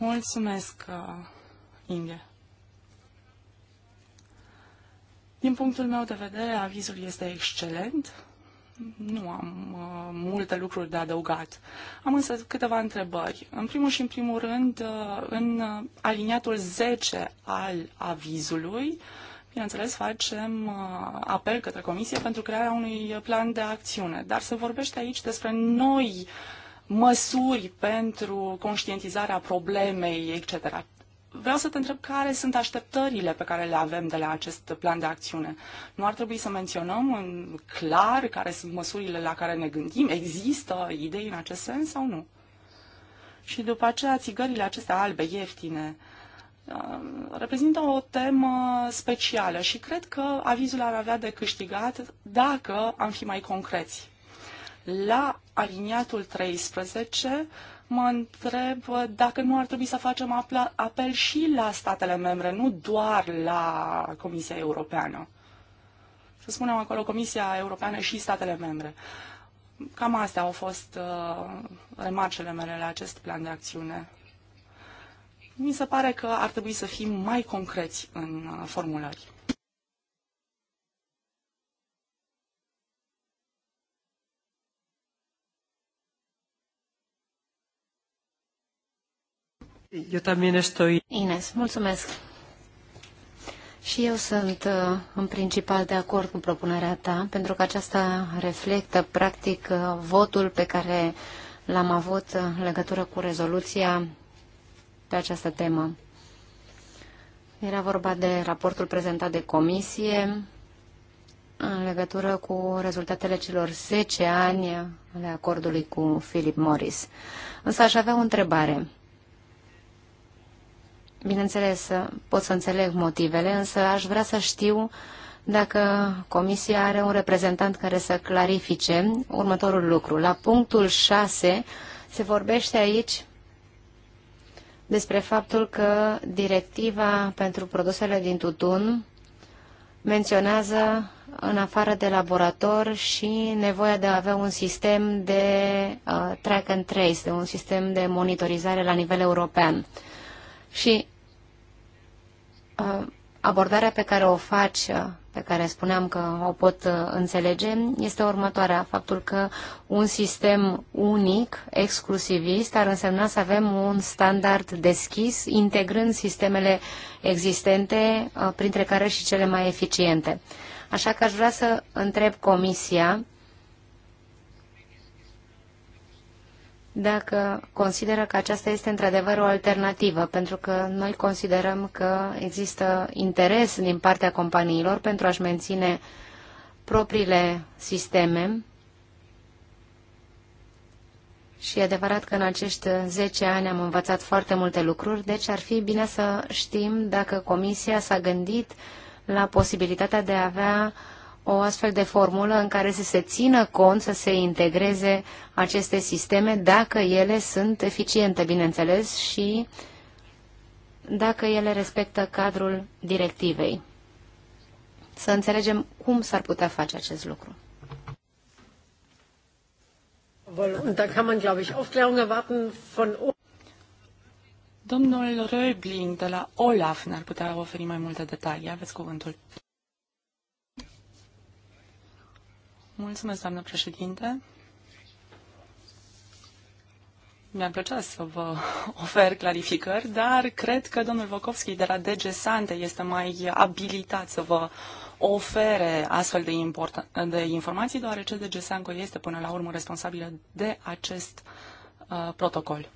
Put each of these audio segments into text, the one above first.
Mulțumesc, uh, Inge. Din punctul meu de vedere, avizul este excelent. Nu am uh, multe lucruri de adăugat. Am însă câteva întrebări. În primul și în primul rând, uh, în uh, aliniatul 10 al avizului, bineînțeles, facem uh, apel către Comisie pentru crearea unui plan de acțiune. Dar se vorbește aici despre noi uh, măsuri pentru conștientizarea problemei, etc. Vreau să te întreb care sunt așteptările pe care le avem de la acest plan de acțiune. Nu ar trebui să menționăm în clar care sunt măsurile la care ne gândim? Există idei în acest sens sau nu? Și după aceea, țigările acestea albe, ieftine, uh, reprezintă o temă specială și cred că avizul ar avea de câștigat dacă am fi mai concreți la aliniatul 13 mă întreb dacă nu ar trebui să facem apel și la statele membre, nu doar la Comisia Europeană. Să spunem acolo Comisia Europeană și statele membre. Cam astea au fost uh, remarcele mele la acest plan de acțiune. Mi se pare că ar trebui să fim mai concreți în uh, formulări. Eu también estoy... Ines, mulțumesc. Și eu sunt uh, în principal de acord cu propunerea ta, pentru că aceasta reflectă, practic, uh, votul pe care l-am avut uh, în legătură cu rezoluția pe această temă. Era vorba de raportul prezentat de comisie în legătură cu rezultatele celor 10 ani ale acordului cu Philip Morris. Însă aș avea o întrebare. Bineînțeles, pot să înțeleg motivele, însă aș vrea să știu dacă Comisia are un reprezentant care să clarifice următorul lucru. La punctul 6 se vorbește aici despre faptul că directiva pentru produsele din tutun menționează în afară de laborator și nevoia de a avea un sistem de uh, track and trace, de un sistem de monitorizare la nivel european. Uh, și uh, abordarea pe care o faci, uh, pe care spuneam că o pot uh, înțelege, este următoarea. Faptul că un sistem unic, exclusivist, ar însemna să avem un standard deschis, integrând sistemele existente, printre care și cele mai eficiente. Așa că aș vrea să întreb Comisia dacă consideră că aceasta este într-adevăr o alternativă, pentru că noi considerăm că există interes din partea companiilor pentru a-și menține propriile sisteme și e adevărat că în acești 10 ani am învățat foarte multe lucruri, deci ar fi bine să știm dacă Comisia s-a gândit la posibilitatea de a avea uh, o astfel de formulă în care să se țină cont, să se integreze aceste sisteme, dacă ele sunt eficiente, bineînțeles, și dacă ele respectă cadrul directivei. Să înțelegem cum s-ar putea face acest lucru. Da Domnul Röbling de la Olaf ne-ar putea oferi mai multe detalii. Aveți cuvântul. Mulțumesc, doamnă președinte. Mi-ar plăcea să vă ofer clarificări, dar cred că domnul Vokovski de la DG Sante este mai abilitat să vă ofere astfel de, de informații, deoarece DG Sanco este până la urmă responsabilă de acest uh, protocol.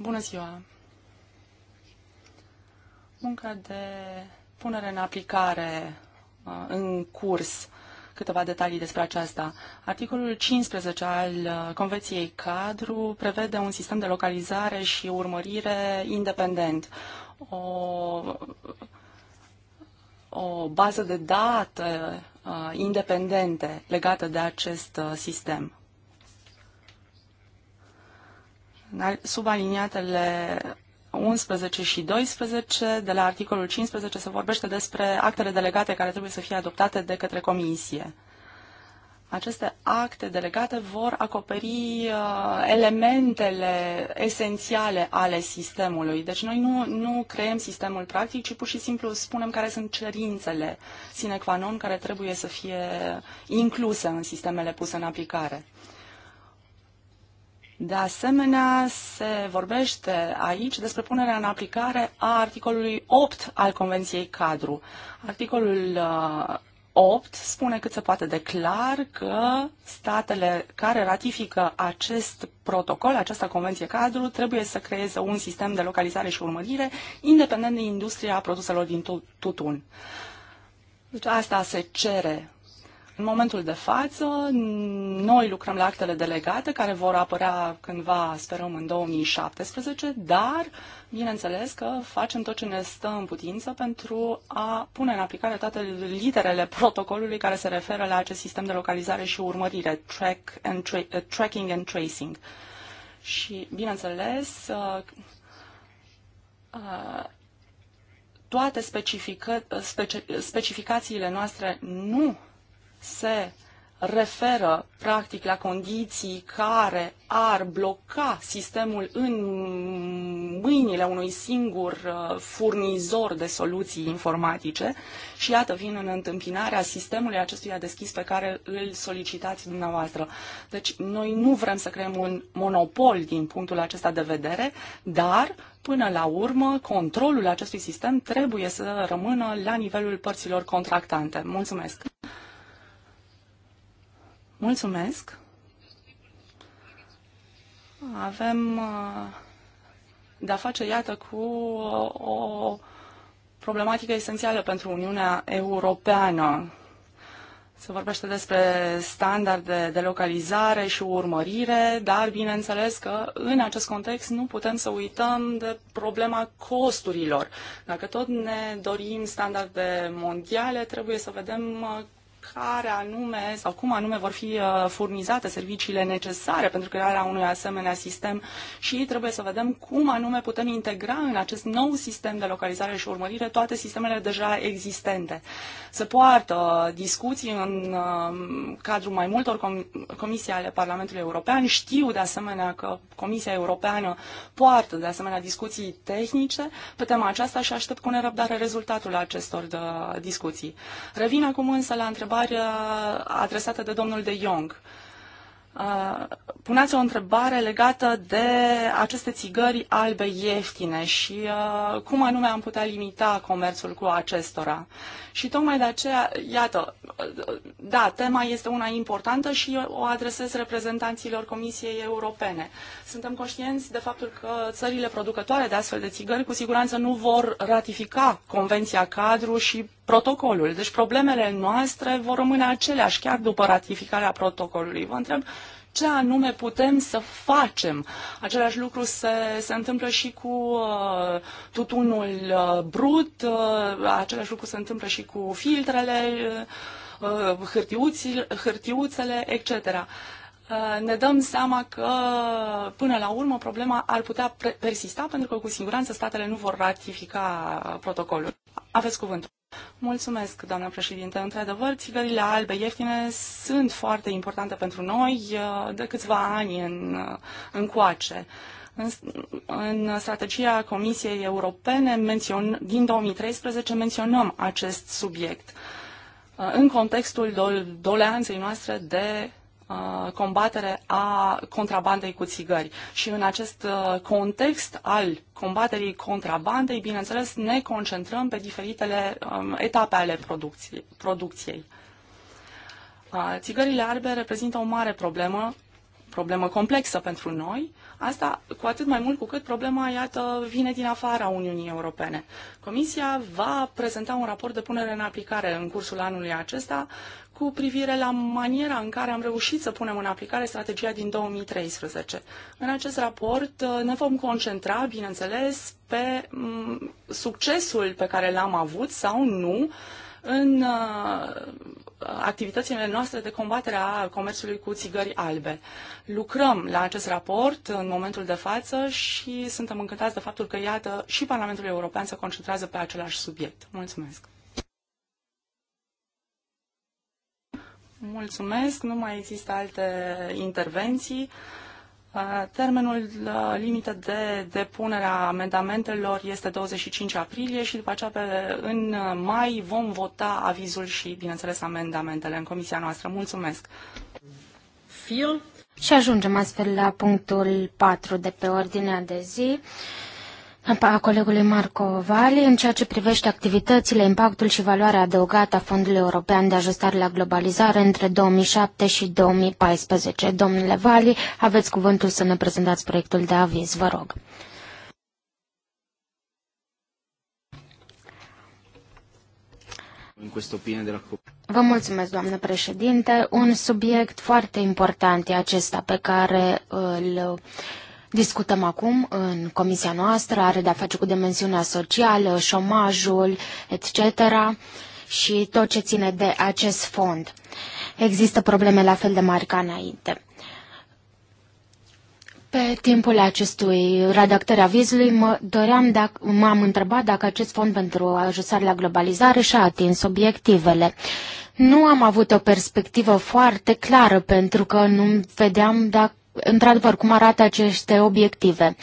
Bună ziua! Munca de punere în aplicare Uh, în curs. Câteva detalii despre aceasta. Articolul 15 al uh, Convenției Cadru prevede un sistem de localizare și urmărire independent. O, o bază de date uh, independente legată de acest sistem. Subaliniatele 11 și 12, de la articolul 15, se vorbește despre actele delegate care trebuie să fie adoptate de către comisie. Aceste acte delegate vor acoperi uh, elementele esențiale ale sistemului. Deci noi nu, nu creăm sistemul practic, ci pur și simplu spunem care sunt cerințele sine qua non care trebuie să fie incluse în sistemele puse în aplicare. De asemenea, se vorbește aici despre punerea în aplicare a articolului 8 al Convenției Cadru. Articolul 8 uh, spune cât se poate de clar că statele care ratifică acest protocol, această convenție cadru, trebuie să creeze un sistem de localizare și urmărire independent de industria produselor din tutun. Deci asta se cere în momentul de față, noi lucrăm la actele delegate care vor apărea cândva, sperăm, în 2017, dar, bineînțeles că facem tot ce ne stă în putință pentru a pune în aplicare toate literele protocolului care se referă la acest sistem de localizare și urmărire, track and tra- uh, tracking and tracing. Și, bineînțeles, uh, uh, toate specifica- uh, specificațiile noastre nu se referă practic la condiții care ar bloca sistemul în mâinile unui singur uh, furnizor de soluții informatice și iată vin în întâmpinarea sistemului acestuia deschis pe care îl solicitați dumneavoastră. Deci noi nu vrem să creăm un monopol din punctul acesta de vedere, dar până la urmă controlul acestui sistem trebuie să rămână la nivelul părților contractante. Mulțumesc! Mulțumesc. Avem uh, de-a face, iată, cu o problematică esențială pentru Uniunea Europeană. Se vorbește despre standarde de localizare și urmărire, dar bineînțeles că în acest context nu putem să uităm de problema costurilor. Dacă tot ne dorim standarde mondiale, trebuie să vedem uh, care anume sau cum anume vor fi uh, furnizate serviciile necesare pentru crearea unui asemenea sistem și trebuie să vedem cum anume putem integra în acest nou sistem de localizare și urmărire toate sistemele deja existente. Se poartă uh, discuții în uh, cadrul mai multor com comisii ale Parlamentului European. Știu de asemenea că Comisia Europeană poartă de asemenea discuții tehnice pe tema aceasta și aștept cu nerăbdare rezultatul acestor discuții. Revin acum însă la întrebarea întrebare adresată de domnul De Jong. Uh, puneați o întrebare legată de aceste țigări albe ieftine și uh, cum anume am putea limita comerțul cu acestora. Și tocmai de aceea, iată, uh, da, tema este una importantă și o adresez reprezentanților Comisiei Europene. Suntem conștienți de faptul că țările producătoare de astfel de țigări cu siguranță nu vor ratifica Convenția Cadru și protocolul. Deci problemele noastre vor rămâne aceleași chiar după ratificarea protocolului. Vă întreb ce anume putem să facem. Același lucru se, se întâmplă și cu uh, tutunul uh, brut, uh, același lucru se întâmplă și cu filtrele, uh, hârtiuțele, etc. Uh, ne dăm seama că, până la urmă, problema ar putea persista, pentru că, cu siguranță, statele nu vor ratifica protocolul. Aveți cuvântul. Mulțumesc, doamnă președinte. Într-adevăr, țigările albe ieftine sunt foarte importante pentru noi uh, de câțiva ani în, uh, încoace. În, în strategia Comisiei Europene mențion, din 2013 menționăm acest subiect uh, în contextul do- doleanței noastre de Uh, combatere a contrabandei cu țigări. Și în acest uh, context al combaterii contrabandei, bineînțeles, ne concentrăm pe diferitele um, etape ale producției. producției. Uh, țigările albe reprezintă o mare problemă, problemă complexă pentru noi, Asta cu atât mai mult cu cât problema, iată, vine din afara Uniunii Europene. Comisia va prezenta un raport de punere în aplicare în cursul anului acesta cu privire la maniera în care am reușit să punem în aplicare strategia din 2013. În acest raport uh, ne vom concentra, bineînțeles, pe mm, succesul pe care l-am avut sau nu în uh, activitățile noastre de combatere a comerțului cu țigări albe. Lucrăm la acest raport în momentul de față și suntem încântați de faptul că, iată, și Parlamentul European se concentrează pe același subiect. Mulțumesc! Mulțumesc, nu mai există alte intervenții. Uh, termenul uh, limită de depunere a amendamentelor este 25 aprilie și după aceea pe, în uh, mai vom vota avizul și, bineînțeles, amendamentele în comisia noastră. Mulțumesc! Fiu. Și ajungem astfel la punctul 4 de pe ordinea de zi a colegului Marco Vali în ceea ce privește activitățile, impactul și valoarea adăugată a Fondului European de Ajustare la Globalizare între 2007 și 2014. Domnule Vali, aveți cuvântul să ne prezentați proiectul de aviz, vă rog. Vă mulțumesc, doamnă președinte. Un subiect foarte important e acesta pe care îl discutăm acum în comisia noastră, are de-a face cu dimensiunea socială, șomajul, etc. și tot ce ține de acest fond. Există probleme la fel de mari ca înainte. Pe timpul acestui redactări avizului mă doream m-am întrebat dacă acest fond pentru ajustare la globalizare și-a atins obiectivele. Nu am avut o perspectivă foarte clară pentru că nu vedeam dacă într-adevăr, cum arată aceste obiective.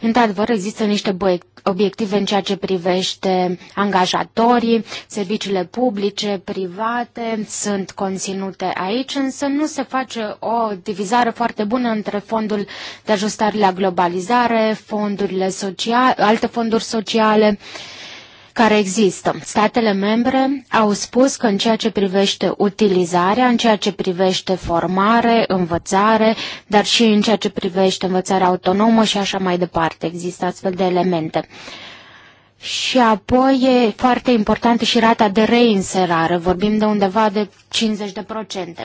Într-adevăr, există niște obiective în ceea ce privește angajatorii, serviciile publice, private, sunt conținute aici, însă nu se face o divizare foarte bună între fondul de ajustare la globalizare, fondurile sociale, alte fonduri sociale. Uh, care există. Statele membre au spus că în ceea ce privește utilizarea, în ceea ce privește formare, învățare, dar și în ceea ce privește învățarea autonomă și așa mai departe, există astfel de elemente. Și apoi e foarte importantă și rata de reinserare, vorbim de undeva de 50%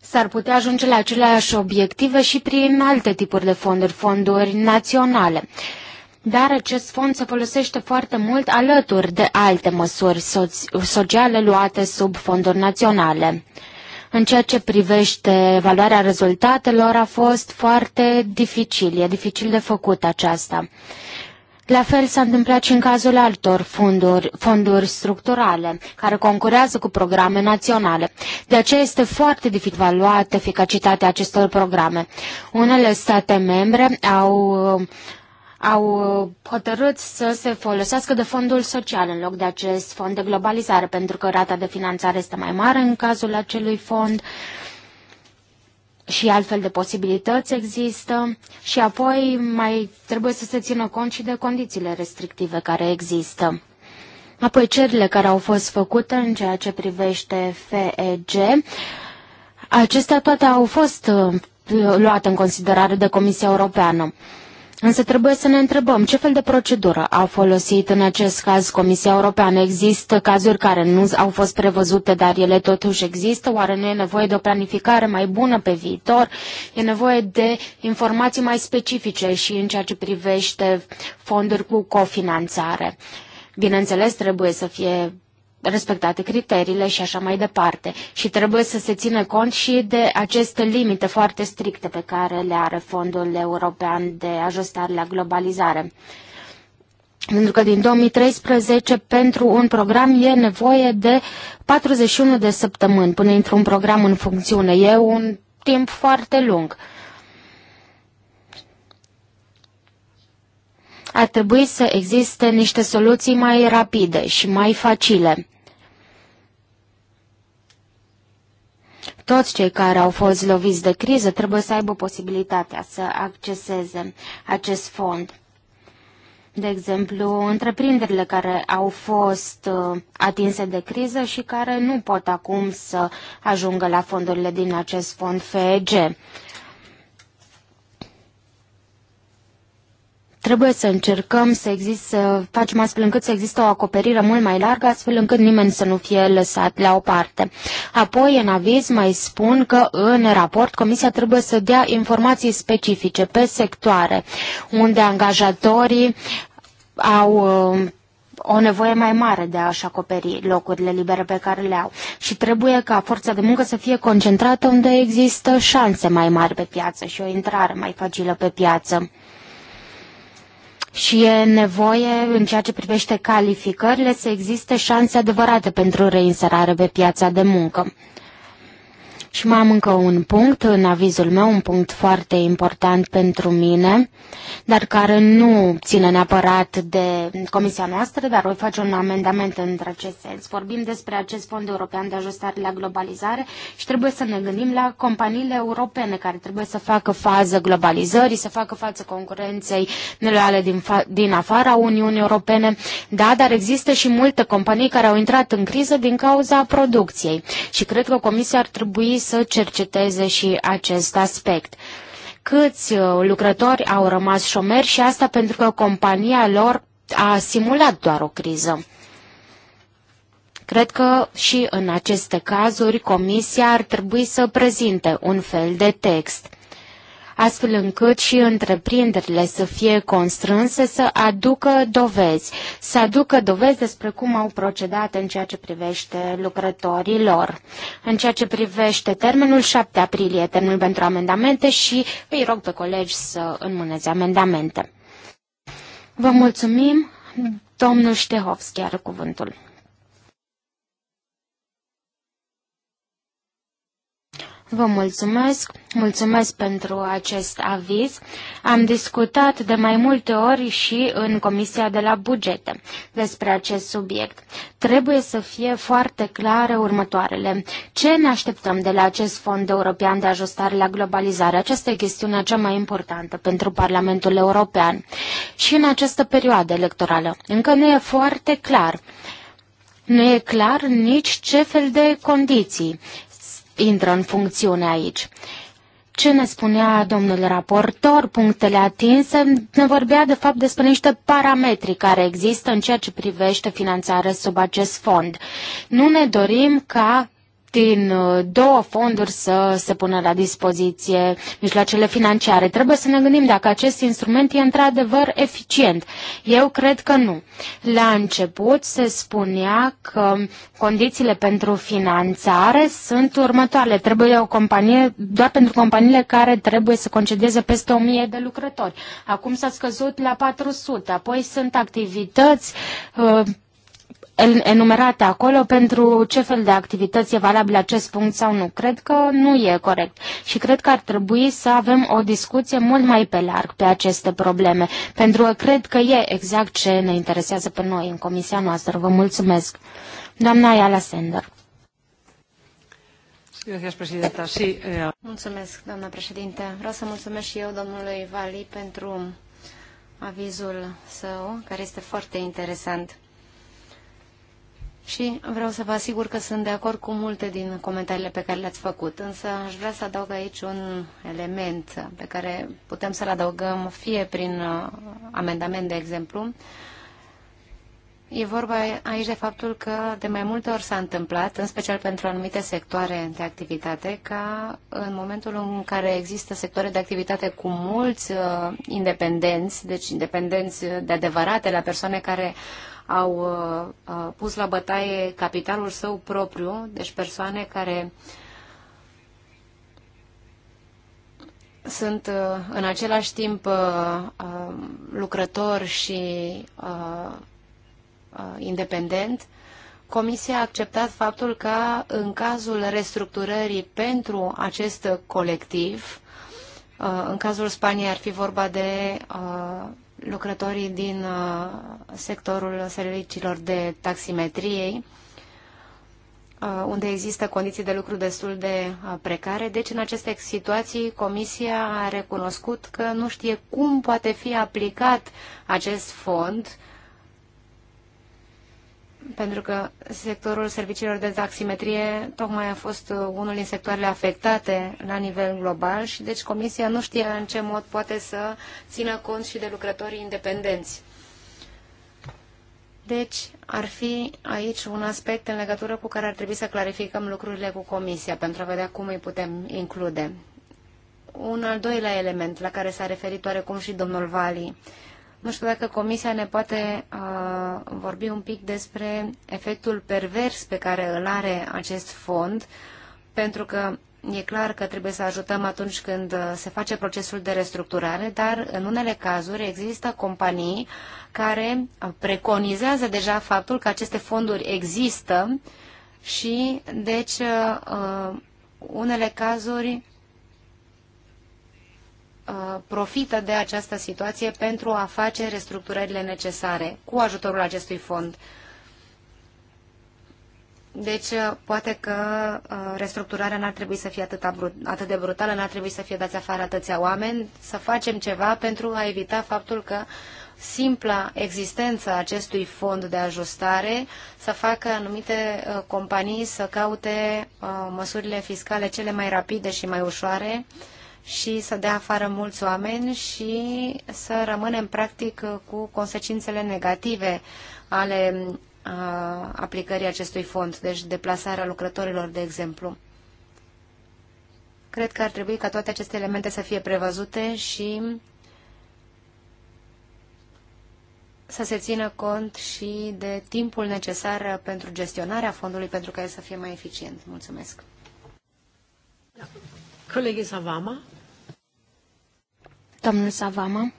s-ar putea ajunge la aceleași obiective și prin alte tipuri de fonduri, fonduri naționale. Uh, dar acest fond se folosește foarte mult alături de alte măsuri sociale luate sub fonduri naționale. În ceea ce privește valoarea rezultatelor a fost foarte dificil, e dificil de făcut aceasta. La fel s-a întâmplat și în cazul altor fonduri, fonduri structurale care concurează cu programe naționale. De aceea este foarte dificil evaluată eficacitatea acestor programe. Unele state membre au au uh, hotărât să se folosească de fondul social în loc de acest fond de globalizare, pentru că rata de finanțare este mai mare în cazul acelui fond și altfel de posibilități există și apoi mai trebuie să se țină cont și de condițiile restrictive care există. Apoi cerile care au fost făcute în ceea ce privește FEG, acestea toate au fost uh, luate în considerare de Comisia Europeană. Însă trebuie să ne întrebăm ce fel de procedură a folosit în acest caz Comisia Europeană. Există cazuri care nu au fost prevăzute, dar ele totuși există. Oare nu e nevoie de o planificare mai bună pe viitor? E nevoie de informații mai specifice și în ceea ce privește fonduri cu cofinanțare. Bineînțeles, trebuie să fie respectate criteriile și așa mai departe. Și trebuie să se țină cont și de aceste limite foarte stricte pe care le are Fondul European de Ajustare la Globalizare. Pentru că din 2013 pentru un program e nevoie de 41 de săptămâni până intră un program în funcțiune. E un timp foarte lung. Ar trebui să existe niște soluții mai rapide și mai facile. Toți cei care au fost loviți de criză trebuie să aibă posibilitatea să acceseze acest fond. De exemplu, întreprinderile care au fost uh, atinse de criză și care nu pot acum să ajungă la fondurile din acest fond FEG. Trebuie să încercăm să, exist, să facem astfel încât să există o acoperire mult mai largă, astfel încât nimeni să nu fie lăsat la o parte. Apoi, în aviz, mai spun că în raport Comisia trebuie să dea informații specifice pe sectoare, unde angajatorii au um, o nevoie mai mare de a-și acoperi locurile libere pe care le au și trebuie ca forța de muncă să fie concentrată unde există șanse mai mari pe piață și o intrare mai facilă pe piață și e nevoie, în ceea ce privește calificările, să existe șanse adevărate pentru reinserare pe piața de muncă. Și mai am încă un punct în avizul meu, un punct foarte important pentru mine, dar care nu ține neapărat de comisia noastră, dar voi face un amendament în acest sens. Vorbim despre acest fond european de ajustare la globalizare și trebuie să ne gândim la companiile europene care trebuie să facă fază globalizării, să facă față concurenței neloiale din, din afara Uniunii Europene. Da, dar există și multe companii care au intrat în criză din cauza producției și cred că comisia ar trebui să cerceteze și acest aspect câți uh, lucrători au rămas șomeri și asta pentru că compania lor a simulat doar o criză. Cred că și în aceste cazuri comisia ar trebui să prezinte un fel de text astfel încât și întreprinderile să fie constrânse să aducă dovezi, să aducă dovezi despre cum au procedat în ceea ce privește lucrătorii lor. În ceea ce privește termenul 7 aprilie, termenul pentru amendamente și îi rog pe colegi să înmâneze amendamente. Vă mulțumim. Domnul Ștehovski are cuvântul. Vă mulțumesc, mulțumesc pentru acest aviz. Am discutat de mai multe ori și în Comisia de la Bugete despre acest subiect. Trebuie să fie foarte clare următoarele. Ce ne așteptăm de la acest Fond European de Ajustare la Globalizare? Aceasta e chestiunea cea mai importantă pentru Parlamentul European. Și în această perioadă electorală încă nu e foarte clar. Nu e clar nici ce fel de condiții intră în funcțiune aici. Ce ne spunea domnul raportor, punctele atinse, ne vorbea de fapt despre niște parametri care există în ceea ce privește finanțarea sub acest fond. Nu ne dorim ca din uh, două fonduri să se pună la dispoziție mijloacele financiare. Trebuie să ne gândim dacă acest instrument e într-adevăr eficient. Eu cred că nu. La început se spunea că condițiile pentru finanțare sunt următoarele. Trebuie o companie, doar pentru companiile care trebuie să concedeze peste 1000 de lucrători. Acum s-a scăzut la 400, apoi sunt activități uh, enumerate acolo pentru ce fel de activități e valabil acest punct sau nu. Cred că nu e corect și cred că ar trebui să avem o discuție mult mai pe larg pe aceste probleme, pentru că cred că e exact ce ne interesează pe noi în comisia noastră. Vă mulțumesc. Doamna Ayala Sender. Eh, mulțumesc, doamna președinte. Vreau să mulțumesc și eu domnului Vali pentru avizul său, care este foarte interesant și vreau să vă asigur că sunt de acord cu multe din comentariile pe care le-ați făcut, însă aș vrea să adaug aici un element pe care putem să-l adăugăm fie prin uh, amendament, de exemplu. E vorba aici de faptul că de mai multe ori s-a întâmplat, în special pentru anumite sectoare de activitate, ca în momentul în care există sectoare de activitate cu mulți uh, independenți, deci independenți de adevărate la persoane care au uh, uh, pus la bătaie capitalul său propriu, deci persoane care sunt uh, în același timp lucrător și independent, Comisia a acceptat faptul că în cazul restructurării pentru acest colectiv, în cazul Spaniei ar fi vorba de lucrătorii din uh, sectorul serviciilor de taximetriei, uh, unde există condiții de lucru destul de uh, precare. Deci, în aceste situații, Comisia a recunoscut că nu știe cum poate fi aplicat acest fond uh, pentru că sectorul serviciilor de taximetrie tocmai a fost uh, unul din sectoarele afectate la nivel global și deci Comisia nu știa în ce mod poate să țină cont și de lucrătorii independenți. Deci, ar fi aici un aspect în legătură cu care ar trebui să clarificăm lucrurile cu Comisia pentru a vedea cum îi putem include. Un al doilea element la care s-a referit oarecum și domnul Vali, nu știu dacă Comisia ne poate uh, vorbi un pic despre efectul pervers pe care îl are acest fond, pentru că e clar că trebuie să ajutăm atunci când uh, se face procesul de restructurare, dar în unele cazuri există companii care uh, preconizează deja faptul că aceste fonduri există și, deci, uh, unele cazuri Uh, profită de această situație pentru a face restructurările necesare cu ajutorul acestui fond. Deci, uh, poate că uh, restructurarea n-ar trebui să fie atât, atât de brutală, n-ar trebui să fie dați afară atâția oameni, să facem ceva pentru a evita faptul că simpla existență acestui fond de ajustare să facă anumite companii să caute măsurile fiscale cele mai rapide și mai ușoare uh, și să dea afară mulți oameni și să rămânem practic cu consecințele negative ale aplicării acestui fond, deci deplasarea lucrătorilor, de exemplu. Cred că ar trebui ca toate aceste elemente să fie prevăzute și să se țină cont și de timpul necesar pentru gestionarea fondului pentru ca el să fie mai eficient. Mulțumesc. Colegii Savama. Domnul Savama.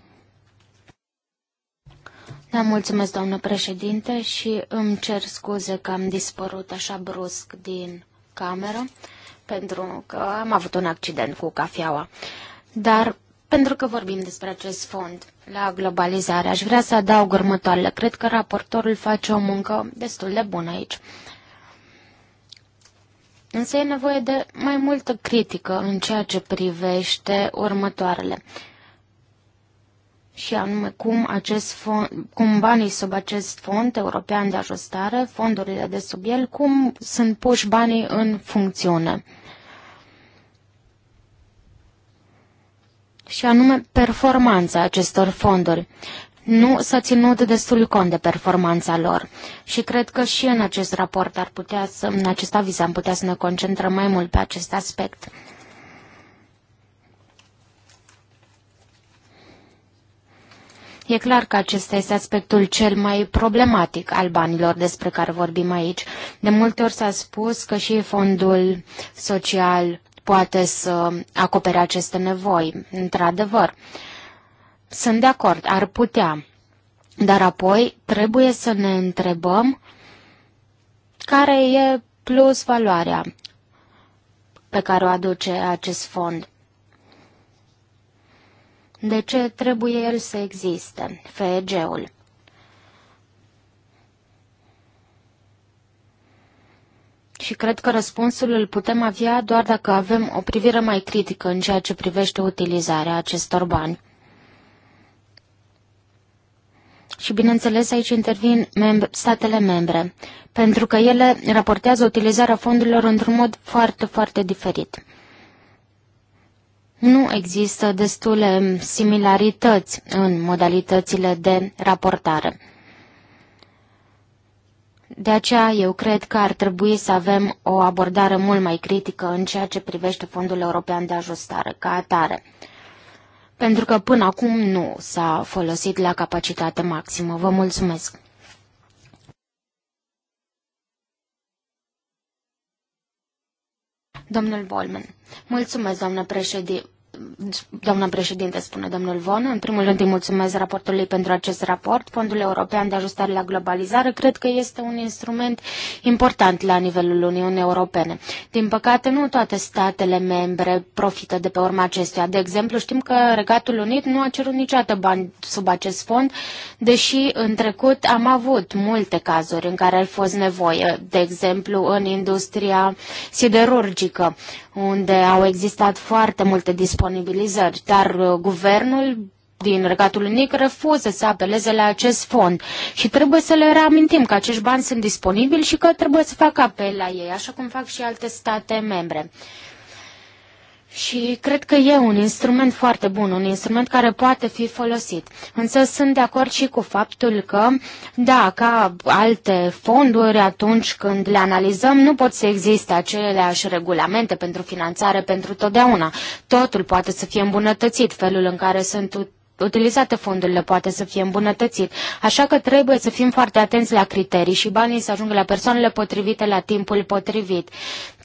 Da, mulțumesc, doamnă președinte, și îmi cer scuze că am dispărut așa brusc din cameră, pentru că am avut un accident cu cafeaua. Dar pentru că vorbim despre acest fond la globalizare, aș vrea să adaug următoarele. Cred că raportorul face o muncă destul de bună aici. Însă e nevoie de mai multă critică în ceea ce privește următoarele și anume cum, acest fond, cum banii sub acest fond european de ajustare, fondurile de sub el, cum sunt puși banii în funcțiune. Și anume performanța acestor fonduri. Nu s-a ținut destul cont de performanța lor și cred că și în acest raport ar putea să, în acest aviz am putea să ne concentrăm mai mult pe acest aspect. E clar că acesta este aspectul cel mai problematic al banilor despre care vorbim aici. De multe ori s-a spus că și fondul social poate să acopere aceste nevoi, într-adevăr. Sunt de acord, ar putea. Dar apoi trebuie să ne întrebăm care e plus valoarea pe care o aduce acest fond. De ce trebuie el să existe, FEG-ul? Și cred că răspunsul îl putem avea doar dacă avem o privire mai critică în ceea ce privește utilizarea acestor bani. Și bineînțeles aici intervin mem statele membre, pentru că ele raportează utilizarea fondurilor într-un mod foarte, foarte diferit nu există destule similarități în modalitățile de raportare. De aceea eu cred că ar trebui să avem o abordare mult mai critică în ceea ce privește Fondul European de Ajustare ca atare. Pentru că până acum nu s-a folosit la capacitate maximă. Vă mulțumesc! Domnul Bolman. Mulțumesc, doamnă președinte. Doamna președinte, spune domnul Von, în primul rând îi mulțumesc raportului pentru acest raport. Fondul European de Ajustare la Globalizare cred că este un instrument important la nivelul Uniunii Europene. Din păcate, nu toate statele membre profită de pe urma acestuia. De exemplu, știm că Regatul Unit nu a cerut niciodată bani sub acest fond, deși în trecut am avut multe cazuri în care ar fost nevoie, de exemplu, în industria siderurgică unde au existat foarte multe disponibilizări, dar uh, guvernul din Regatul Unic refuză să apeleze la acest fond și trebuie să le reamintim că acești bani sunt disponibili și că trebuie să facă apel la ei, așa cum fac și alte state membre. Și cred că e un instrument foarte bun, un instrument care poate fi folosit. Însă sunt de acord și cu faptul că, da, ca alte fonduri, atunci când le analizăm, nu pot să existe aceleași regulamente pentru finanțare pentru totdeauna. Totul poate să fie îmbunătățit, felul în care sunt utilizate fondurile poate să fie îmbunătățit. Așa că trebuie să fim foarte atenți la criterii și banii să ajungă la persoanele potrivite la timpul potrivit.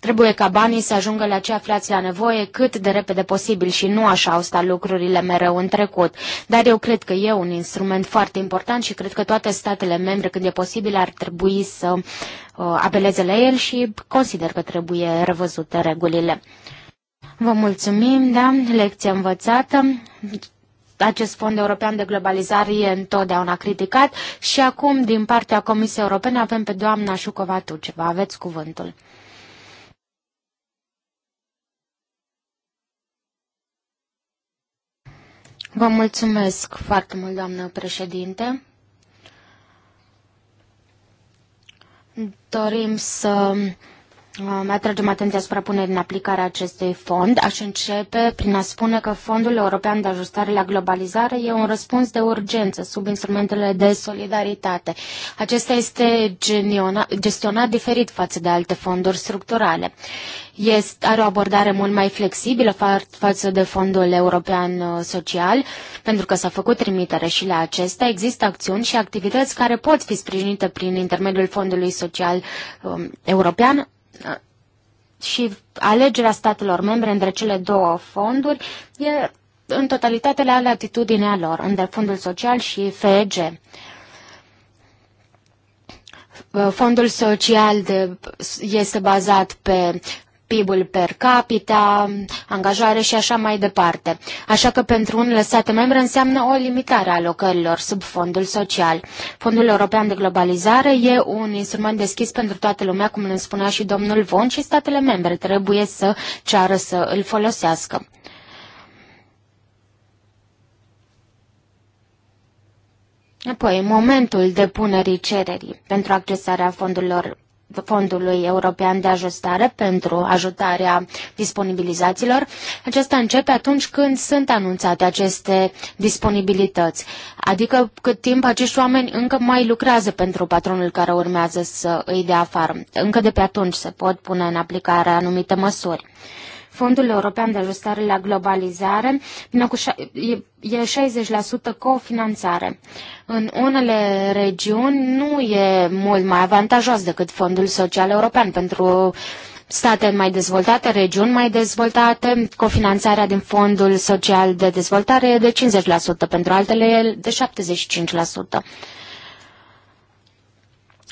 Trebuie ca banii să ajungă la ce aflați la nevoie cât de repede posibil și nu așa au stat lucrurile mereu în trecut. Dar eu cred că e un instrument foarte important și cred că toate statele membre, când e posibil, ar trebui să uh, apeleze la el și consider că trebuie revăzute regulile. Vă mulțumim, da, lecție învățată. Acest fond european de globalizare e întotdeauna criticat și acum, din partea Comisiei Europene, avem pe doamna Șucova Tuceva. Aveți cuvântul. Vă mulțumesc foarte mult, doamnă președinte. Dorim să atragem atenția asupra punerii în aplicare a acestui fond. Aș începe prin a spune că Fondul European de Ajustare la Globalizare e un răspuns de urgență sub instrumentele de solidaritate. Acesta este gestionat diferit față de alte fonduri structurale. Este, are o abordare mult mai flexibilă fa- față de Fondul European uh, Social, pentru că s-a făcut trimitere și la acesta. Există acțiuni și activități care pot fi sprijinite prin intermediul Fondului Social um, European, Uh, și alegerea statelor membre între cele două fonduri e în totalitate la latitudinea lor, între Fondul Social și FEG. Uh, Fondul social de, este bazat pe PIB-ul per capita, angajare și așa mai departe. Așa că pentru unele state membre înseamnă o limitare a alocărilor sub fondul social. Fondul European de Globalizare e un instrument deschis pentru toată lumea, cum ne spunea și domnul Von, și statele membre trebuie să ceară să îl folosească. Apoi, momentul depunerii cererii pentru accesarea fondurilor Fondului European de Ajustare pentru ajutarea disponibilizațiilor. Acesta începe atunci când sunt anunțate aceste disponibilități, adică cât timp acești oameni încă mai lucrează pentru patronul care urmează să îi dea afară. Încă de pe atunci se pot pune în aplicare anumite măsuri. Fondul European de Ajustare la Globalizare e 60% cofinanțare. În unele regiuni nu e mult mai avantajos decât Fondul Social European pentru state mai dezvoltate, regiuni mai dezvoltate, cofinanțarea din Fondul Social de Dezvoltare e de 50%, pentru altele e de 75%.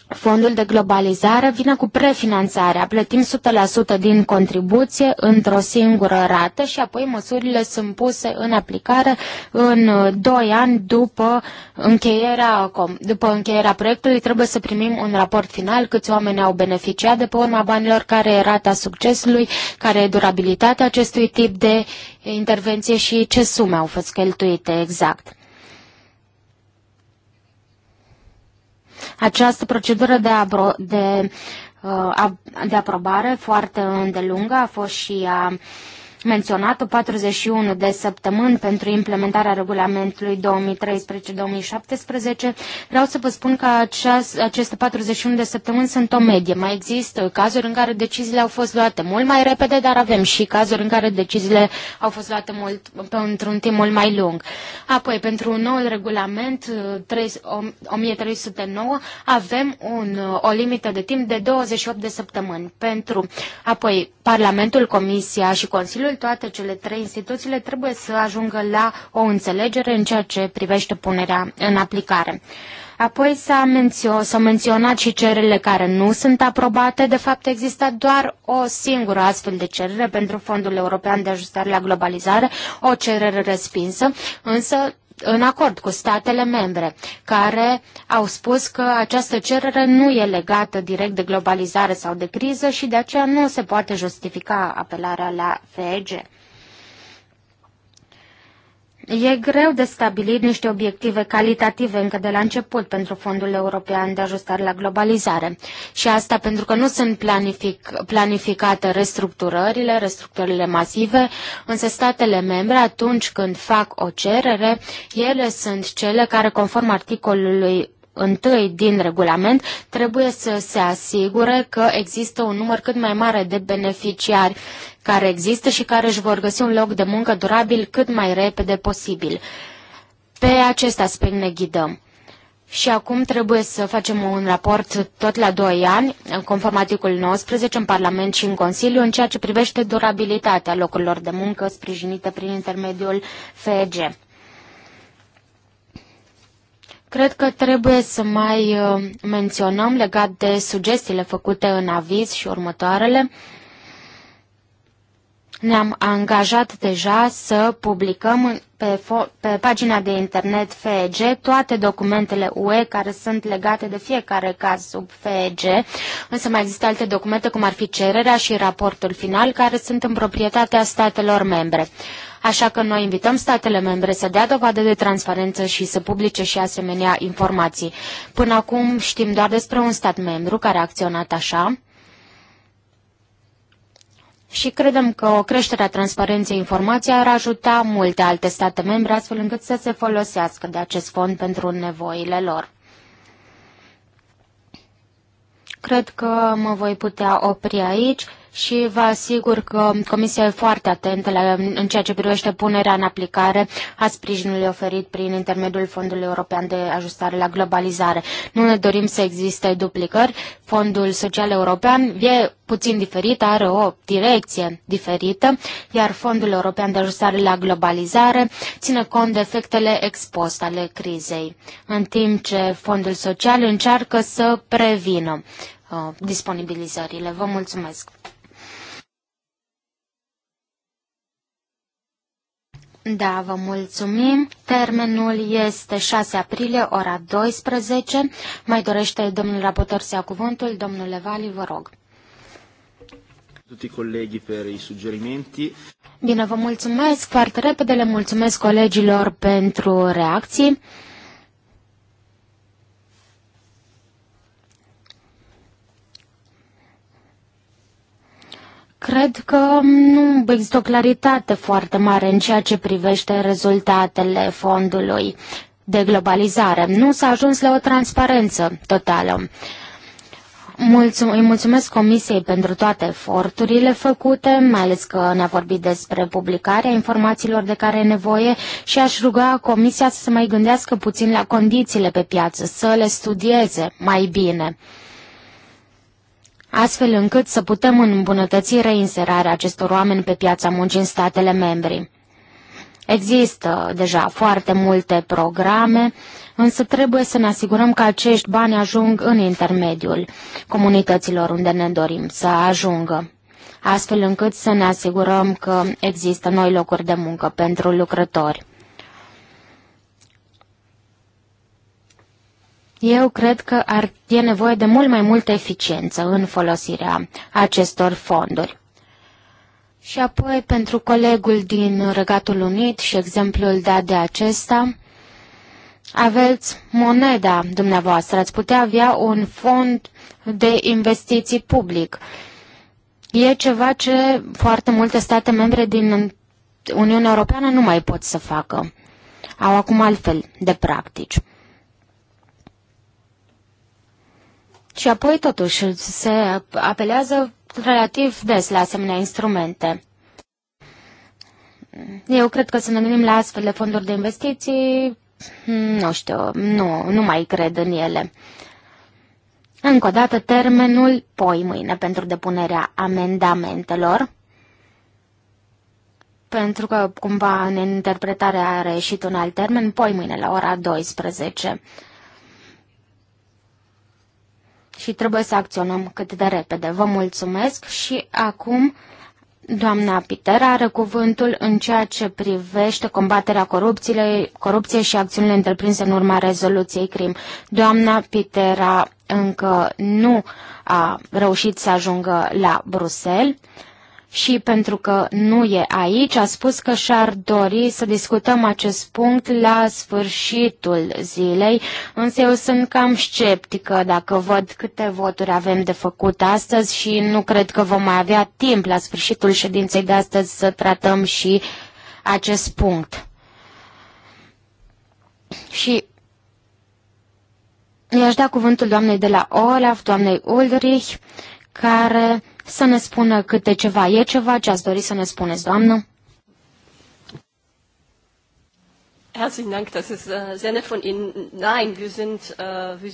Fondul de globalizare vine cu prefinanțarea. Plătim 100% din contribuție într-o singură rată și apoi măsurile sunt puse în aplicare în 2 ani după încheierea, după încheierea proiectului. Trebuie să primim un raport final câți oameni au beneficiat de pe urma banilor, care e rata succesului, care e durabilitatea acestui tip de intervenție și ce sume au fost cheltuite exact. Această procedură de, abro- de, uh, de aprobare foarte îndelungă a fost și a uh, menționat 41 de săptămâni pentru implementarea regulamentului 2013-2017. Vreau să vă spun că aceas, aceste 41 de săptămâni sunt o medie. Mai există cazuri în care deciziile au fost luate mult mai repede, dar avem și cazuri în care deciziile au fost luate mult, într-un timp mult mai lung. Apoi, pentru noul regulament 3, uh, 1309, avem un, uh, o limită de timp de 28 de săptămâni. Pentru, apoi, Parlamentul, Comisia și Consiliul Consiliul, toate cele trei instituțiile trebuie să ajungă la o înțelegere în ceea ce privește punerea în aplicare. Apoi s au menționat, menționat și cererile care nu sunt aprobate. De fapt, există doar o singură astfel de cerere pentru Fondul European de Ajustare la Globalizare, o cerere respinsă, însă în acord cu statele membre, care au spus că această cerere nu e legată direct de globalizare sau de criză și de aceea nu se poate justifica apelarea la FEG. E greu de stabilit niște obiective calitative încă de la început pentru Fondul European de Ajustare la Globalizare. Și asta pentru că nu sunt planific, planificate restructurările, restructurările masive, însă statele membre, atunci când fac o cerere, ele sunt cele care, conform articolului întâi din regulament, trebuie să se asigure că există un număr cât mai mare de beneficiari care există și care își vor găsi un loc de muncă durabil cât mai repede posibil. Pe acest aspect ne ghidăm. Și acum trebuie să facem un raport tot la 2 ani, conform articolul 19, în Parlament și în Consiliu, în ceea ce privește durabilitatea locurilor de muncă sprijinite prin intermediul FEG. Cred că trebuie să mai uh, menționăm legat de sugestiile făcute în aviz și următoarele. Uh, ne-am angajat deja să publicăm pe, pe pagina de internet FEG toate documentele UE care sunt legate de fiecare caz sub FEG, însă mai există alte documente cum ar fi cererea și raportul final care sunt în proprietatea statelor membre. Așa că noi invităm statele membre să dea dovadă de transparență și să publice și asemenea informații. Până acum știm doar despre un stat membru care a acționat așa și credem că o creștere a transparenței informației ar ajuta multe alte state membre astfel încât să se folosească de acest fond pentru nevoile lor. Cred că mă voi putea opri aici și vă asigur că Comisia e foarte atentă la, în ceea ce privește punerea în aplicare a sprijinului oferit prin intermediul Fondului European de Ajustare la Globalizare. Nu ne dorim să existe duplicări. Fondul Social European e puțin diferit, are o direcție diferită, iar Fondul European de Ajustare la Globalizare ține cont de efectele expost ale crizei, în timp ce Fondul Social încearcă să prevină uh, disponibilizările. Vă mulțumesc! Da, vă mulțumim. Termenul este 6 aprilie, ora 12. Mai dorește domnul raportor să ia cuvântul. Domnule Vali, vă rog. Tutti colegii per i suggerimenti. Bine, vă mulțumesc foarte repede, le mulțumesc colegilor pentru reacții. Cred că mm, nu există o claritate foarte mare în ceea ce privește rezultatele fondului de globalizare. Nu s-a ajuns la o transparență totală. Mulțum- îi mulțumesc Comisiei pentru toate eforturile făcute, mai ales că ne-a vorbit despre publicarea informațiilor de care e nevoie și aș ruga Comisia să se mai gândească puțin la condițiile pe piață, să le studieze mai bine astfel încât să putem îmbunătăți reinserarea acestor oameni pe piața muncii în statele membri. Există deja foarte multe programe, însă trebuie să ne asigurăm că acești bani ajung în intermediul comunităților unde ne dorim să ajungă, astfel încât să ne asigurăm că există noi locuri de muncă pentru lucrători. Eu cred că ar, e nevoie de mult mai multă eficiență în folosirea acestor fonduri. Și apoi, pentru colegul din Regatul Unit și exemplul dat de acesta, aveți moneda dumneavoastră, ați putea avea un fond de investiții public. E ceva ce foarte multe state membre din Uniunea Europeană nu mai pot să facă. Au acum altfel de practici. Și apoi, totuși, se apelează relativ des la asemenea instrumente. Eu cred că să ne gândim la astfel de fonduri de investiții, nu știu, nu, nu mai cred în ele. Încă o dată, termenul poi mâine pentru depunerea amendamentelor, pentru că cumva în interpretare a reșit un alt termen, poi mâine la ora 12 și trebuie să acționăm cât de repede. Vă mulțumesc și acum doamna Pitera are cuvântul în ceea ce privește combaterea corupției, corupției și acțiunile întreprinse în urma rezoluției CRIM. Doamna Pitera încă nu a reușit să ajungă la Bruxelles și pentru că nu e aici, a spus că și-ar dori să discutăm acest punct la sfârșitul zilei, însă eu sunt cam sceptică dacă văd câte voturi avem de făcut astăzi și nu cred că vom mai avea timp la sfârșitul ședinței de astăzi să tratăm și acest punct. Și i-aș da cuvântul doamnei de la Olaf, doamnei Ulrich, care să ne spună câte ceva. E ceva ce ați dori să ne spuneți, doamnă? Herzlichen Dank, das ist äh, sehr nett von Ihnen. Nein, wir sind... Äh,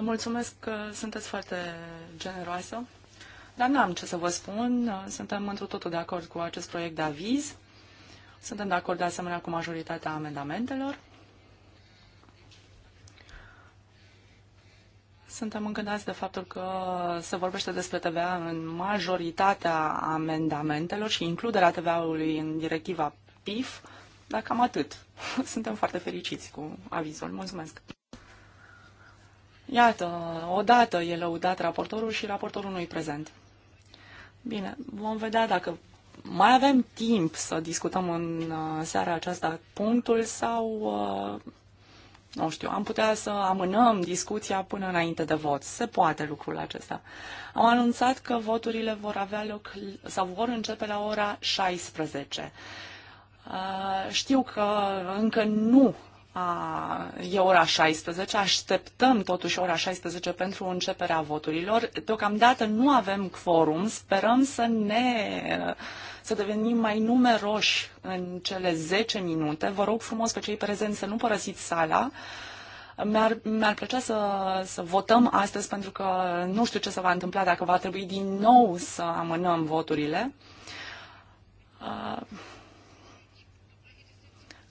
mulțumesc că sunteți foarte generoasă. Dar n-am ce să vă spun. Suntem într totul de acord cu acest proiect de aviz. Suntem de acord de asemenea cu majoritatea amendamentelor. Suntem încântați de faptul că se vorbește despre TVA în majoritatea amendamentelor și includerea TVA-ului în directiva PIF, dar cam atât. Suntem foarte fericiți cu avizul. Mulțumesc! Iată, odată e lăudat raportorul și raportorul nu-i prezent. Bine, vom vedea dacă mai avem timp să discutăm în uh, seara aceasta punctul sau uh, nu știu, am putea să amânăm discuția până înainte de vot. Se poate lucrul acesta. Am anunțat că voturile vor avea loc sau vor începe la ora 16. Uh, știu că încă nu a, e ora 16, așteptăm totuși ora 16 pentru începerea voturilor. Deocamdată nu avem quorum, sperăm să ne să devenim mai numeroși în cele 10 minute. Vă rog frumos pe cei prezenți să nu părăsiți sala. Mi-ar, mi-ar plăcea să, să votăm astăzi pentru că nu știu ce se va întâmpla dacă va trebui din nou să amânăm voturile. Uh,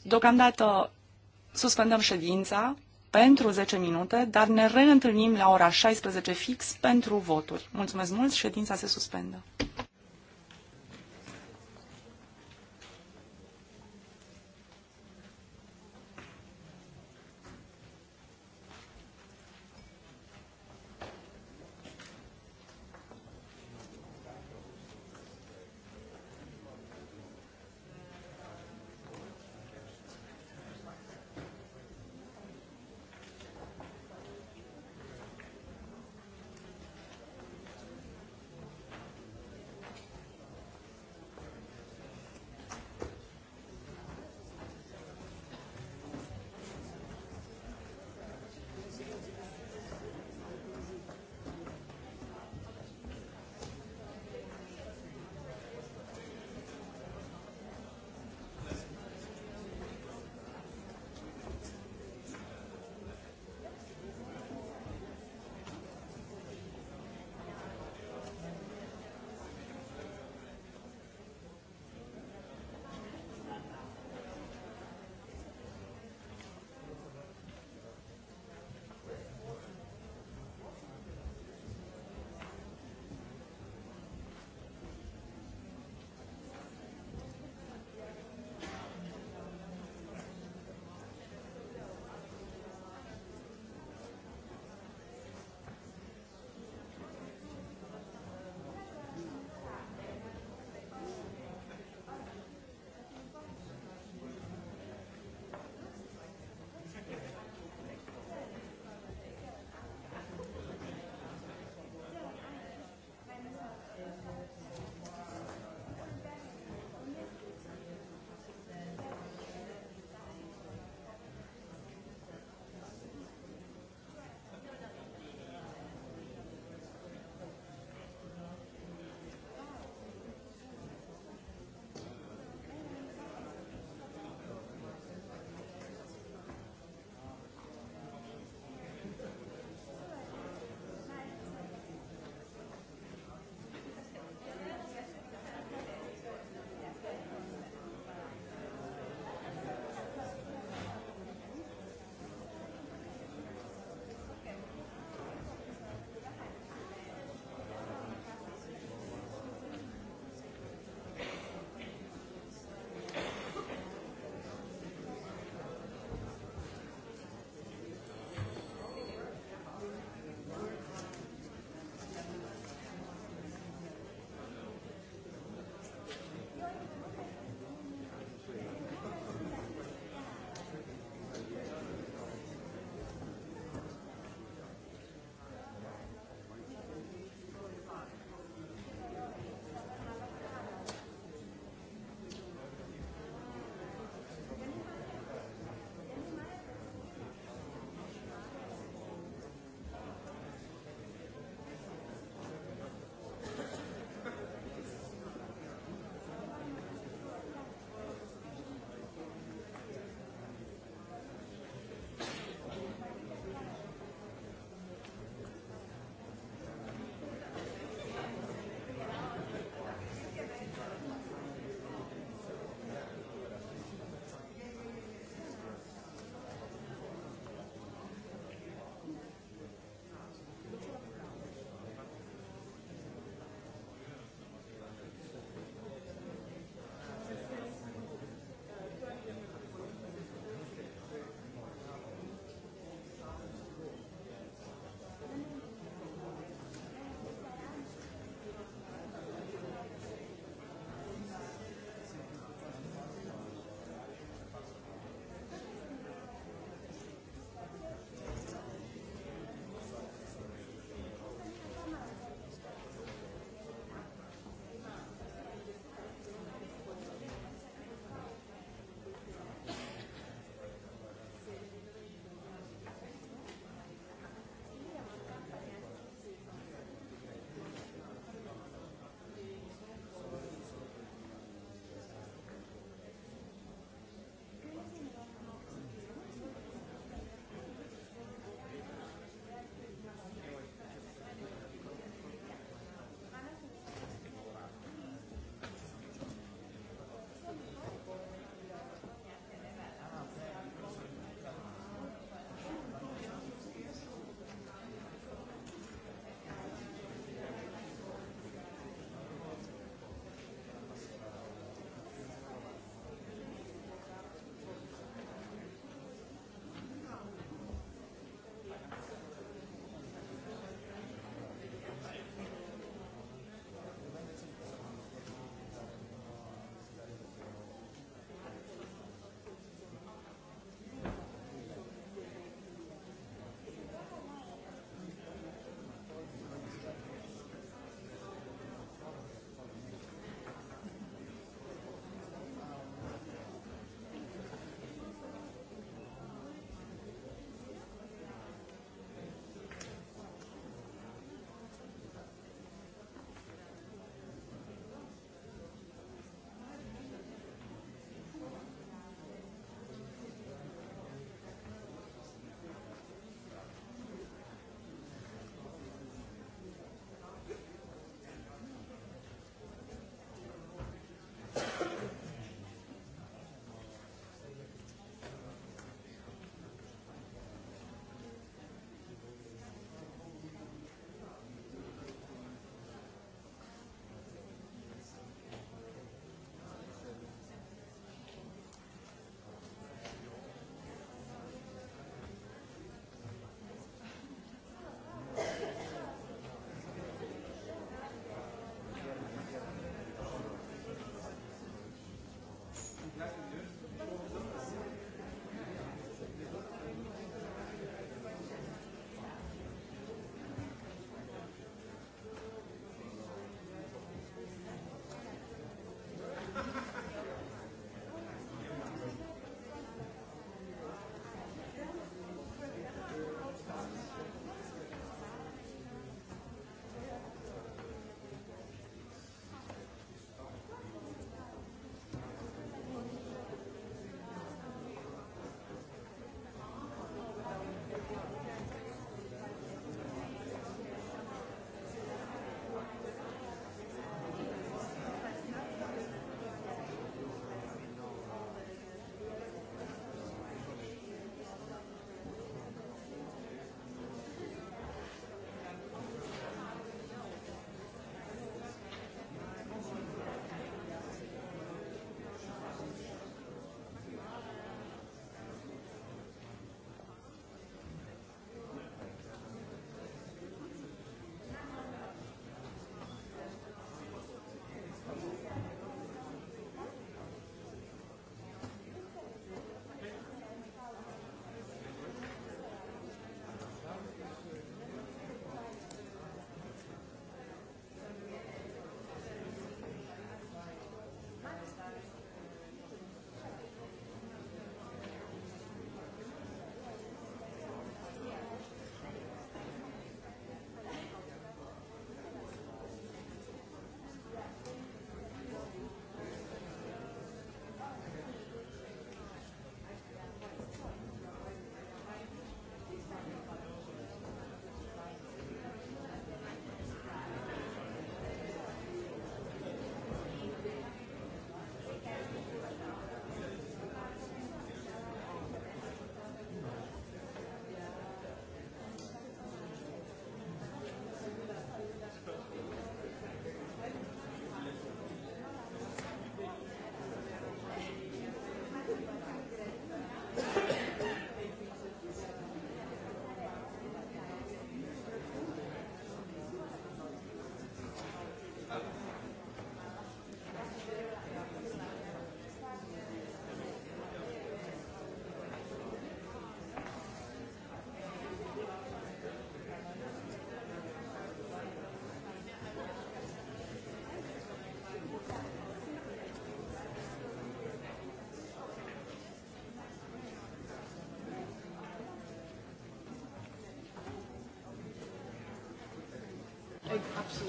deocamdată suspendăm ședința pentru 10 minute, dar ne reîntâlnim la ora 16 fix pentru voturi. Mulțumesc mult, ședința se suspendă.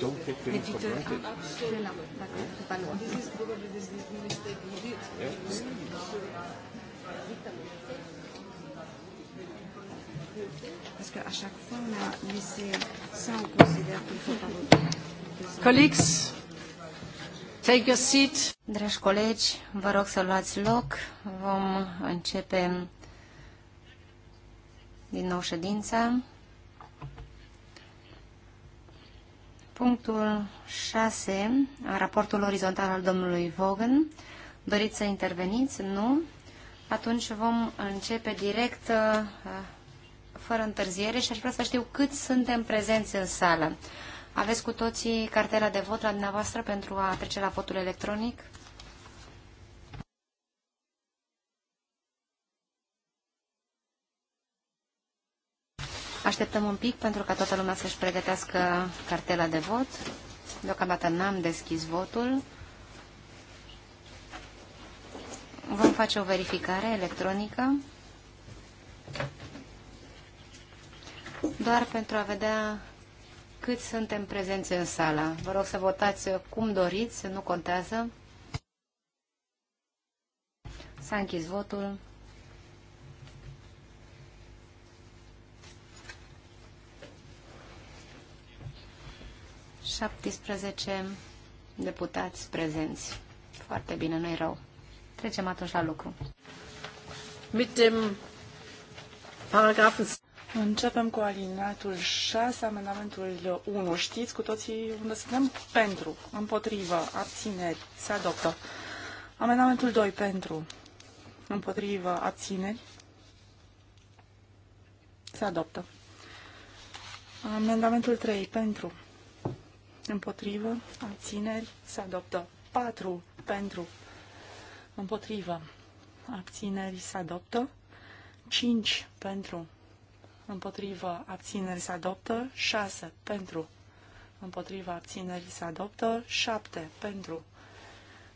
Don't take things for granted. Ah, Parce qu'à chaque fois, on a laissé ça, on considère qu'il faut pas Colleagues, take your seat. Dragi colegi, vă rog să luați loc. Vom începe din nou ședința. punctul 6, raportul orizontal al domnului Vogan. Doriți să interveniți? Nu? Atunci vom începe direct, uh, fără întârziere, și aș vrea să știu cât suntem prezenți în sală. Aveți cu toții cartela de vot la dumneavoastră pentru a trece la votul electronic? Așteptăm un pic pentru ca toată lumea să-și pregătească cartela de vot. Deocamdată n-am deschis votul. Vom face o verificare electronică doar pentru a vedea cât suntem prezenți în sală. Vă rog să votați cum doriți, nu contează. S-a închis votul. 17 deputați prezenți. Foarte bine, nu-i rău. Trecem atunci la lucru. Începem cu alineatul 6, amendamentul 1. Știți cu toții unde suntem? Pentru, împotrivă, abțineri, se adoptă. Amendamentul 2, pentru, împotrivă, abțineri, se adoptă. Amendamentul 3, pentru, împotrivă, abțineri, se adoptă 4 pentru, împotrivă, abțineri, se adoptă 5 pentru, împotrivă, abțineri, se adoptă 6 pentru, împotrivă, abțineri, se adoptă 7 pentru,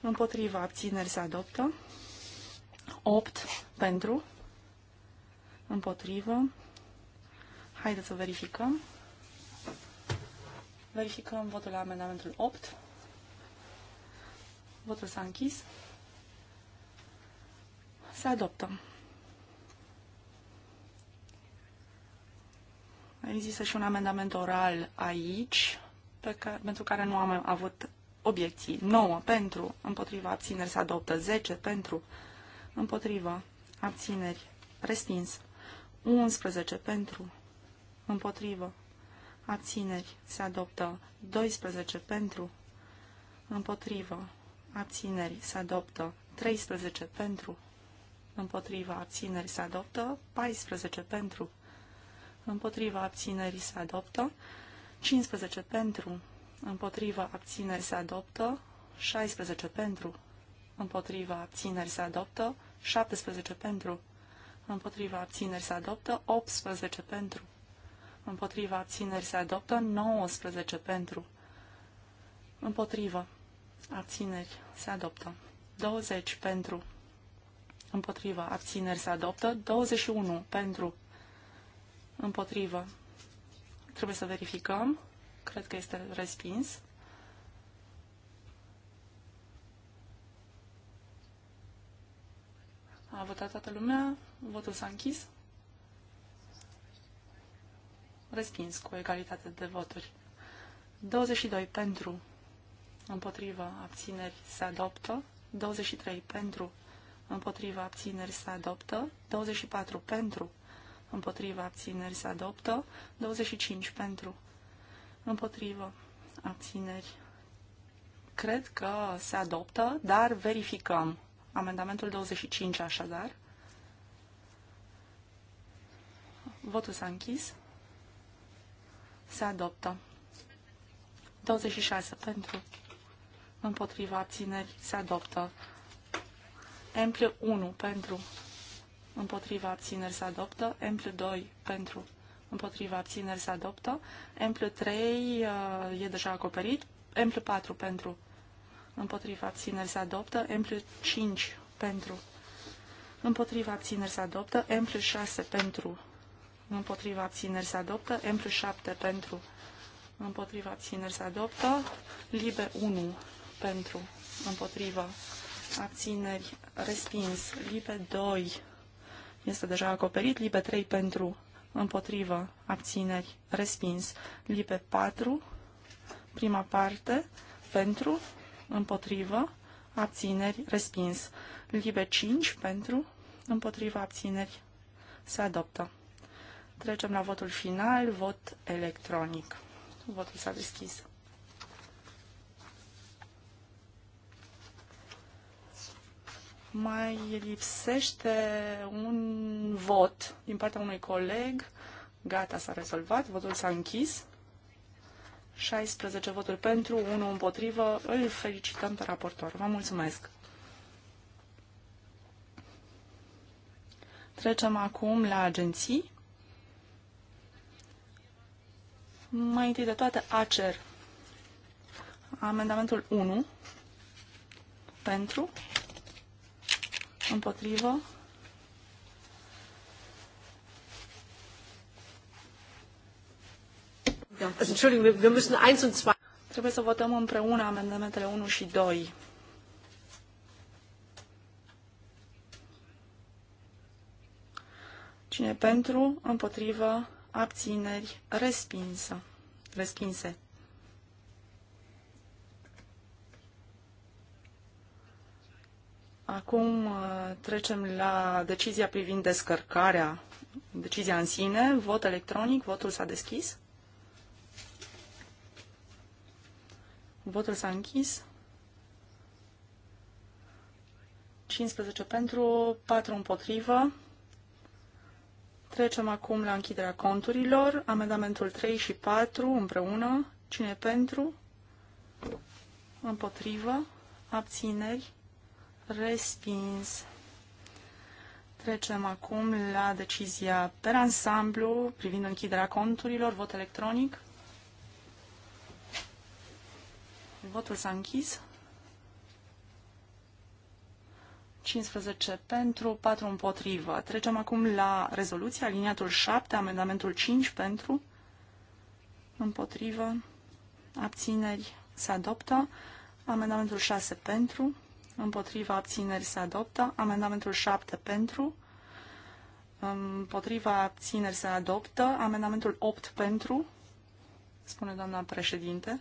împotrivă, abțineri, se adoptă 8 pentru, împotrivă, haideți să verificăm, Verificăm votul la amendamentul 8. Votul s-a închis. Se adoptă. Există și un amendament oral aici, pe care, pentru care nu am avut obiecții. 9 pentru, împotriva abțineri se adoptă, 10 pentru, împotriva abțineri, respins, 11 pentru, împotriva, abțineri se adoptă 12 pentru, împotrivă, abțineri se adoptă 13 pentru, împotriva abțineri se adoptă 14 pentru, împotriva abținerii se adoptă 15 pentru, împotriva abțineri se adoptă 16 pentru, împotriva abțineri se adoptă 17 pentru, împotriva abțineri se adoptă 18 pentru împotriva abțineri se adoptă, 19 pentru, împotriva abțineri se adoptă, 20 pentru, împotriva abțineri se adoptă, 21 pentru, împotriva. Trebuie să verificăm, cred că este respins. A votat toată lumea, votul s-a închis. Respins cu egalitate de voturi. 22 pentru, împotriva abțineri se adoptă. 23 pentru, împotriva abțineri se adoptă. 24 pentru, împotriva abțineri se adoptă. 25 pentru, împotriva abțineri. Cred că se adoptă, dar verificăm. Amendamentul 25 așadar. Votul s-a închis. Se adoptă. 26 pentru. Împotriva abțineri. Se adoptă. Emple 1 pentru. Împotriva abțineri se adoptă. Emple 2 pentru. Împotriva abțineri se adoptă. Emple 3 uh, e deja acoperit. Emple 4 pentru. Împotriva abțineri se adoptă. Emple 5 pentru. Împotriva abțineri se adoptă. Emple 6 pentru împotriva abțineri se adoptă, M 7 pentru împotriva abțineri se adoptă, Libe 1 pentru împotriva abțineri respins, Libe 2 este deja acoperit, Libe 3 pentru împotriva abțineri respins, Libe 4 prima parte pentru împotriva abțineri respins, Libe 5 pentru împotriva abțineri se adoptă. Trecem la votul final, vot electronic. Votul s-a deschis. Mai lipsește un vot din partea unui coleg. Gata, s-a rezolvat. Votul s-a închis. 16 voturi pentru, 1 împotrivă. Îl felicităm pe raportor. Vă mulțumesc! Trecem acum la agenții. Mai întâi de toate, ACER. Amendamentul 1 pentru, împotrivă, Trebuie să votăm împreună amendamentele 1 și 2. Cine pentru, împotrivă, abțineri, respinsă, respinse. Acum uh, trecem la decizia privind descărcarea, decizia în sine, vot electronic, votul s-a deschis. Votul s-a închis. 15 pentru, 4 împotrivă, Trecem acum la închiderea conturilor. Amendamentul 3 și 4 împreună. Cine pentru? Împotrivă? Abțineri? Respins. Trecem acum la decizia per ansamblu privind închiderea conturilor, vot electronic. Votul s-a închis. 15 pentru, 4 împotrivă. Trecem acum la rezoluție, aliniatul 7, amendamentul 5 pentru, împotrivă, abțineri, se adoptă. Amendamentul 6 pentru, împotrivă, abțineri se adoptă. Amendamentul 7 pentru, împotrivă, abțineri se adoptă. Amendamentul 8 pentru, spune doamna președinte.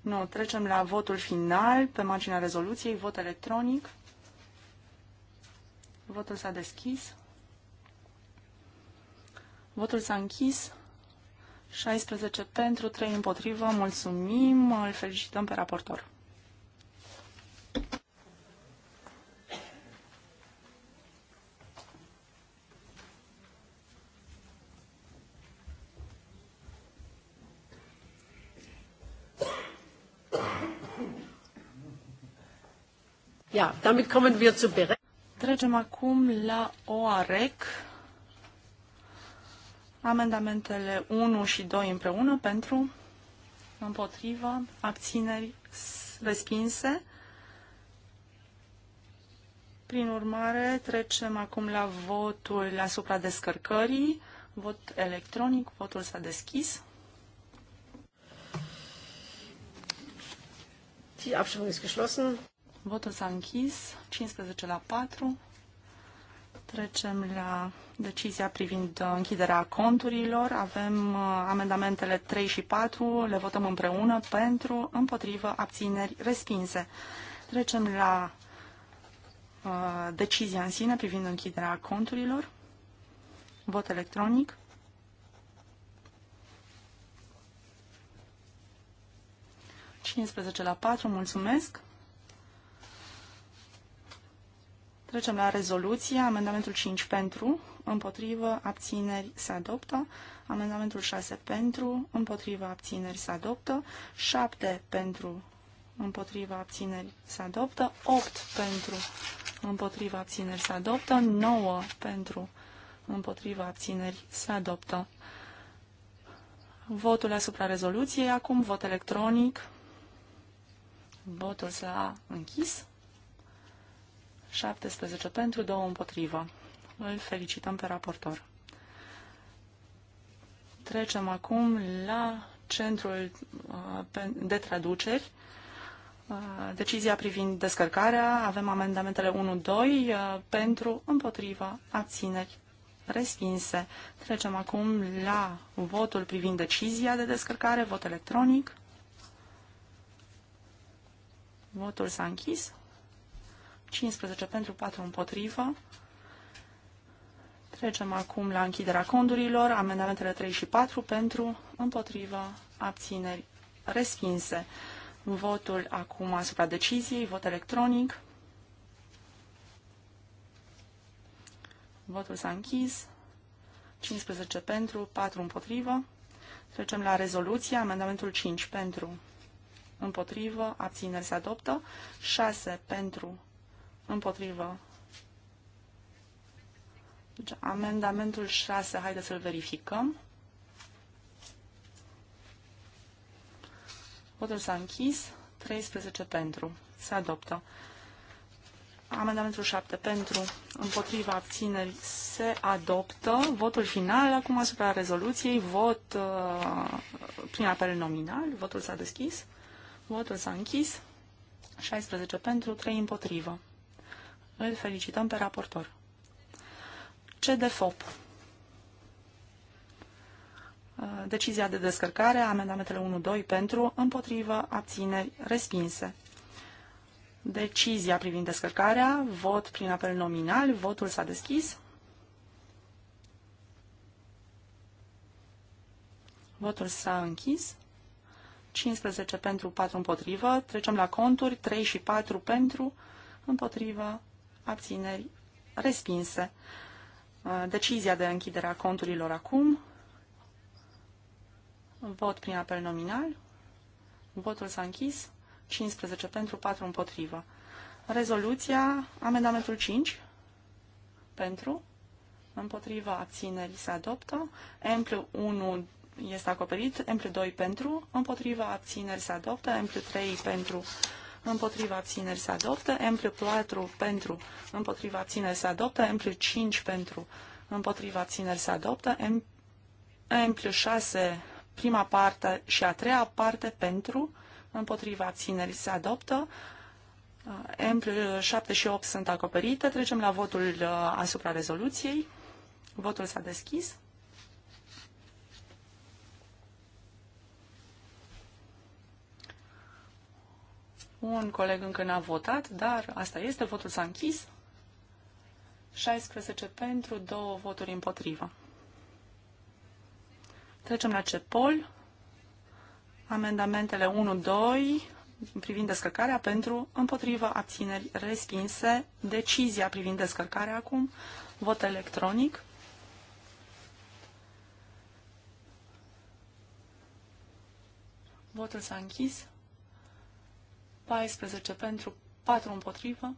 Nu, trecem la votul final pe marginea rezoluției, vot electronic. Votul s-a deschis. Votul s-a închis. 16 pentru, 3 împotrivă. Mulțumim, îl felicităm pe raportor. Ja, damit kommen wir zu Bericht. Trecem acum la OAREC. Amendamentele 1 și 2 împreună pentru, împotriva, abțineri respinse. Prin urmare, trecem acum la votul asupra descărcării. Vot electronic, votul s-a deschis. Die Abstimmung ist geschlossen. Votul s-a închis. 15 la 4. Trecem la decizia privind uh, închiderea conturilor. Avem uh, amendamentele 3 și 4. Le votăm împreună pentru, împotrivă, abțineri, respinse. Trecem la uh, decizia în sine privind închiderea conturilor. Vot electronic. cincisprezece la patru mulțumesc. Trecem la rezoluție. Amendamentul 5 pentru, împotrivă, abțineri se adoptă. Amendamentul 6 pentru, împotrivă, abțineri se adoptă. 7 pentru, împotrivă, abțineri se adoptă, 8 pentru împotrivă, abțineri se adoptă, 9 pentru împotrivă, abțineri se adoptă. Votul asupra rezoluției, acum vot electronic. Votul s-a închis. 17 pentru, 2 împotrivă. Îl felicităm pe raportor. Trecem acum la centrul uh, de traduceri. Uh, decizia privind descărcarea, avem amendamentele 1-2 uh, pentru, împotriva, abțineri, respinse. Trecem acum la votul privind decizia de descărcare, vot electronic. Votul s-a închis. 15 pentru 4 împotrivă. Trecem acum la închiderea condurilor. Amendamentele 3 și 4 pentru împotrivă abțineri respinse. Votul acum asupra deciziei, vot electronic. Votul s-a închis. 15 pentru, 4 împotrivă. Trecem la rezoluție. Amendamentul 5 pentru, împotrivă, abțineri se adoptă. 6 pentru, Împotrivă. Deci, amendamentul 6, haideți să-l verificăm. Votul s-a închis. 13 pentru. Se adoptă. Amendamentul 7 pentru. Împotriva abțineri se adoptă. Votul final acum asupra rezoluției. Vot uh, prin apel nominal. Votul s-a deschis. Votul s-a închis. 16 pentru, 3 împotrivă. Îl felicităm pe raportor. Ce de FOP? Uh, decizia de descărcare, amendamentele 1-2 pentru, împotrivă, abțineri, respinse. Decizia privind descărcarea, vot prin apel nominal, votul s-a deschis. Votul s-a închis. 15 pentru, 4 împotrivă. Trecem la conturi, 3 și 4 pentru, împotrivă, abțineri, respinse. Uh, decizia de închidere a conturilor acum. Vot prin apel nominal. Votul s-a închis. 15 pentru, 4 împotrivă. Rezoluția, amendamentul 5, pentru, împotriva abținerii se adoptă, amplu 1 este acoperit, amplu 2 pentru, împotriva abținerii se adoptă, amplu 3 pentru, împotriva țineri se adoptă, M4 plus pentru, împotriva țineri se adoptă, M5 plus pentru, împotriva țineri se adoptă, M6 M plus prima parte și a treia parte pentru, împotriva țineri se adoptă, uh, M7 plus și 8 sunt acoperite, trecem la votul uh, asupra rezoluției, votul s-a deschis. Un coleg încă n-a votat, dar asta este, votul s-a închis. 16 pentru, 2 voturi împotriva. Trecem la CEPOL. Amendamentele 1-2 privind descărcarea pentru împotrivă abțineri respinse. Decizia privind descărcarea acum. Vot electronic. Votul s-a închis. 14 pentru 4 împotrivă.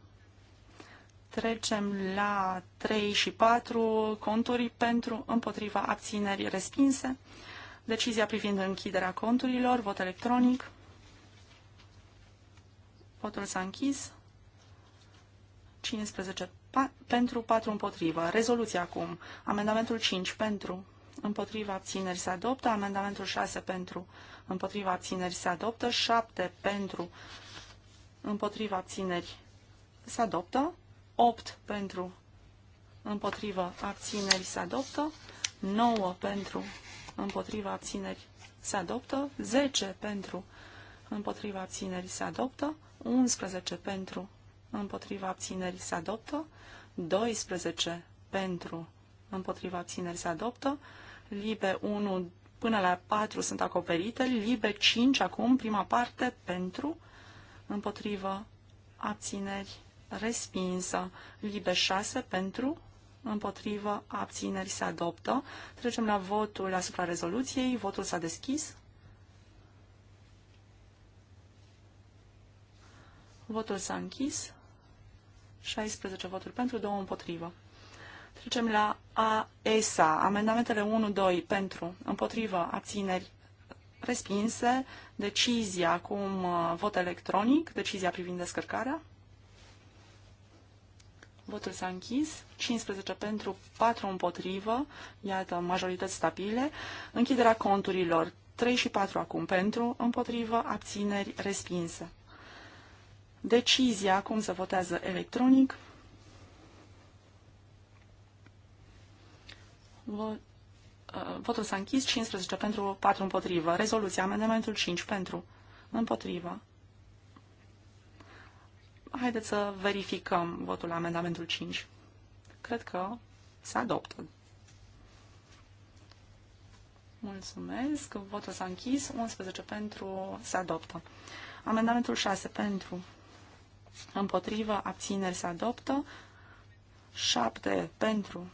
Trecem la 3 și 4 conturi pentru împotriva abținerii respinse. Decizia privind închiderea conturilor, vot electronic. Votul s-a închis. 15 pa- pentru, 4 împotrivă. Rezoluția acum. Amendamentul 5 pentru, împotriva abțineri se adoptă. Amendamentul 6 pentru, împotriva abțineri se adoptă. 7 pentru, împotriva abțineri se adoptă, 8 pentru împotriva abțineri se adoptă, 9 pentru împotriva abțineri se adoptă, 10 pentru împotriva abțineri se adoptă, 11 pentru împotriva abțineri se adoptă, 12 pentru împotriva abțineri se adoptă, libe 1 până la 4 sunt acoperite, libe 5 acum, prima parte pentru împotrivă, abțineri, respinsă. Libe 6 pentru, împotrivă, abțineri, se adoptă. Trecem la votul asupra rezoluției. Votul s-a deschis. Votul s-a închis. 16 voturi pentru, 2 împotrivă. Trecem la AESA. Amendamentele 1-2 pentru, împotrivă, abțineri, respinse decizia un uh, vot electronic, decizia privind descărcarea. Votul s-a închis, 15 pentru, 4 împotrivă, iată, majorități stabile. Închiderea conturilor, 3 și 4 acum pentru, împotrivă, abțineri, respinse. Decizia cum se votează electronic. Vot Uh, votul s-a închis. 15 pentru, 4 împotrivă. Rezoluția. Amendamentul 5 pentru. Împotrivă. Haideți să verificăm votul la amendamentul 5. Cred că se adoptă. Mulțumesc. Votul s-a închis. 11 pentru. Se adoptă. Amendamentul 6 pentru. Împotrivă. Abțineri se adoptă. 7 pentru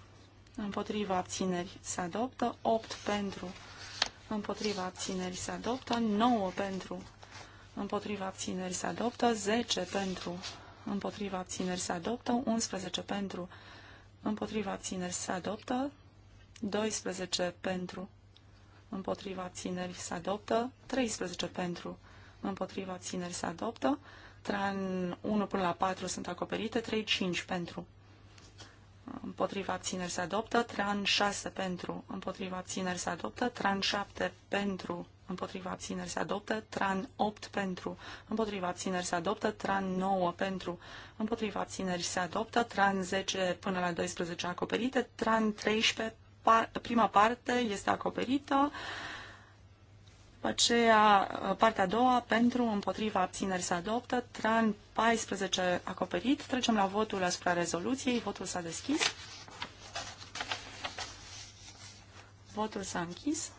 împotriva abțineri se adoptă, 8 pentru, împotriva abțineri se adoptă, 9 pentru, împotriva abțineri se adoptă, 10 pentru, împotriva abțineri se adoptă, 11 pentru, împotriva abțineri se adoptă, 12 pentru, împotriva abțineri se adoptă, 13 pentru, împotriva abțineri se adoptă, 1 până la 4 sunt acoperite, 3-5 pentru, împotriva abțineri se adoptă, tran 6 pentru, împotriva abțineri se adoptă, tran 7 pentru, împotriva abțineri se adoptă, tran 8 pentru, împotriva abțineri se adoptă, tran 9 pentru, împotriva abțineri se adoptă, tran 10 până la 12 acoperite, tran 13, par, prima parte este acoperită, uh, după aceea, uh, partea a doua, pentru, împotriva, abțineri se adoptă, tran 14 acoperit. Trecem la votul asupra rezoluției. Votul s-a deschis. Votul s-a închis.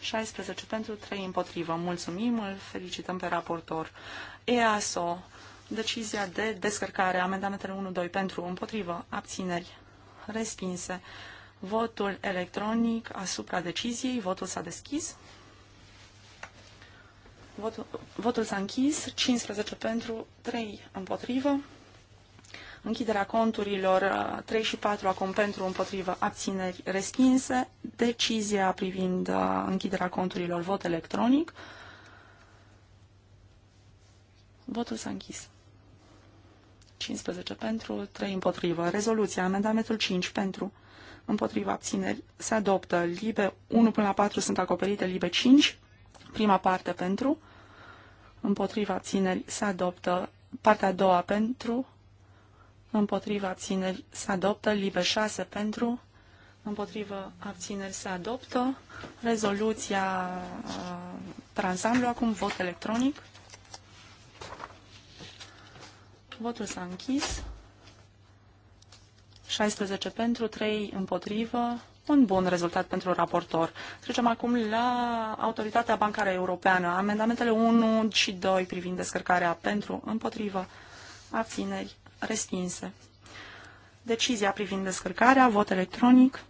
16 pentru, 3 împotrivă. Mulțumim, îl felicităm pe raportor. EASO, decizia de descărcare, amendamentele 1-2 pentru, împotrivă, abțineri, respinse. Votul electronic asupra deciziei, votul s-a deschis. Votul, votul s-a închis, 15 pentru, 3 împotrivă. Închiderea conturilor 3 uh, și 4 acum pentru împotrivă abțineri respinse. Decizia privind uh, închiderea conturilor vot electronic. Votul s-a închis. 15 pentru, 3 împotrivă. Rezoluția, amendamentul 5 pentru, împotriva abțineri, se adoptă. Libe 1 până la 4 sunt acoperite, libe 5 Prima parte pentru, împotriva țineri se adoptă. Partea a doua pentru, împotriva țineri se adoptă. Libe 6 pentru, împotriva abțineri se adoptă. Rezoluția per ansamblu, acum vot electronic. Votul s-a închis. 16 pentru, 3 împotrivă, un bun rezultat pentru raportor. Trecem acum la Autoritatea Bancară Europeană. Amendamentele 1 și 2 privind descărcarea pentru, împotrivă, abțineri, respinse. Decizia privind descărcarea, vot electronic.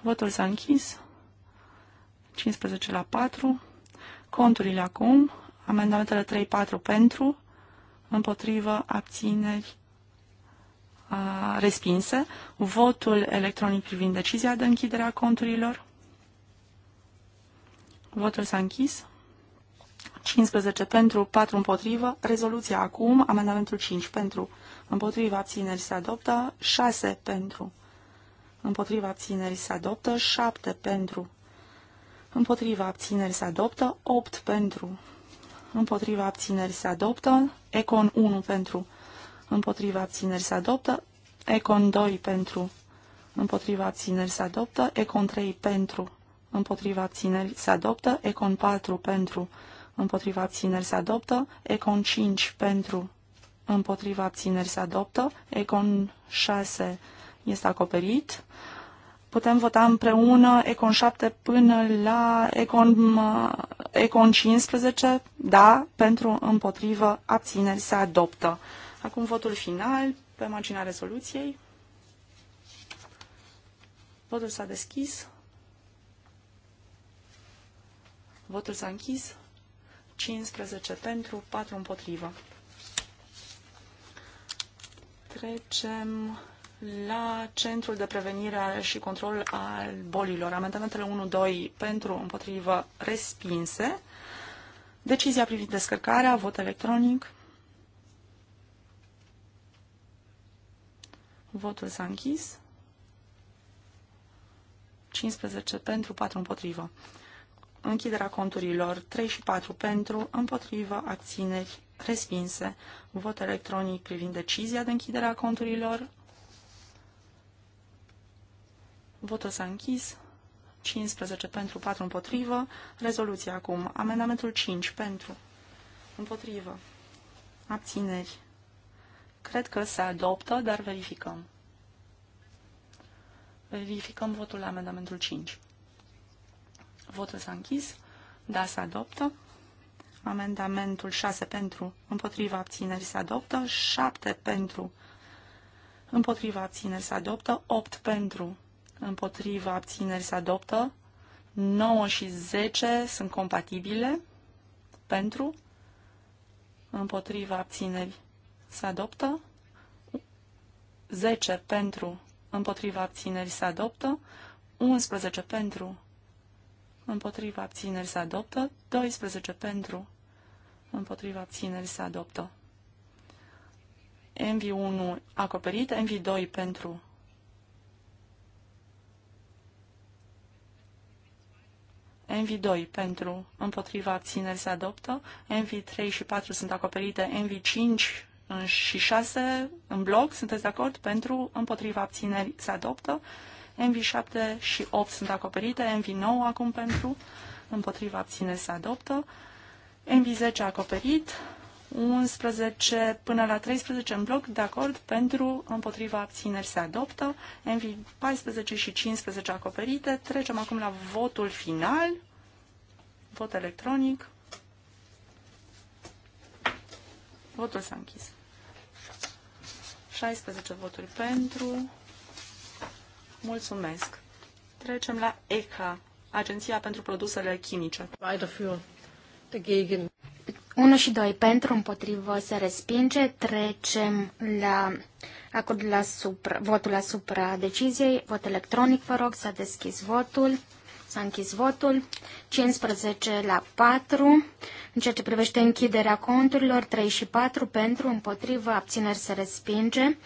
Votul s-a închis. 15 la 4. Conturile acum. Amendamentele 3-4 pentru, împotrivă, abțineri, respinse. Votul electronic privind decizia de închidere a conturilor. Votul s-a închis. 15 pentru, 4 împotrivă. Rezoluția acum, amendamentul 5 pentru, împotriva abțineri se adoptă, 6 pentru, împotriva abțineri se adoptă, 7 pentru, împotriva abțineri se adoptă, 8 pentru, împotriva abțineri se adoptă, Econ 1 pentru, împotriva abțineri se adoptă, Econ 2 pentru, împotriva abțineri se adoptă, Econ 3 pentru, împotriva abțineri se adoptă, Econ 4 pentru, împotriva abțineri se adoptă, Econ 5 pentru, împotriva abțineri se adoptă, Econ 6 este acoperit, putem vota împreună Econ 7 până la Econ, Econ 15, da, pentru împotrivă abțineri se adoptă. Acum votul final pe marginea rezoluției. Votul s-a deschis. Votul s-a închis. 15 pentru, 4 împotrivă. Trecem la Centrul de Prevenire și Control al Bolilor. Amendamentele 1-2 pentru, împotrivă, respinse. Decizia privind descărcarea, vot electronic. Votul s-a închis. 15 pentru, 4 împotrivă. Închiderea conturilor 3 și 4 pentru, împotrivă, abțineri, respinse. Vot electronic privind decizia de închiderea conturilor. Votul s-a închis. 15 pentru, 4 împotrivă. Rezoluția acum. Amendamentul 5 pentru, împotrivă, abțineri, Cred că se adoptă, dar verificăm. Verificăm votul la amendamentul 5. Votul s-a închis. Da, se adoptă. Amendamentul 6 pentru, împotriva abțineri se adoptă, 7 pentru, împotriva abțineri se adoptă, 8 pentru, împotriva abțineri se adoptă, 9 și 10 sunt compatibile, pentru, împotriva abțineri se adoptă, 10 pentru, împotriva abținerii se adoptă, 11 pentru, împotriva abținerii se adoptă, 12 pentru, împotriva abținerii se adoptă. MV1 acoperit, MV2 pentru mv 2 pentru împotriva abțineri se adoptă, mv 3 și 4 sunt acoperite, mv 5 și 6 în bloc, sunteți de acord? Pentru, împotriva abțineri se adoptă. MV7 și 8 sunt acoperite, MV9 acum pentru, împotriva abțineri se adoptă. MV10 acoperit, 11 până la 13 în bloc, de acord, pentru, împotriva abțineri se adoptă. MV14 și 15 acoperite. Trecem acum la votul final, vot electronic. Votul s-a închis. 16 voturi pentru. Mulțumesc. Trecem la ECA, Agenția pentru Produsele Chimice. Weiterführen. 1 și 2 pentru, împotrivă se respinge. Trecem la acordul asupra, votul asupra deciziei. Vot electronic, vă rog, s-a deschis votul. S-a închis votul. 15 la 4. În ceea ce privește închiderea conturilor, 3 și 4 pentru, împotrivă, abțineri se respinge.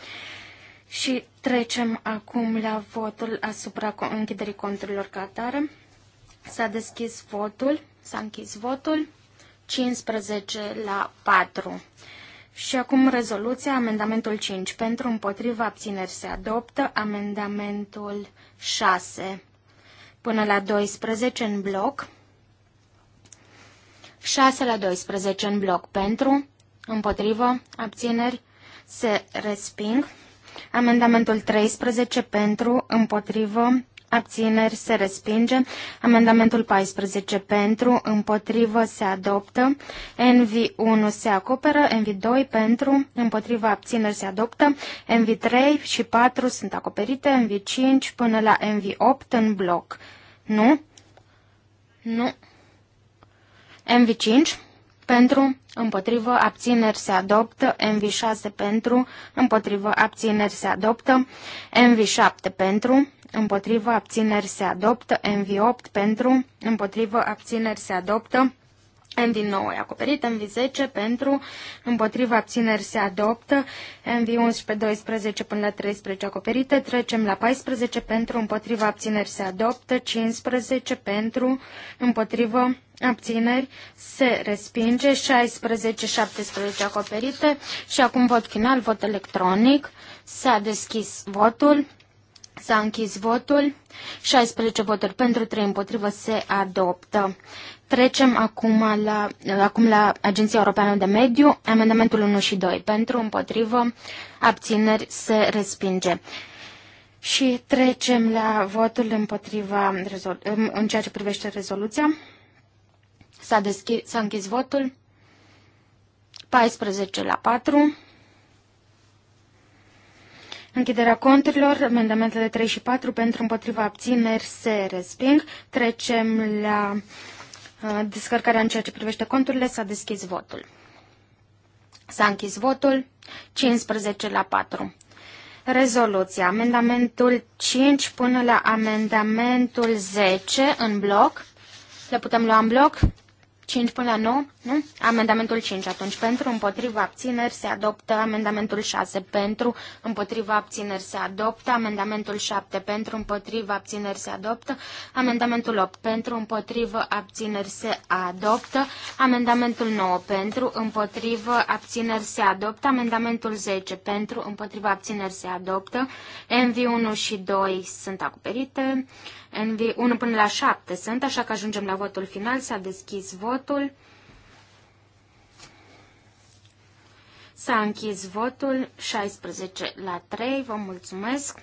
Și trecem acum la votul asupra închiderii conturilor ca S-a deschis votul, s-a închis votul, 15 la 4. Și acum rezoluția, amendamentul 5. Pentru împotriva abțineri se adoptă, amendamentul 6 până la 12 în bloc, 6 la 12 în bloc pentru, împotrivă, abțineri, se resping. Amendamentul 13 pentru, împotrivă, abțineri se respinge. Amendamentul 14 pentru, împotrivă se adoptă. NV1 se acoperă, NV2 pentru, împotrivă abțineri se adoptă. NV3 și 4 sunt acoperite, NV5 până la NV8 în bloc. Nu? Nu. NV5 pentru, împotrivă, abțineri se adoptă, nv 6 pentru, împotrivă, abțineri se adoptă, nv 7 pentru, împotrivă, abțineri se adoptă, MV8 pentru, împotrivă, abțineri se adoptă, MV9 e acoperit, MV10 pentru, împotriva abțineri se adoptă, MV11, 12 până la 13 acoperite, trecem la 14 pentru, împotriva abțineri se adoptă, 15 pentru, împotriva abțineri se respinge, 16, 17 acoperite și acum vot final, vot electronic, s-a deschis votul. S-a închis votul. 16 voturi pentru, 3 împotrivă se adoptă. Trecem acum la, acum la Agenția Europeană de Mediu, amendamentul 1 și 2. Pentru, împotrivă, abțineri se respinge. Și trecem la votul împotriva, în ceea ce privește rezoluția. S-a, deschis, s-a închis votul. 14 la 4. Închiderea conturilor, amendamentele 3 și 4 pentru împotriva abțineri se resping. Trecem la uh, descărcarea în ceea ce privește conturile. S-a deschis votul. S-a închis votul 15 la 4. Rezoluția. Amendamentul 5 până la amendamentul 10 în bloc. Le putem lua în bloc? 5 până la 9? Nu? Amendamentul 5 atunci. Pentru, împotriva, abțineri se adoptă. Amendamentul 6 pentru, împotriva, abțineri se adoptă. Amendamentul 7 pentru, împotriva, abțineri se adoptă. Amendamentul 8 pentru, împotriva, abțineri se adoptă. Amendamentul 9 pentru, împotriva, abțineri se adoptă. Amendamentul 10 pentru, împotriva, abțineri se adoptă. MV1 și 2 sunt acoperite. NV 1 până la 7 sunt, așa că ajungem la votul final. S-a deschis votul. S-a închis votul 16 la 3. Vă mulțumesc.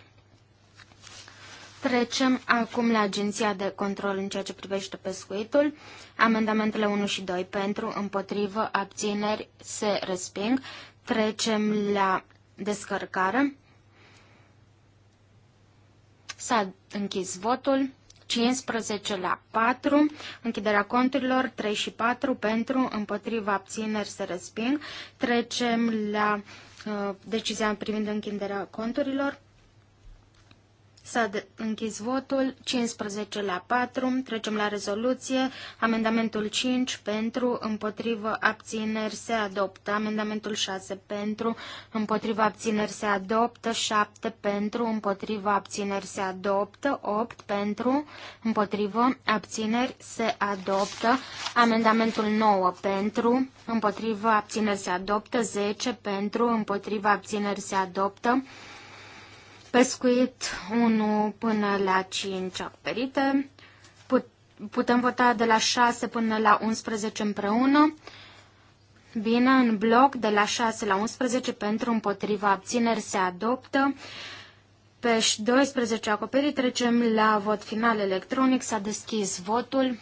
Trecem acum la Agenția de Control în ceea ce privește pescuitul. Amendamentele 1 și 2 pentru, împotrivă, abțineri se resping. Trecem la descărcare. S-a închis votul. 15 la 4, închiderea conturilor 3 și 4 pentru, împotriva abțineri se resping. Trecem la uh, decizia privind închiderea conturilor. S-a închis votul 15 la 4. Trecem la rezoluție. Amendamentul 5 pentru, împotrivă, abțineri se adoptă. Amendamentul 6 pentru, împotrivă, abțineri se adoptă. 7 pentru, împotrivă, abțineri se adoptă. 8 pentru, împotrivă, abțineri se adoptă. Amendamentul 9 pentru, împotrivă, abțineri se adoptă. 10 pentru, împotrivă, abțineri se adoptă. Pescuit 1 până la 5 acoperite. Putem vota de la 6 până la 11 împreună. Bine, în bloc de la 6 la 11 pentru împotriva abțineri se adoptă. Pe 12 acoperi trecem la vot final electronic. S-a deschis votul.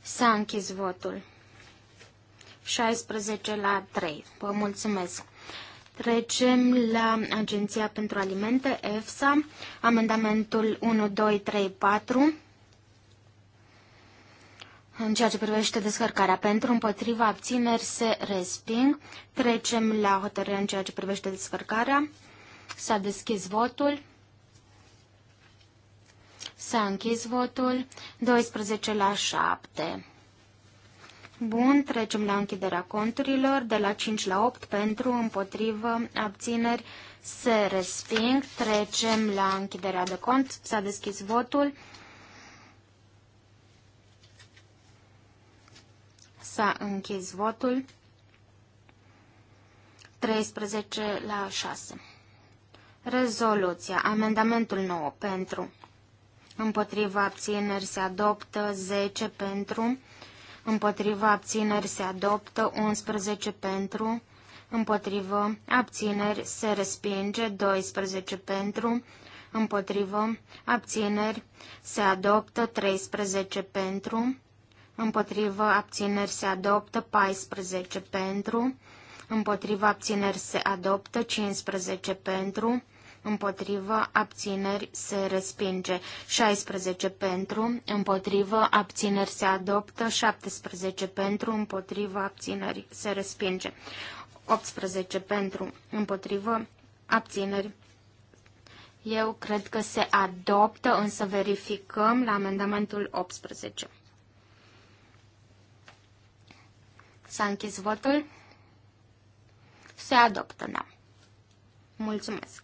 S-a închis votul. 16 la 3. Vă mulțumesc. Trecem la Agenția pentru Alimente, EFSA, amendamentul 1234. În ceea ce privește descărcarea pentru împotriva abțineri se resping. Trecem la hotărâre în ceea ce privește descărcarea. S-a deschis votul. S-a închis votul. 12 la 7. Bun, trecem la închiderea conturilor. De la 5 la 8 pentru, împotrivă, abțineri, se resping. Trecem la închiderea de cont. S-a deschis votul. S-a închis votul. 13 la 6. Rezoluția. Amendamentul 9 pentru. Împotriva abțineri se adoptă 10 pentru împotriva abțineri se adoptă, 11 pentru, împotrivă, abțineri se respinge, 12 pentru, împotrivă, abțineri se adoptă, 13 pentru, împotrivă, abțineri se adoptă, 14 pentru, împotrivă abțineri se adoptă, 15 pentru, împotrivă, abțineri, se respinge. 16 pentru, împotrivă, abțineri, se adoptă. 17 pentru, împotrivă, abțineri, se respinge. 18 pentru, împotrivă, abțineri. Eu cred că se adoptă, însă verificăm la amendamentul 18. S-a închis votul. Se adoptă, da. Mulțumesc.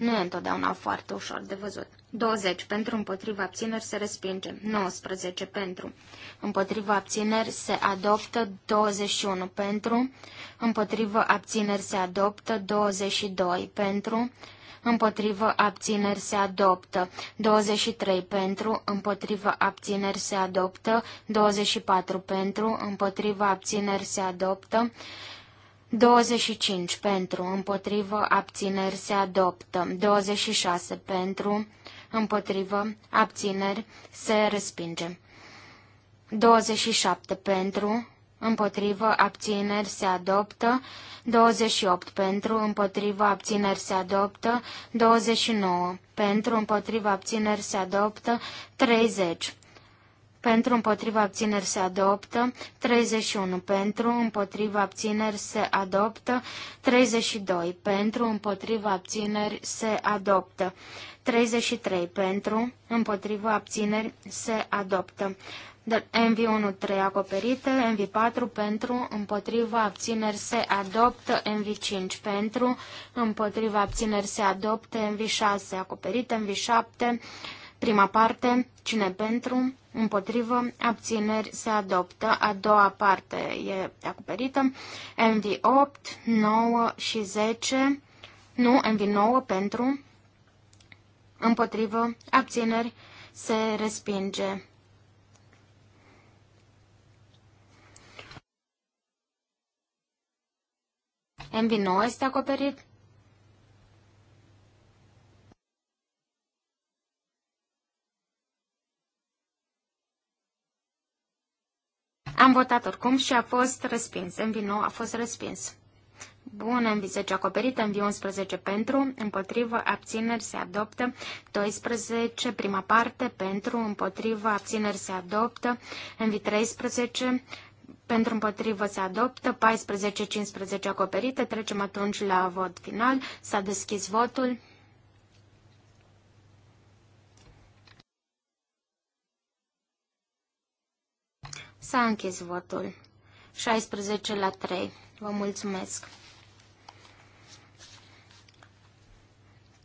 Nu e întotdeauna foarte ușor de văzut. 20. Pentru împotriva abțineri se respinge. 19. Pentru împotriva abțineri se adoptă. 21. Pentru împotriva abțineri se adoptă. 22. Pentru împotriva abțineri se adoptă, 23 pentru, împotriva abțineri se adoptă, 24 pentru, împotriva abțineri se adoptă, 25 pentru, împotrivă, abțineri se adoptă. 26 pentru, împotrivă, abțineri se respinge. 27 pentru, împotrivă, abțineri se adoptă. 28 pentru, împotrivă, abțineri se adoptă. 29 pentru, împotrivă, abțineri se adoptă. 30 pentru împotriva abțineri se adoptă, 31 pentru împotriva abțineri se adoptă, 32 pentru împotriva abțineri se adoptă, 33 pentru împotriva abțineri se adoptă. MV1 3 acoperite, MV4 pentru, împotriva abțineri se adoptă, MV5 pentru, împotriva abțineri se adoptă, MV6 acoperite, MV7 Prima parte, cine pentru, împotrivă, abțineri se adoptă. A doua parte e acoperită. MV8, 9 și 10, nu, MV9 pentru, împotrivă, abțineri se respinge. MV9 este acoperit. Am votat oricum și a fost respins. MV9 a fost respins. Bun, MV10 acoperită, MV11 pentru, împotrivă, abțineri se adoptă, 12, prima parte, pentru, împotrivă, abțineri se adoptă, MV13, pentru împotrivă se adoptă, 14-15 acoperite, trecem atunci la vot final, s-a deschis votul. S-a închis votul. 16 la 3. Vă mulțumesc.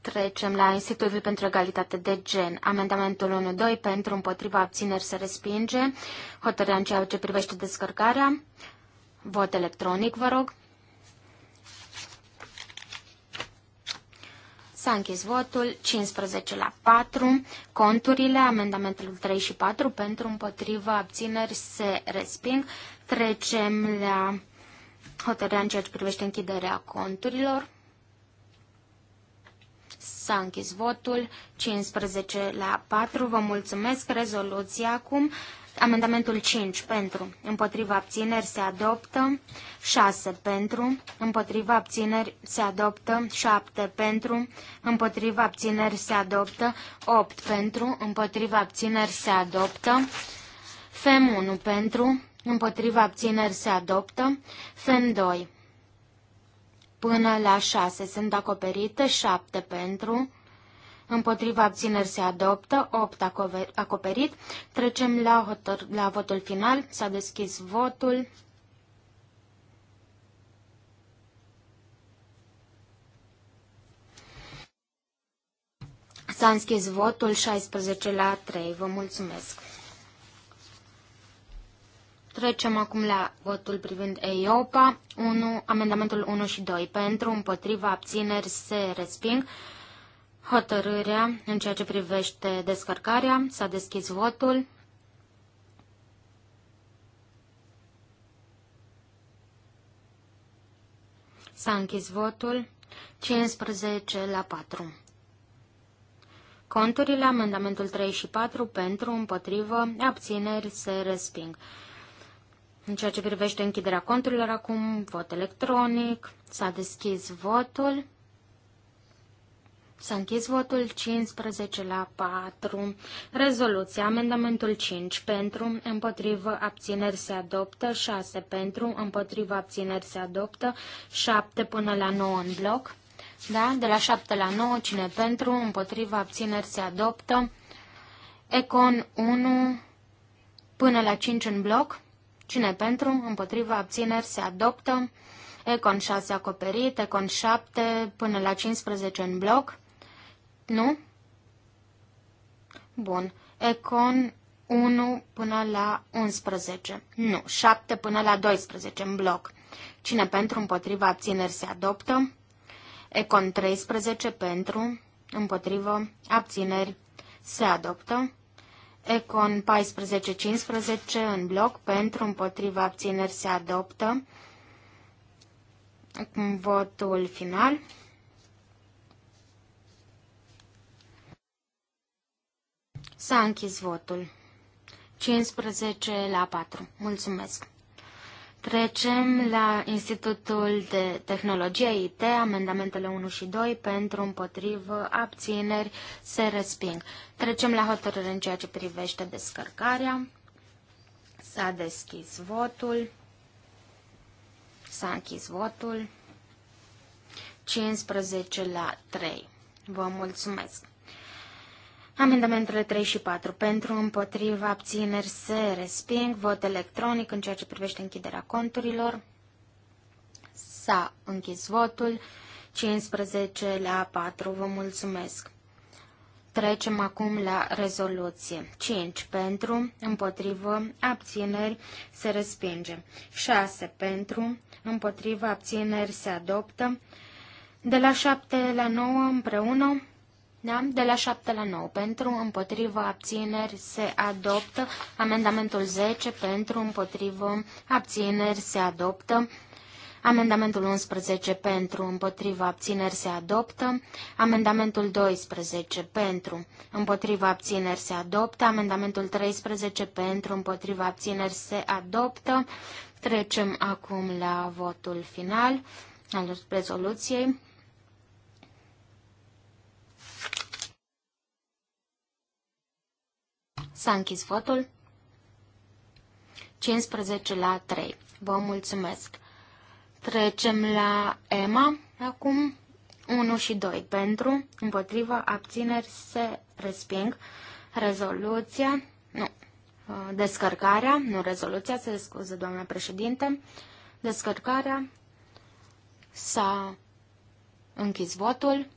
Trecem la Institutul pentru Egalitate de Gen. Amendamentul 1.2 pentru împotriva abțineri se respinge. Hotărârea în ceea ce privește descărcarea. Vot electronic, vă rog. S-a închis votul 15 la 4. Conturile, amendamentul 3 și 4 pentru împotriva abțineri se resping. Trecem la hotărârea în ceea ce privește închiderea conturilor. S-a închis votul 15 la 4. Vă mulțumesc. Rezoluția acum. Amendamentul 5 pentru, împotriva abțineri se adoptă, 6 pentru, împotriva abțineri se adoptă, 7 pentru, împotriva abțineri se adoptă, 8 pentru, împotriva abțineri se adoptă, FEM 1 pentru, împotriva abțineri se adoptă, FEM 2 până la 6 sunt acoperite, 7 pentru, împotriva abțineri se adoptă, 8 acoperit. Trecem la, hotăr- la votul final, s-a deschis votul. S-a închis votul 16 la 3. Vă mulțumesc. Trecem acum la votul privind EIOPA, 1, amendamentul 1 și 2. Pentru, împotriva, abțineri, se resping hotărârea în ceea ce privește descărcarea. S-a deschis votul. S-a închis votul 15 la 4. Conturile, amendamentul 3 și 4 pentru, împotrivă, abțineri se resping. În ceea ce privește închiderea conturilor acum, vot electronic, s-a deschis votul. S-a închis votul 15 la 4. Rezoluția. Amendamentul 5 pentru, împotrivă, abțineri se adoptă, 6 pentru, împotrivă, abțineri se adoptă, 7 până la 9 în bloc. Da? De la 7 la 9, cine pentru, împotrivă, abțineri se adoptă. Econ 1 până la 5 în bloc. Cine pentru, împotrivă, abțineri se adoptă. Econ 6 acoperit, Econ 7 până la 15 în bloc. Nu? Bun. Econ 1 până la 11. Nu, 7 până la 12 în bloc. Cine pentru împotriva abțineri se adoptă? Econ 13 pentru împotriva abțineri se adoptă. Econ 14-15 în bloc pentru împotriva abțineri se adoptă. Acum votul final. S-a închis votul. 15 la 4. Mulțumesc. Trecem la Institutul de Tehnologie IT, amendamentele 1 și 2, pentru împotrivă abțineri se resping. Trecem la hotărâre în ceea ce privește descărcarea. S-a deschis votul. S-a închis votul. 15 la 3. Vă mulțumesc. Amendamentele 3 și 4 pentru împotriva abțineri se resping, vot electronic în ceea ce privește închiderea conturilor. S-a închis votul 15 la 4. Vă mulțumesc. Trecem acum la rezoluție. 5 pentru, împotrivă, abțineri, se respinge. 6 pentru, împotrivă, abțineri, se adoptă. De la 7 la 9 împreună, Neam De la 7 la 9 pentru, împotrivă, abțineri se adoptă. Amendamentul 10 pentru, împotrivă, abțineri se adoptă. Amendamentul 11 pentru, împotriva abțineri se adoptă. Amendamentul 12 pentru, împotriva abțineri se adoptă. Amendamentul 13 pentru, împotriva abțineri se adoptă. Trecem acum la votul final al rezoluției. S-a închis votul. 15 la 3. Vă mulțumesc. Trecem la EMA acum. 1 și 2 pentru, împotrivă, abțineri, se resping. Rezoluția, nu, descărcarea, nu rezoluția, se scuză doamna președinte, descărcarea, s-a închis votul,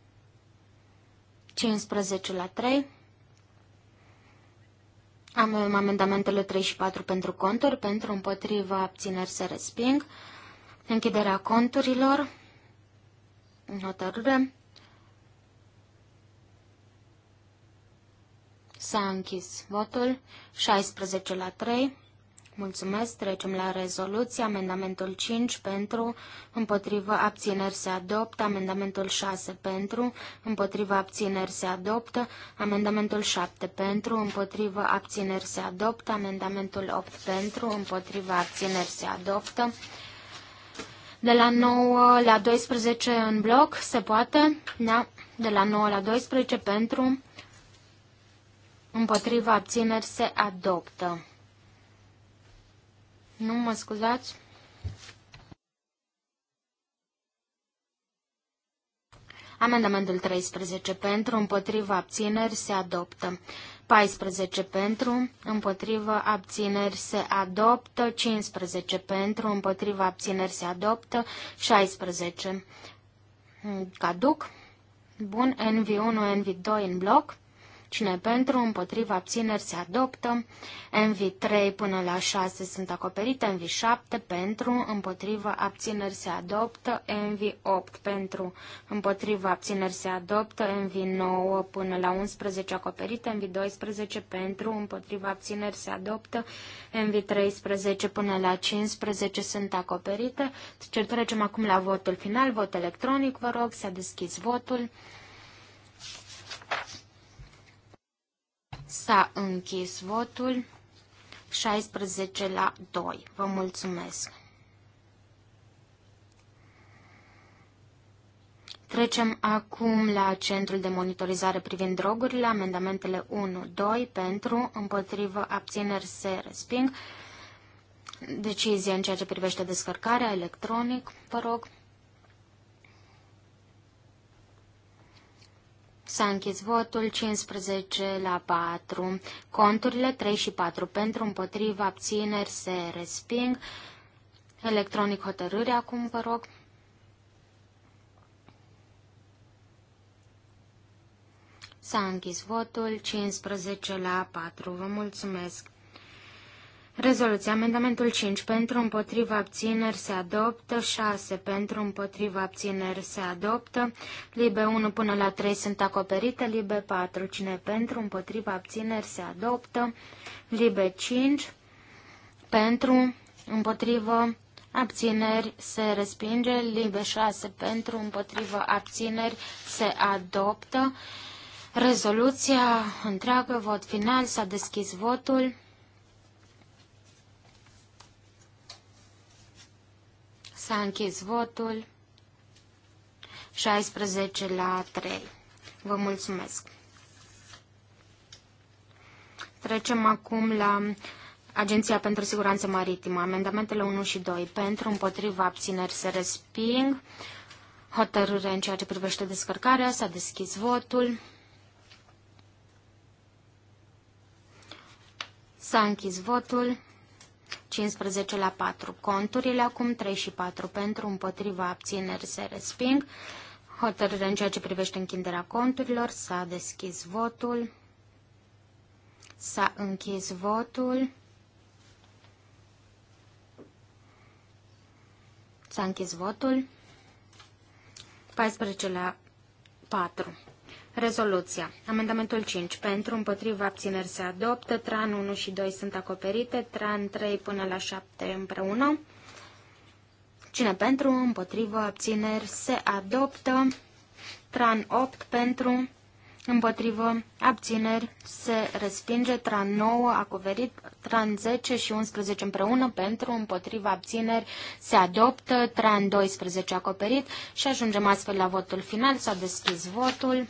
15 la 3. Am um, amendamentele 3 și 4 pentru conturi, pentru împotriva abțineri se resping. Închiderea conturilor. Hotărâre. S-a închis votul. 16 la 3. Mulțumesc. Trecem la rezoluție. Amendamentul 5 pentru, împotrivă abțineri se adoptă. Amendamentul 6 pentru, împotrivă abțineri se adoptă. Amendamentul 7 pentru, împotrivă abțineri se adoptă. Amendamentul 8 pentru, împotrivă abțineri se adoptă. De la 9 la 12 în bloc, se poate? Da. De la 9 la 12 pentru, împotrivă abțineri se adoptă. Nu mă scuzați. Amendamentul 13 pentru, împotriva abțineri se adoptă. 14 pentru, împotriva abțineri se adoptă. 15 pentru, împotriva abțineri se adoptă. 16. Caduc. Bun, NV1, NV2 în bloc. Cine pentru, împotriva, abțineri se adoptă. MV3 până la 6 sunt acoperite. MV7 pentru, împotriva, abțineri se adoptă. MV8 pentru, împotriva, abțineri se adoptă. MV9 până la 11 acoperite. MV12 pentru, împotriva, abțineri se adoptă. MV13 până la 15 sunt acoperite. Deci trecem acum la votul final. Vot electronic, vă rog, s-a deschis votul. S-a închis votul 16 la 2. Vă mulțumesc! Trecem acum la Centrul de Monitorizare privind drogurile, amendamentele 1-2 pentru, împotrivă, abțineri se resping. Decizie în ceea ce privește descărcarea electronic, vă rog. S-a închis votul 15 la 4. Conturile 3 și 4 pentru împotriva abțineri se resping. Electronic hotărâre acum, vă rog. S-a închis votul 15 la 4. Vă mulțumesc. Rezoluția. Amendamentul 5 pentru împotriva abțineri se adoptă, 6 pentru împotriva abțineri se adoptă, libe 1 până la 3 sunt acoperite, libe 4 cine pentru împotriva abțineri se adoptă, libe 5 pentru împotriva abțineri se respinge, libe 6 pentru împotriva abțineri se adoptă. Rezoluția întreagă, vot final, s-a deschis votul. S-a închis votul. 16 la 3. Vă mulțumesc. Trecem acum la Agenția pentru Siguranță Maritimă. Amendamentele 1 și 2. Pentru, împotriva, abțineri se resping. Hotărâre în ceea ce privește descărcarea. S-a deschis votul. S-a închis votul. 15 la 4 conturile, acum 3 și 4 pentru, împotriva abțineri se resping. Hotărâre în ceea ce privește închiderea conturilor, s-a deschis votul, s-a închis votul, s-a închis votul, 14 la 4. Rezoluția. Amendamentul 5. Pentru, împotriva, abțineri se adoptă. Tran 1 și 2 sunt acoperite. Tran 3 până la 7 împreună. Cine pentru, împotriva, abțineri se adoptă. Tran 8 pentru, împotriva, abțineri, se respinge, tran 9, acoperit, tran 10 și 11 împreună, pentru, împotriva, abțineri, se adoptă, tran 12 acoperit și ajungem astfel la votul final, s-a deschis votul.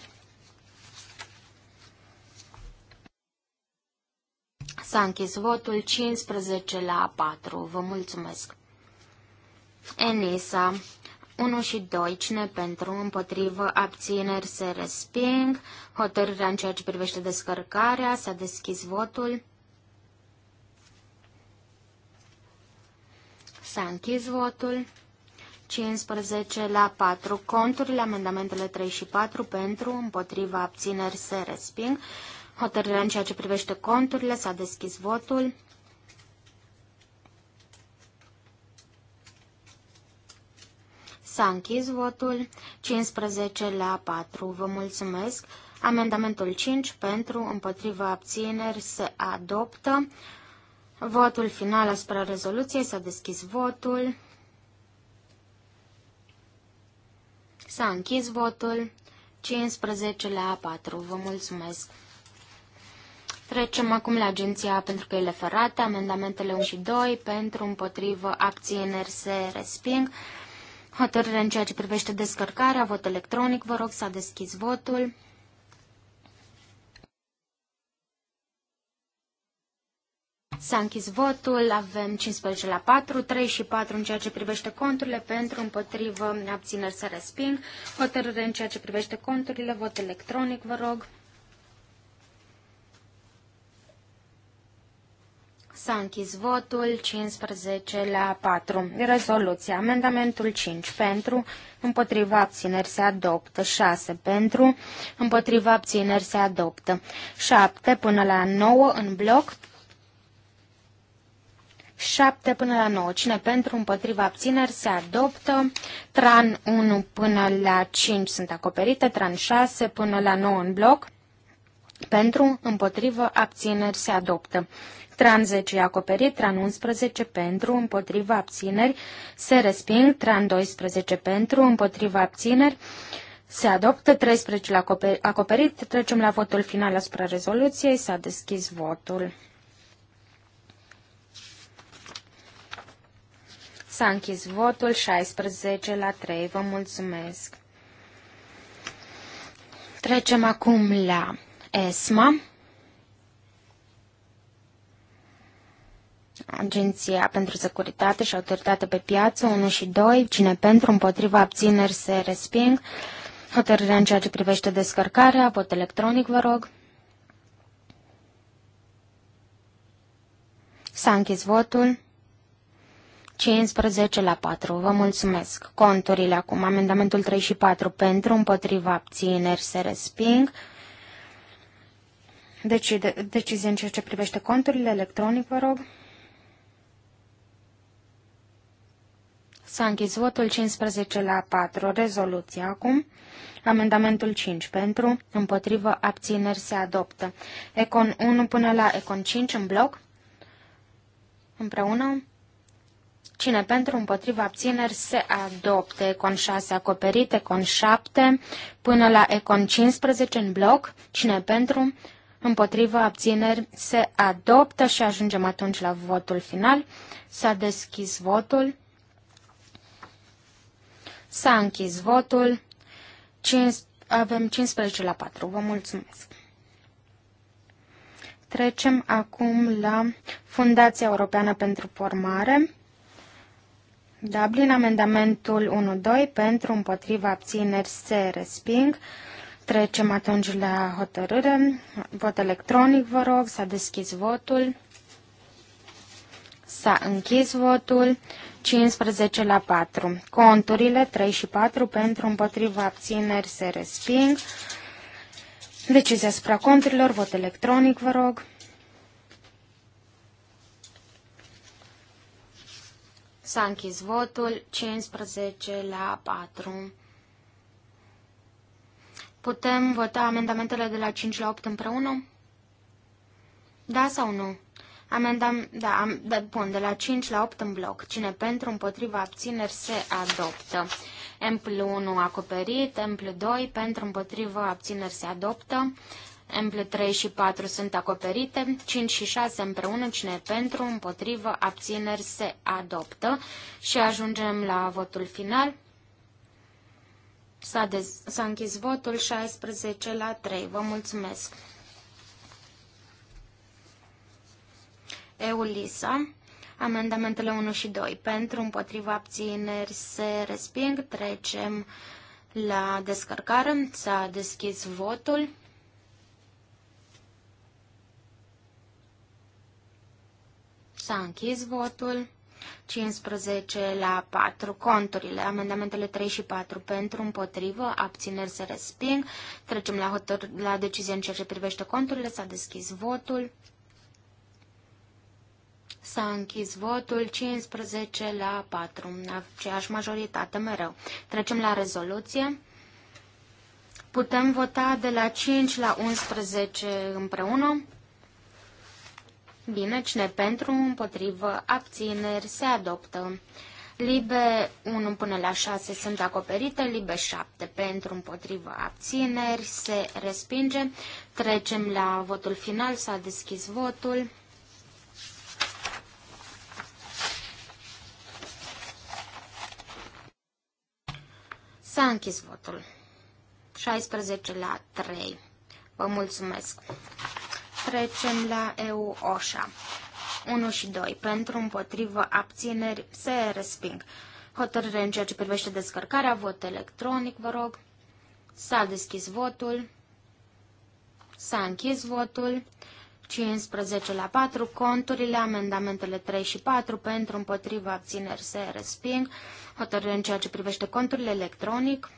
S-a închis votul 15 la 4. Vă mulțumesc. Enisa 1 și 2, cine pentru, împotrivă, abțineri, se resping. Hotărârea în ceea ce privește descărcarea, s-a deschis votul. S-a închis votul. 15 la 4 conturile, amendamentele 3 și 4 pentru, împotriva abțineri se resping. Hotărârea în ceea ce privește conturile, s-a deschis votul. S-a închis votul 15 la 4. Vă mulțumesc. Amendamentul 5 pentru împotriva abțineri se adoptă. Votul final asupra rezoluției s-a deschis votul. S-a închis votul 15 la 4. Vă mulțumesc. Trecem acum la Agenția pentru căile ferate, amendamentele 1 și 2, pentru, împotrivă, abțineri se resping. Hotărârea în ceea ce privește descărcarea, vot electronic, vă rog să deschizi votul. S-a închis votul, avem 15 la 4, 3 și 4 în ceea ce privește conturile, pentru, împotrivă, abțineri să resping. Hotărâre în ceea ce privește conturile, vot electronic, vă rog. S-a închis votul 15 la 4. Rezoluția. Amendamentul 5 pentru, împotriva abțineri se adoptă. 6 pentru, împotriva abțineri se adoptă. 7 până la 9 în bloc. 7 până la 9. Cine pentru, împotriva abțineri se adoptă. Tran 1 până la 5 sunt acoperite. Tran 6 până la 9 în bloc. Pentru, împotrivă, abțineri se adoptă tran 10 acoperit, tran 11 pentru, împotriva abțineri, se resping, tran 12 pentru, împotriva abțineri, se adoptă 13 la acoperit. Trecem la votul final asupra rezoluției. S-a deschis votul. S-a închis votul 16 la 3. Vă mulțumesc. Trecem acum la ESMA. Agenția pentru Securitate și Autoritate pe Piață 1 și 2, cine pentru, împotriva, abțineri, se resping. Hotărârea în ceea ce privește descărcarea, vot electronic, vă rog. S-a închis votul. 15 la 4. Vă mulțumesc. Conturile acum. Amendamentul 3 și 4 pentru, împotriva abțineri se resping. Deci, de, decizie în ceea ce privește conturile electronic, vă rog. S-a închis votul 15 la 4. Rezoluția acum. Amendamentul 5 pentru, împotrivă, abțineri se adoptă. Econ 1 până la Econ 5 în bloc. Împreună. Cine pentru, împotriva, abțineri se adopte. Econ 6 acoperit, Econ 7 până la Econ 15 în bloc. Cine pentru, împotriva, abțineri se adoptă și ajungem atunci la votul final. S-a deschis votul. S-a închis votul. Cinci, avem 15 la 4. Vă mulțumesc. Trecem acum la Fundația Europeană pentru Formare. Dublin, amendamentul 1.2 pentru împotriva abțineri se resping. Trecem atunci la hotărâre. Vot electronic, vă rog, s-a deschis votul. S-a închis votul. 15 la 4. Conturile 3 și 4 pentru împotriva abțineri se resping. Decizia asupra conturilor, vot electronic, vă rog. S-a închis votul 15 la 4. Putem vota amendamentele de la 5 la 8 împreună? Da sau nu? Amendam, da, am, da, bun, de la 5 la 8 în bloc. Cine pentru, împotriva, abțineri, se adoptă. M plus 1 acoperit, M plus 2 pentru, împotriva, abțineri, se adoptă. M plus 3 și 4 sunt acoperite, 5 și 6 împreună, cine pentru, împotrivă, abțineri, se adoptă. Și ajungem la votul final. S-a, închis votul 16 la 3. Vă mulțumesc! EULISA, amendamentele 1 și 2. Pentru, împotriva abțineri se resping. Trecem la descărcare. S-a deschis votul. S-a închis votul. 15 la 4 conturile, amendamentele 3 și 4 pentru, împotrivă, abțineri se resping. Trecem la, hotăr- la decizie în ceea ce privește conturile, s-a deschis votul. S-a închis votul 15 la 4, aceeași majoritate mereu. Trecem la rezoluție. Putem vota de la 5 la 11 împreună. Bine, cine pentru, împotrivă, abțineri, se adoptă. Libe 1 până la 6 sunt acoperite, libe 7 pentru împotrivă abțineri, se respinge. Trecem la votul final, s-a deschis votul. S-a închis votul. 16 la 3. Vă mulțumesc. Trecem la EU OSHA. 1 și 2. Pentru împotrivă abțineri se resping. Hotărâre în ceea ce privește descărcarea, vot electronic, vă rog. S-a deschis votul. S-a închis votul. 15 la 4, conturile, amendamentele 3 și 4 pentru împotrivă abțineri se resping, hotărâre în ceea ce privește conturile electronic.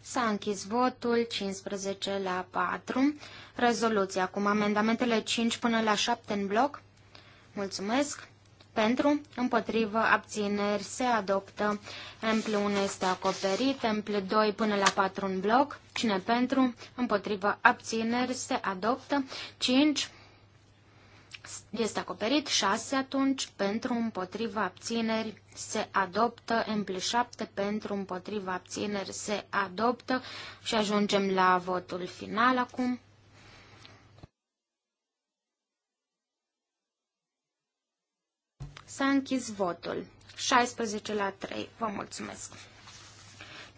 S-a închis votul 15 la 4. Rezoluție. Acum amendamentele 5 până la 7 în bloc. Mulțumesc. Pentru, împotrivă, abțineri, se adoptă. M1 este acoperit, M2 până la 4 în bloc. Cine pentru, împotrivă, abțineri, se adoptă. 5 este acoperit 6 atunci, pentru împotriva abțineri se adoptă, plus 7 pentru împotriva abțineri se adoptă și ajungem la votul final acum. S-a închis votul. 16 la 3. Vă mulțumesc.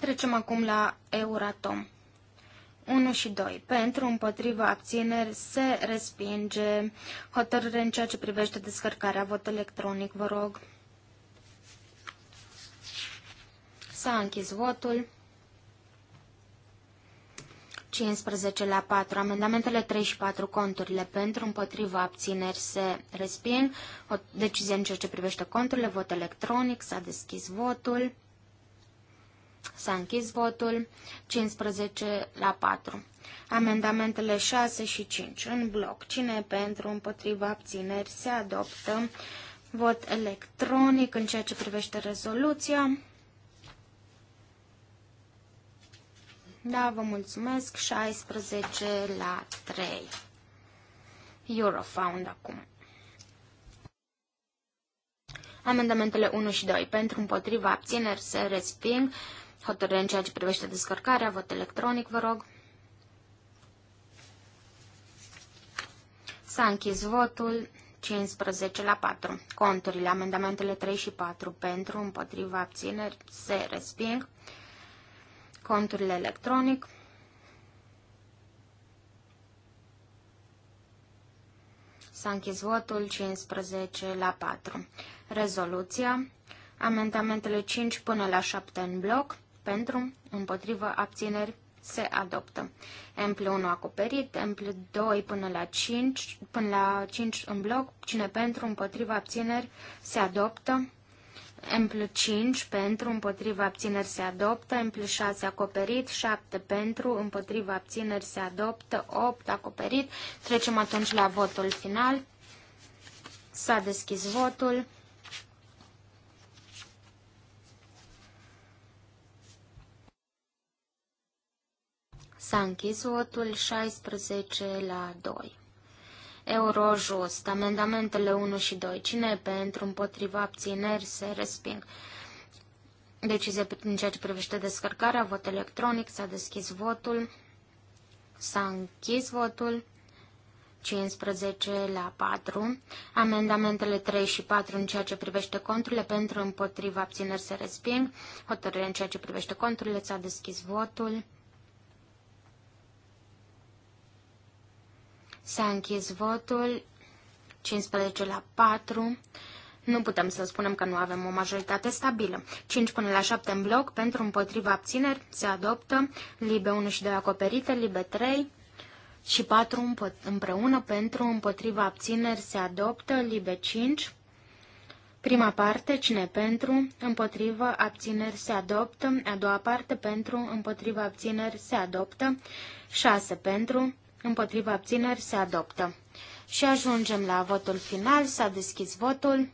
Trecem acum la Euratom. 1 și 2. Pentru împotriva abțineri se respinge hotărâre în ceea ce privește descărcarea vot electronic, vă rog. S-a închis votul. 15 la 4. Amendamentele 3 și 4 conturile pentru împotriva abțineri se resping. O decizie în ceea ce privește conturile, vot electronic, s-a deschis votul. S-a închis votul 15 la 4. Amendamentele 6 și 5 în bloc. Cine pentru, împotriva, abțineri se adoptă. Vot electronic în ceea ce privește rezoluția. Da, vă mulțumesc. 16 la 3. Eurofound acum. Amendamentele 1 și 2 pentru împotriva abțineri se resping hotărâre în ceea ce privește descărcarea, vot electronic, vă rog. S-a închis votul 15 la 4. Conturile, amendamentele 3 și 4 pentru, împotriva abțineri, se resping. Conturile electronic. S-a închis votul 15 la 4. Rezoluția. Amendamentele 5 până la 7 în bloc pentru, împotrivă, abțineri, se adoptă. M1 acoperit, M2 până la 5, până la 5 în bloc, cine pentru, împotriva abțineri, se adoptă. M5 pentru, împotriva abțineri, se adoptă. M6 acoperit, 7 pentru, împotriva abțineri, se adoptă. 8 acoperit. Trecem atunci la votul final. S-a deschis votul. S-a închis votul 16 la 2. Eurojust, amendamentele 1 și 2. Cine pentru împotriva abțineri se resping? Decizie în ceea ce privește descărcarea, vot electronic, s-a deschis votul, s-a închis votul, 15 la 4. Amendamentele 3 și 4 în ceea ce privește conturile pentru împotriva abțineri se resping. Hotărârea în ceea ce privește conturile s-a deschis votul. S-a închis votul 15 la 4. Nu putem să spunem că nu avem o majoritate stabilă. 5 până la 7 în bloc, pentru împotriva abțineri, se adoptă, libe 1 și 2 acoperite, libe 3 și 4 împreună, pentru împotriva abțineri, se adoptă, libe 5. Prima parte, cine pentru, împotrivă, abțineri, se adoptă. A doua parte, pentru, împotriva abțineri, se adoptă. 6 pentru, Împotriva abțineri se adoptă. Și ajungem la votul final. S-a deschis votul.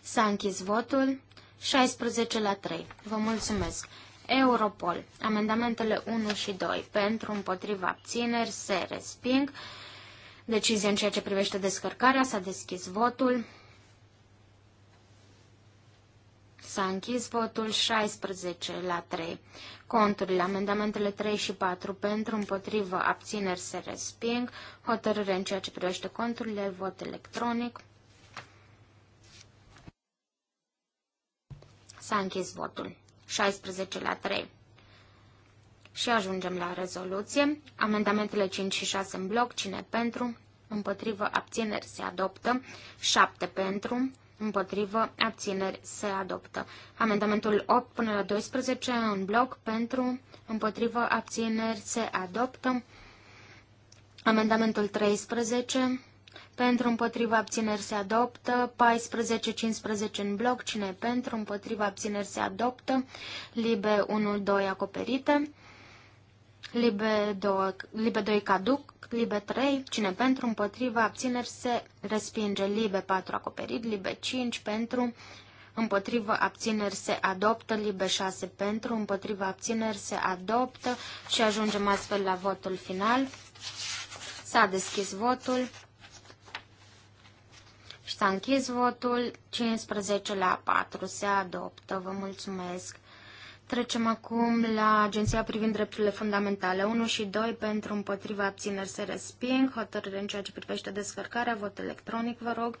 S-a închis votul. 16 la 3. Vă mulțumesc. Europol. Amendamentele 1 și 2. Pentru împotriva abțineri se resping. Decizia în ceea ce privește descărcarea s-a deschis votul. S-a închis votul 16 la 3. Conturile, amendamentele 3 și 4 pentru, împotrivă, abțineri se resping. Hotărâre în ceea ce privește conturile, vot electronic. S-a închis votul 16 la 3. Și ajungem la rezoluție. Amendamentele 5 și 6 în bloc, cine pentru, împotrivă, abțineri se adoptă, 7 pentru, împotrivă, abțineri, se adoptă. Amendamentul 8 până la 12 în bloc pentru, împotrivă, abțineri, se adoptă. Amendamentul 13 pentru, împotrivă, abțineri, se adoptă. 14, 15 în bloc, cine pentru, împotrivă, abțineri, se adoptă. Libe 1, 2 acoperite. Libe 2, libe 2 caduc, Libe 3, cine pentru, împotriva, abțineri, se respinge. Libe 4, acoperit. Libe 5, pentru, împotriva, abțineri, se adoptă. Libe 6, pentru, împotriva, abțineri, se adoptă. Și ajungem astfel la votul final. S-a deschis votul. și S-a închis votul 15 la 4. Se adoptă. Vă mulțumesc. Trecem acum la Agenția privind drepturile fundamentale 1 și 2 pentru împotriva abțineri se resping. Hotărâre în ceea ce privește descărcarea, vot electronic, vă rog.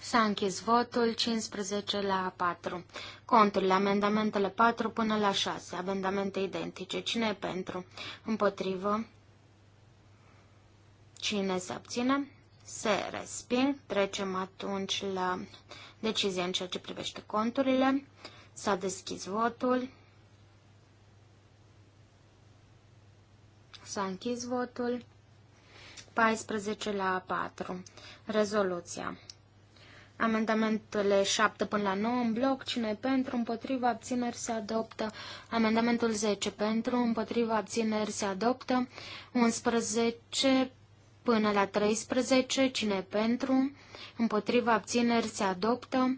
S-a închis votul 15 la 4. Conturile, amendamentele 4 până la 6, amendamente identice. Cine e pentru? Împotrivă? Cine se abține? se resping. Trecem atunci la decizia în ceea ce privește conturile. S-a deschis votul. S-a închis votul. 14 la 4. Rezoluția. Amendamentele 7 până la 9 în bloc, cine pentru, împotriva, abțineri se adoptă. Amendamentul 10 pentru, împotriva, abțineri se adoptă. 11 până la 13, cine pentru, împotriva abțineri se adoptă,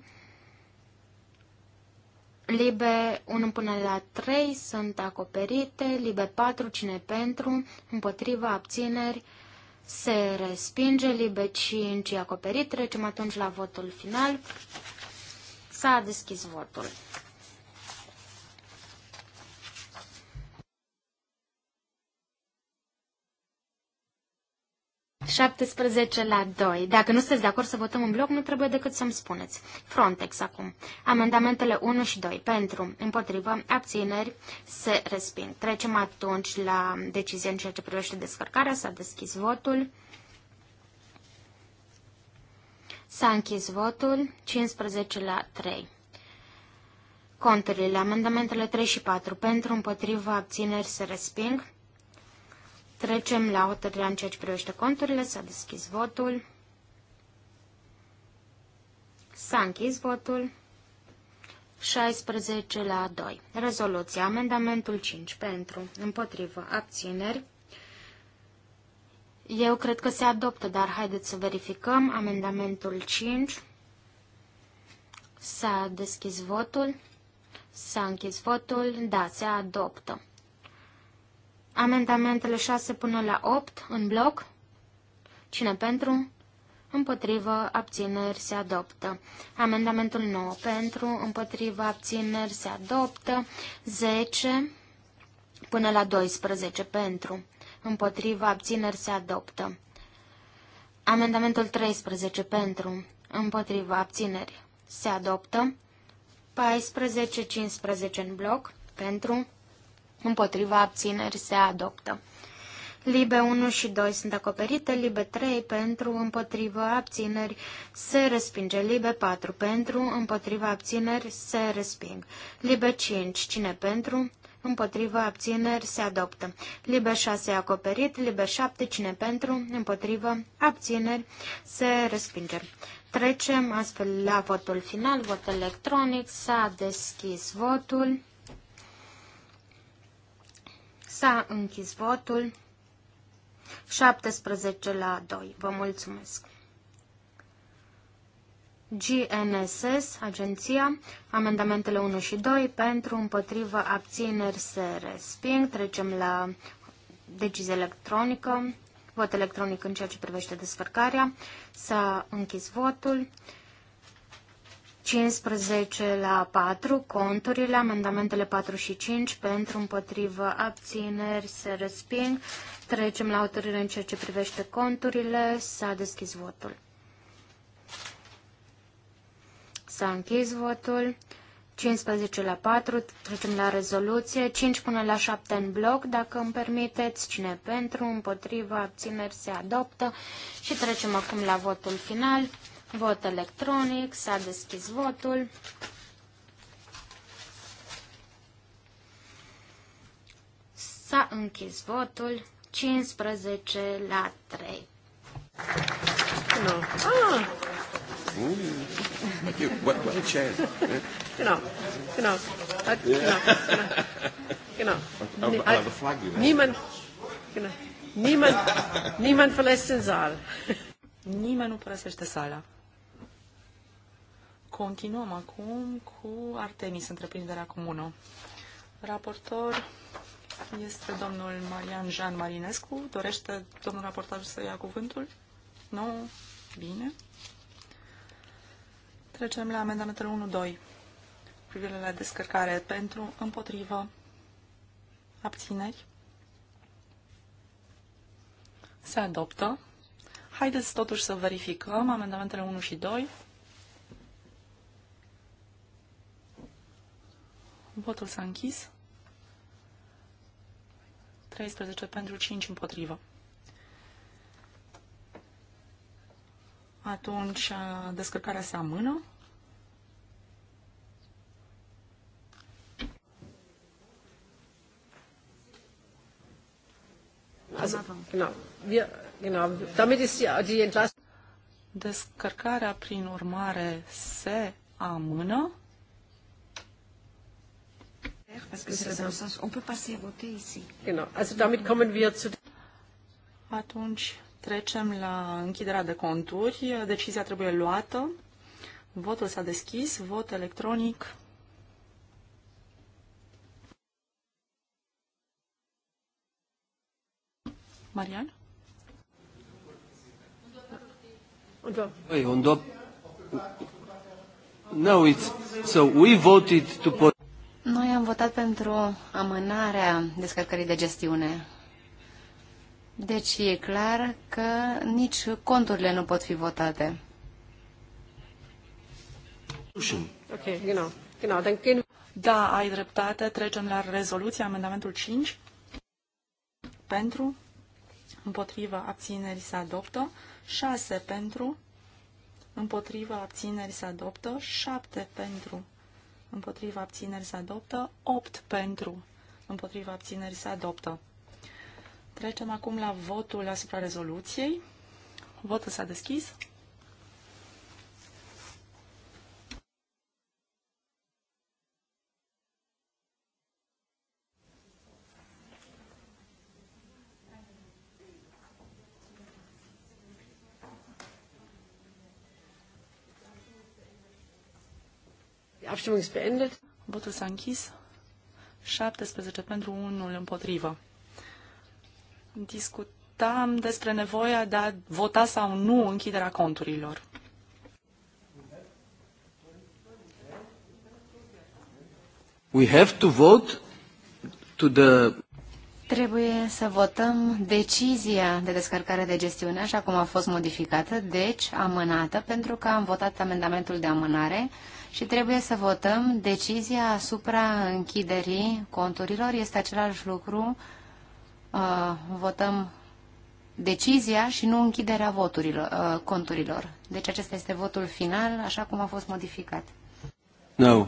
libe 1 până la 3 sunt acoperite, libe 4, cine pentru, împotriva abțineri se respinge, libe 5 acoperit, trecem atunci la votul final, s-a deschis votul. 17 la 2. Dacă nu sunteți de acord să votăm în bloc, nu trebuie decât să-mi spuneți. Frontex acum. Amendamentele 1 și 2. Pentru, împotrivă, abțineri, se resping. Trecem atunci la decizie în ceea ce privește descărcarea. S-a deschis votul. S-a închis votul. 15 la 3. Conturile. Amendamentele 3 și 4. Pentru, împotrivă, abțineri, se resping. Trecem la hotărârea în ceea ce privește conturile. S-a deschis votul. S-a închis votul. 16 la 2. Rezoluția. Amendamentul 5. Pentru. Împotrivă. Abțineri. Eu cred că se adoptă, dar haideți să verificăm. Amendamentul 5. S-a deschis votul. S-a închis votul. Da, se adoptă. Amendamentele 6 până la 8 în bloc. Cine pentru? Împotrivă, abțineri, se adoptă. Amendamentul 9 pentru, împotrivă, abțineri, se adoptă. 10 până la 12 pentru, împotrivă, abțineri, se adoptă. Amendamentul 13 pentru, împotrivă, abțineri, se adoptă. 14-15 în bloc, pentru, împotriva abținerii se adoptă. Libe 1 și 2 sunt acoperite, libe 3 pentru împotriva abțineri se respinge, libe 4 pentru împotriva abțineri se resping, libe 5 cine pentru împotriva abțineri se adoptă, libe 6 acoperit, libe 7 cine pentru împotriva abțineri se respinge. Trecem astfel la votul final, vot electronic, s-a deschis votul. S-a închis votul. 17 la 2. Vă mulțumesc. GNSS, agenția, amendamentele 1 și 2 pentru împotriva abțineri se resping. Trecem la decizie electronică, vot electronic în ceea ce privește descărcarea. S-a închis votul. 15 la 4, conturile, amendamentele 4 și 5 pentru împotrivă abțineri se resping. Trecem la autorire în ceea ce privește conturile. S-a deschis votul. S-a închis votul. 15 la 4, trecem la rezoluție, 5 până la 7 în bloc, dacă îmi permiteți, cine pentru, împotrivă, abțineri se adoptă și trecem acum la votul final. Vot electronic, s-a deschis votul. S-a închis votul 15 la 3. No. Ah. Mm. What, what a chance. Genau, genau. Hat, genau. Genau. genau. Hat, niemand, genau. Niemand, niemand verlässt den Saal. Nimeni nu părăsește sala. Continuăm acum cu Artemis, întreprinderea comună. Raportor este domnul Marian Jean Marinescu. Dorește domnul raportor să ia cuvântul? Nu? Bine. Trecem la amendamentul 1-2. Privire la descărcare pentru, împotrivă, abțineri. Se adoptă. Haideți totuși să verificăm amendamentele 1 și 2. Votul s-a închis. 13 pentru 5 împotrivă. Atunci descărcarea se amână. Descărcarea, prin urmare, se amână. Atunci trecem la închiderea de conturi. Decizia trebuie luată. Votul s-a deschis, vot electronic. Marian? Wait, on the... No, it's... So we voted to... put. Noi am votat pentru amânarea descărcării de gestiune. Deci e clar că nici conturile nu pot fi votate. Ok, genau. genau. Dann gehen... Da, ai dreptate. Trecem la rezoluție, amendamentul 5. Pentru, împotriva, abțineri se adoptă. 6 pentru, împotriva, abțineri se adoptă. 7 pentru, împotriva abțineri se adoptă, 8 pentru, împotriva abțineri se adoptă. Trecem acum la votul asupra rezoluției. Votul s-a deschis. Abstimmung ist beendet. Votul s-a închis. 17 pentru 1 împotrivă. Discutam despre nevoia de a vota sau nu închiderea conturilor. We have to vote to the Trebuie să votăm decizia de descărcare de gestiune, așa cum a fost modificată, deci amânată, pentru că am votat amendamentul de amânare și trebuie să votăm decizia asupra închiderii conturilor. Este același lucru, uh, votăm decizia și nu închiderea voturilor, uh, conturilor. Deci acesta este votul final, așa cum a fost modificat. No. no.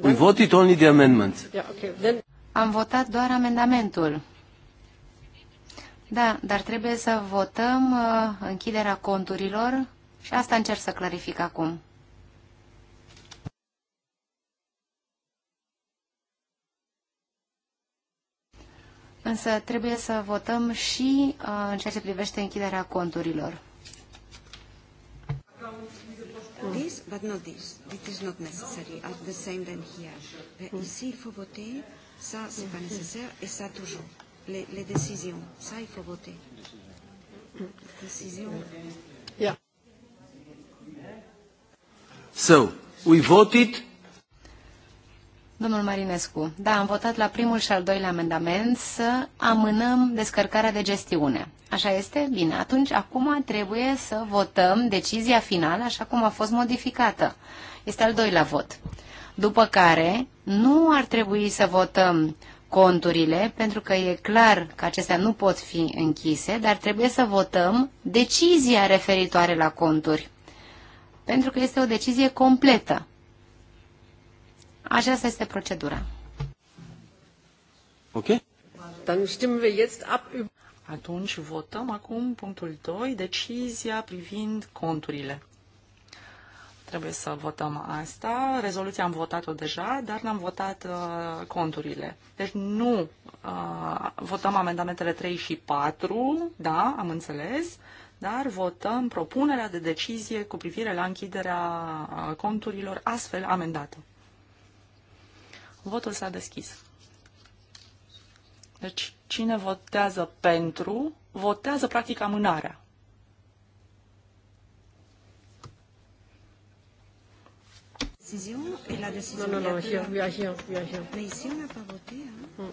We voted only the amendment. Yeah, okay. Then... Am votat doar amendamentul. Da, dar trebuie să votăm uh, închiderea conturilor și asta încerc să clarific acum. Însă trebuie să votăm și uh, în ceea ce privește închiderea conturilor. This, but not this. It is not necessary. At uh, the same than here. Uh, EC for voter Ça, n'est pas nécessaire. Et ça, toujours. Les, les décisions. Ça, il faut voter. Décision. Yeah. So, we voted. Domnul Marinescu, da, am votat la primul și al doilea amendament să amânăm descărcarea de gestiune. Așa este? Bine, atunci acum trebuie să votăm decizia finală așa cum a fost modificată. Este al doilea vot după care nu ar trebui să votăm conturile, pentru că e clar că acestea nu pot fi închise, dar trebuie să votăm decizia referitoare la conturi, pentru că este o decizie completă. Așa este procedura. Ok? Atunci votăm acum punctul 2, decizia privind conturile trebuie să votăm asta. Rezoluția am votat-o deja, dar n-am votat uh, conturile. Deci nu uh, votăm amendamentele 3 și 4, da, am înțeles, dar votăm propunerea de decizie cu privire la închiderea uh, conturilor astfel amendată. Votul s-a deschis. Deci cine votează pentru, votează practic amânarea. décision et la décision. Non, non, non, here, we are here, we are here. Mais ici, on n'a pas voté. Hein. Mm.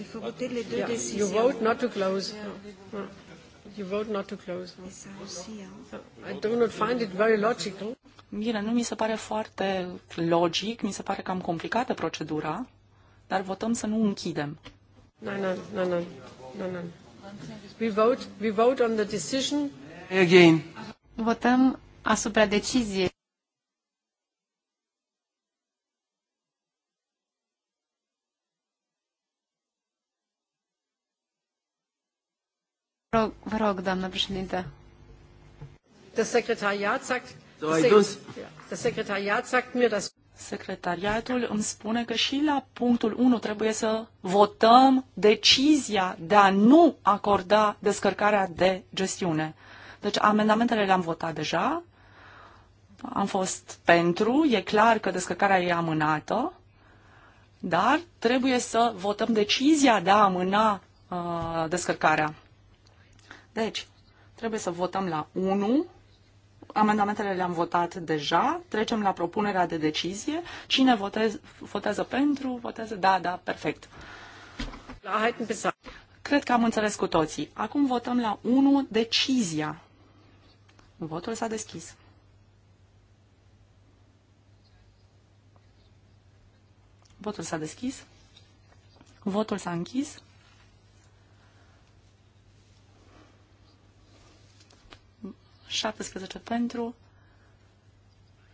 Il faut voter les deux yeah. décisions. You vote not to close. Yeah. Hmm. Hmm. You vote not to close. Et ça aussi, hein. I do not find it very logical. Bine, nu mi se pare foarte logic, mi se pare cam complicată procedura, dar votăm să nu închidem. Nu, no, nu, no, nu, no, nu, nu, nu. We vote, we vote on the decision. Again. Votăm asupra deciziei. vă rog, doamnă președinte. Da, Secretariatul îmi spune că și la punctul 1 trebuie să votăm decizia de a nu acorda descărcarea de gestiune. Deci amendamentele le-am votat deja, am fost pentru, e clar că descărcarea e amânată, dar trebuie să votăm decizia de a amâna uh, descărcarea. Deci, trebuie să votăm la 1. Amendamentele le-am votat deja. Trecem la propunerea de decizie. Cine votez, votează pentru, votează da, da, perfect. Cred că am înțeles cu toții. Acum votăm la 1 decizia. Votul s-a deschis. Votul s-a deschis. Votul s-a închis. 17 pentru,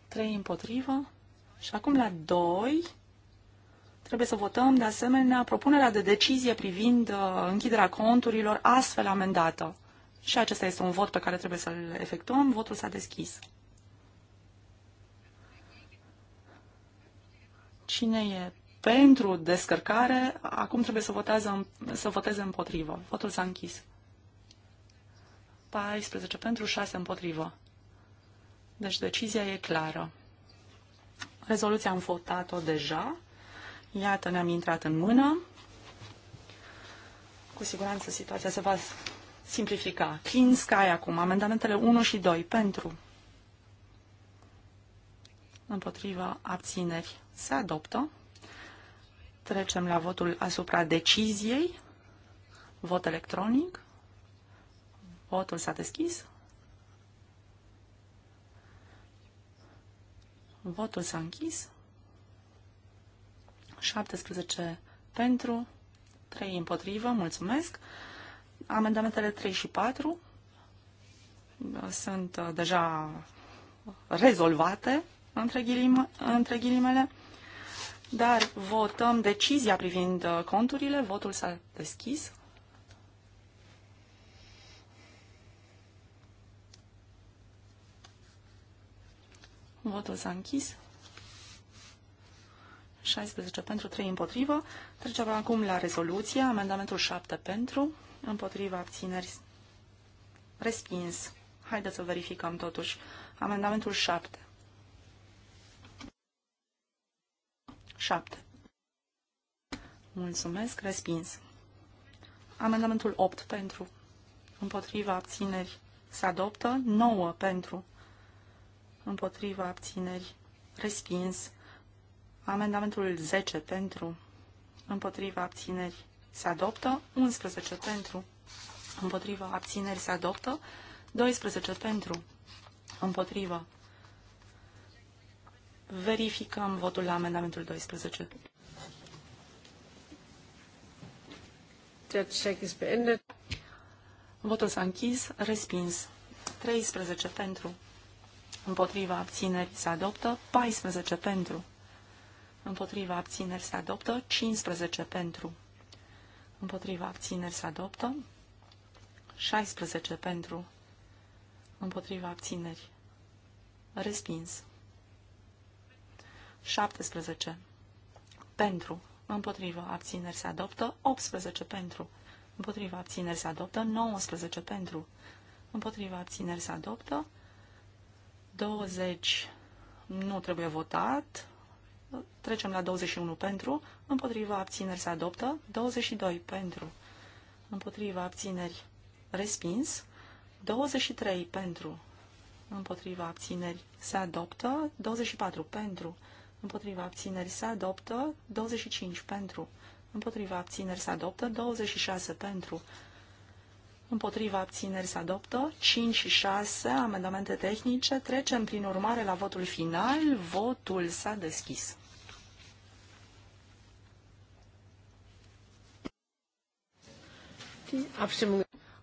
3 împotrivă. Și acum la 2 trebuie să votăm de asemenea propunerea de decizie privind uh, închiderea conturilor astfel amendată. Și acesta este un vot pe care trebuie să-l efectuăm. Votul s-a deschis. Cine e pentru descărcare, acum trebuie să, votează, să voteze împotrivă. Votul s-a închis. 14 pentru, 6 împotrivă. Deci decizia e clară. Rezoluția am votat-o deja. Iată, ne-am intrat în mână. Cu siguranță situația se va simplifica. Clean Sky acum, amendamentele 1 și 2 pentru împotriva abțineri se adoptă. Trecem la votul asupra deciziei. Vot electronic. Votul s-a deschis. Votul s-a închis. 17 pentru, 3 împotrivă, mulțumesc. Amendamentele 3 și 4 uh, sunt uh, deja rezolvate, între, ghilim, între ghilimele, dar votăm decizia privind uh, conturile, votul s-a deschis. Votul s-a închis. 16 pentru, 3 împotrivă. Trecem acum la rezoluție. Amendamentul 7 pentru, împotriva abțineri. Respins. Haideți să verificăm totuși. Amendamentul 7. 7. Mulțumesc. Respins. Amendamentul 8 pentru, împotriva abțineri. Se adoptă. 9 pentru, împotriva abțineri, respins. Amendamentul 10 pentru, împotriva abțineri, se adoptă. 11 pentru, împotriva abțineri, se adoptă. 12 pentru, împotriva. Verificăm votul la amendamentul 12. Votul s-a închis, respins. 13 pentru, împotriva abțineri se adoptă, 14 pentru, împotriva abțineri se adoptă, 15 pentru, împotriva abțineri se adoptă, 16 pentru, împotriva abțineri, respins, 17 pentru, împotriva abțineri se adoptă, 18 pentru, împotriva abțineri se adoptă, 19 pentru, împotriva abțineri se adoptă, 20 nu trebuie votat. Trecem la 21 pentru, împotriva abțineri se adoptă, 22 pentru, împotriva abțineri respins, 23 pentru, împotriva abțineri se adoptă, 24 pentru, împotriva abțineri se adoptă, 25 pentru, împotriva abțineri se adoptă, 26 pentru, împotriva abțineri se adoptă, 5 și 6 amendamente tehnice. Trecem prin urmare la votul final. Votul s-a deschis.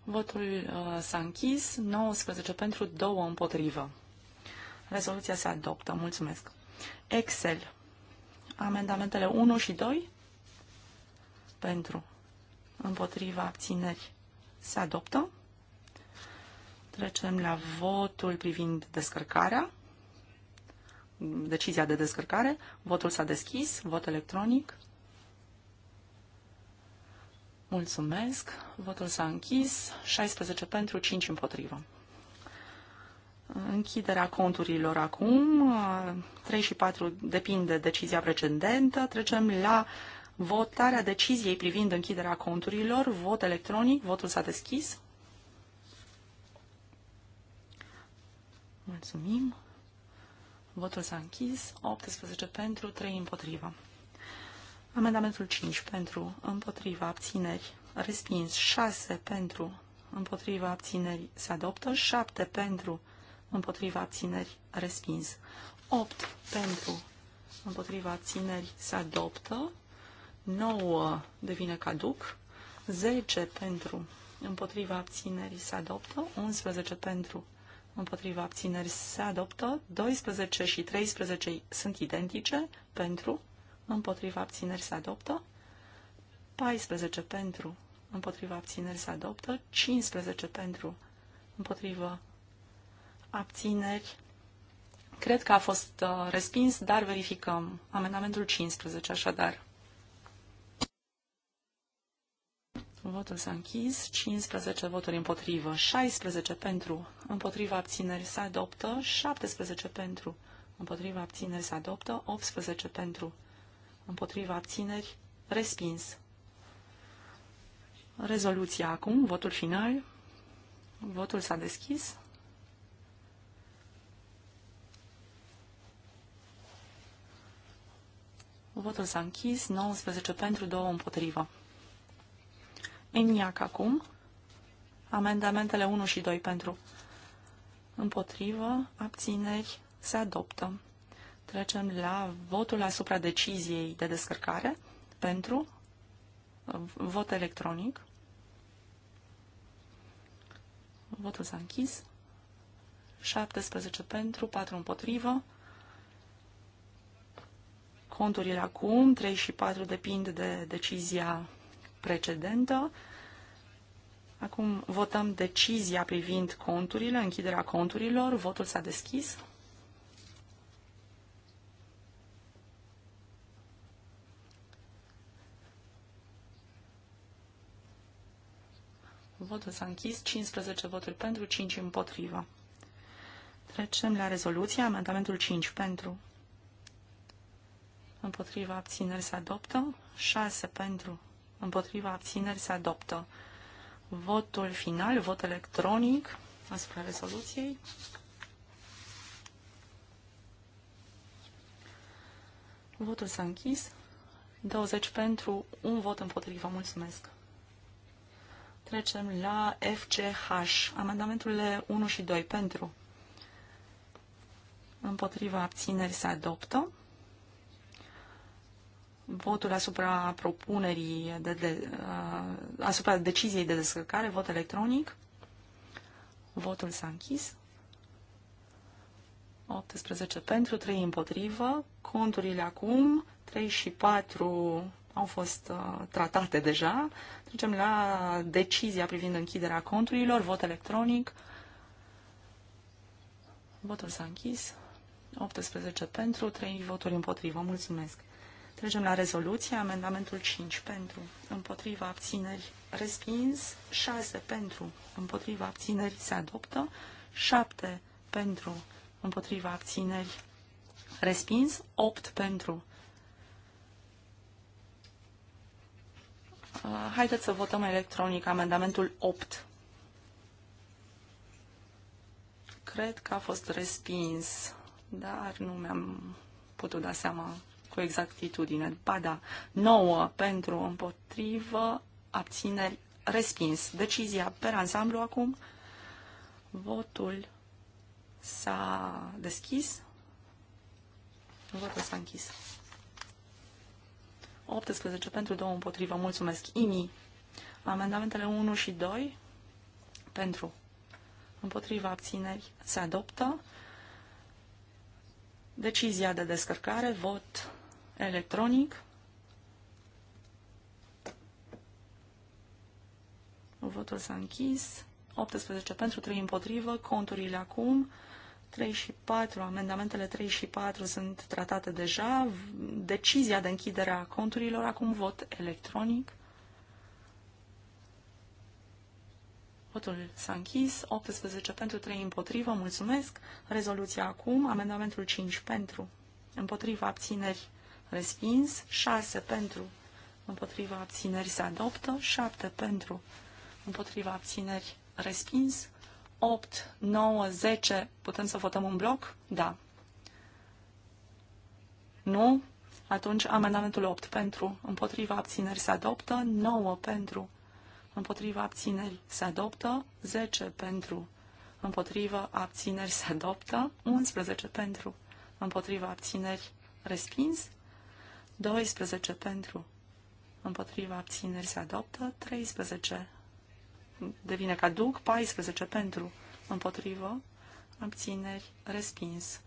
Votul uh, s-a închis, 19 pentru, 2 împotrivă. Rezoluția se adoptă. Mulțumesc. Excel. Amendamentele 1 și 2 pentru, împotriva abțineri se adoptă. Trecem la votul privind descărcarea. Decizia de descărcare. Votul s-a deschis. Vot electronic. Mulțumesc. Votul s-a închis. 16 pentru, 5 împotrivă. Închiderea conturilor acum. 3 și 4 depinde decizia precedentă. Trecem la uh, Votarea deciziei privind închiderea conturilor, vot electronic, votul s-a deschis. Mulțumim. Votul s-a închis. 18 pentru, 3 împotriva. Amendamentul 5 pentru, împotriva, abțineri, respins. 6 pentru, împotriva, abțineri, se adoptă. 7 pentru, împotriva, abțineri, respins. 8 pentru, împotriva, abțineri, se adoptă. 9 devine caduc, 10 pentru împotriva abținerii se adoptă, 11 pentru împotriva abținerii se adoptă, 12 și 13 sunt identice pentru împotriva abținerii se adoptă, 14 pentru împotriva abținerii se adoptă, 15 pentru împotriva abțineri. Cred că a fost uh, respins, dar verificăm. Amendamentul 15, așadar. Votul s-a închis. 15 voturi împotrivă, 16 pentru, împotriva abțineri se adoptă, 17 pentru, împotriva abțineri se adoptă, 18 pentru, împotriva abțineri, respins. Rezoluția acum, votul final. Votul s-a deschis. Votul s-a închis, 19 pentru, 2 împotrivă. ENIAC acum. Amendamentele 1 și 2 pentru împotrivă, abțineri, se adoptă. Trecem la votul asupra deciziei de descărcare pentru uh, vot electronic. Votul s-a închis. 17 pentru, 4 împotrivă. Conturile acum, 3 și 4 depind de decizia precedentă. Acum votăm decizia privind conturile, închiderea conturilor. Votul s-a deschis. Votul s-a închis, 15 voturi pentru, 5 împotrivă. Trecem la rezoluție, amendamentul 5 pentru. Împotriva abțineri se adoptă, 6 pentru, împotriva abțineri se adoptă. Votul final, vot electronic asupra rezoluției. Votul s-a închis. 20 pentru, un vot împotrivă. Mulțumesc. Trecem la FCH. Amendamenturile 1 și 2 pentru. Împotriva abțineri se adoptă votul asupra propunerii, de, de, uh, asupra deciziei de descărcare, vot electronic. Votul s-a închis. 18 pentru, 3 împotrivă. Conturile acum, 3 și 4 au fost uh, tratate deja. Trecem la decizia privind închiderea conturilor, vot electronic. Votul s-a închis. 18 pentru, 3 voturi împotrivă. Mulțumesc. Trecem la rezoluție. Amendamentul 5 pentru, împotriva abțineri respins, 6 pentru, împotriva abțineri se adoptă, 7 pentru, împotriva abțineri respins, 8 pentru. Uh, haideți să votăm electronic amendamentul 8. Cred că a fost respins, dar nu mi-am putut da seama cu exactitudine. Ba da, 9 pentru împotrivă, abțineri, respins. Decizia per ansamblu acum. Votul s-a deschis. Votul s-a închis. 18 pentru 2 împotrivă. Mulțumesc. IMI. Amendamentele 1 și 2 pentru împotriva abțineri se adoptă. Decizia de descărcare, vot electronic. Votul s-a închis. 18 pentru, 3 împotrivă. Conturile acum. 3 și 4, amendamentele 3 și 4 sunt tratate deja. Decizia de închidere a conturilor, acum vot electronic. Votul s-a închis, 18 pentru, 3 împotrivă, mulțumesc. Rezoluția acum, amendamentul 5 pentru, împotriva abțineri respins, 6 pentru, împotriva abțineri se adoptă, 7 pentru, împotriva abțineri respins, 8, 9, 10, putem să votăm un bloc? Da. Nu? Atunci amendamentul 8 pentru, împotriva abțineri se adoptă, 9 pentru, împotriva abțineri se adoptă, 10 pentru, împotriva abțineri se adoptă, 11 pentru, împotriva abțineri respins, 12 pentru, împotriva abțineri se adoptă, 13 devine caduc, 14 pentru, împotrivă, abțineri, respins.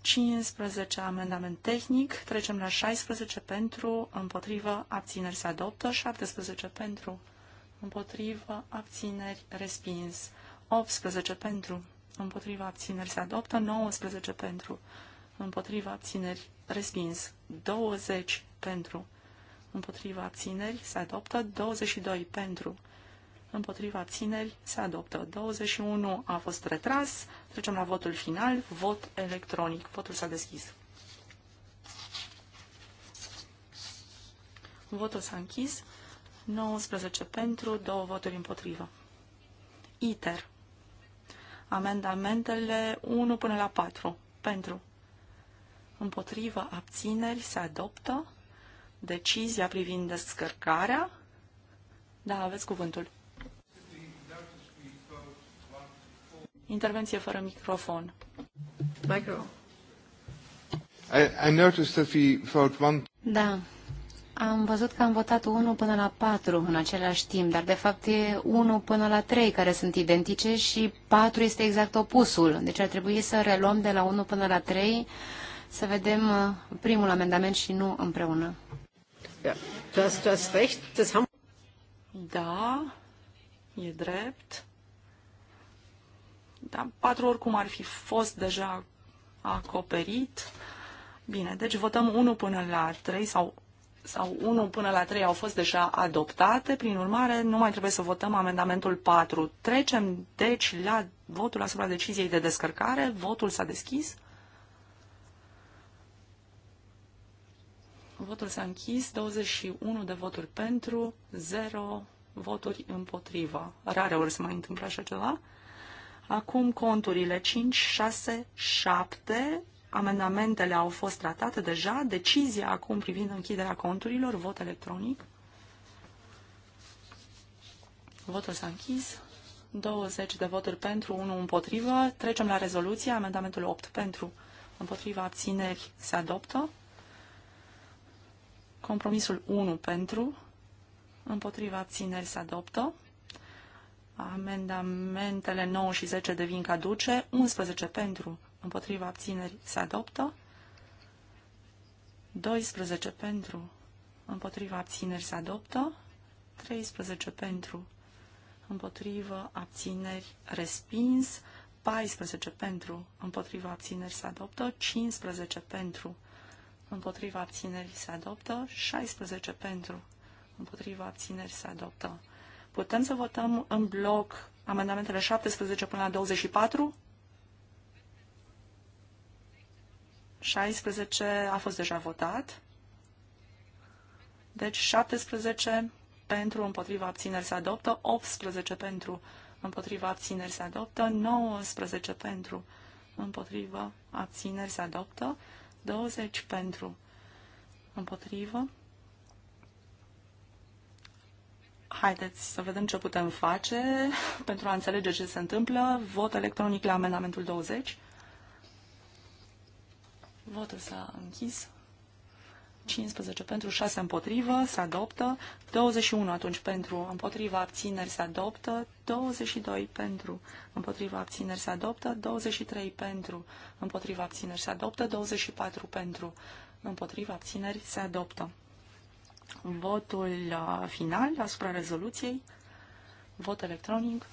15 amendament tehnic, trecem la 16 pentru, împotrivă, abțineri se adoptă, 17 pentru, împotrivă, abțineri, respins. 18 pentru, împotriva abțineri se adoptă, 19 pentru, împotriva abțineri respins. 20 pentru, împotriva abțineri, se adoptă. 22 pentru, împotriva abțineri, se adoptă. 21 a fost retras. Trecem la votul final, vot electronic. Votul s-a deschis. Votul s-a închis. 19 pentru, 2 voturi împotrivă. ITER. Amendamentele 1 până la 4. Pentru împotrivă, abțineri, se adoptă. Decizia privind descărcarea. Da, aveți cuvântul. Intervenție fără microfon. Micro. Da. Am văzut că am votat 1 până la 4 în același timp, dar de fapt e 1 până la 3 care sunt identice și 4 este exact opusul. Deci ar trebui să reluăm de la 1 până la 3 să vedem uh, primul amendament și nu împreună. Da, e drept. Da, patru oricum ar fi fost deja acoperit. Bine, deci votăm 1 până la 3 sau, sau 1 până la 3 au fost deja adoptate. Prin urmare, nu mai trebuie să votăm amendamentul 4. Trecem, deci, la votul asupra deciziei de descărcare. Votul s-a deschis. Votul s-a închis, 21 de voturi pentru, 0 voturi împotriva. Rare ori se mai întâmplă așa ceva. Acum conturile 5, 6, 7, amendamentele au fost tratate deja, decizia acum privind închiderea conturilor, vot electronic. Votul s-a închis. 20 de voturi pentru, 1 împotrivă. Trecem la rezoluție. Amendamentul 8 pentru, împotriva abțineri se adoptă. Compromisul 1 pentru, împotriva abțineri se adoptă. Amendamentele 9 și 10 devin caduce. 11 pentru, împotriva abțineri se adoptă. 12 pentru, împotriva abțineri se adoptă. 13 pentru, împotriva abțineri, respins, 14 pentru, împotriva abțineri se adoptă, 15 pentru, împotriva abținerii se adoptă, 16 pentru, împotriva abținerii se adoptă. Putem să votăm în bloc amendamentele 17 până la 24? 16 a fost deja votat. Deci 17 pentru, împotriva abțineri se adoptă, 18 pentru, împotriva abțineri se adoptă, 19 pentru, împotriva abțineri se adoptă, 20 pentru, împotrivă. Haideți să vedem ce putem face pentru a înțelege ce se întâmplă. Vot electronic la amendamentul 20. Votul s-a închis. 15 pentru, 6 împotrivă, se adoptă. 21 atunci pentru, împotriva abțineri se adoptă. 22 pentru, împotriva abțineri se adoptă. 23 pentru, împotriva abțineri se adoptă. 24 pentru, împotriva abțineri se adoptă. Votul uh, final asupra rezoluției, vot electronic.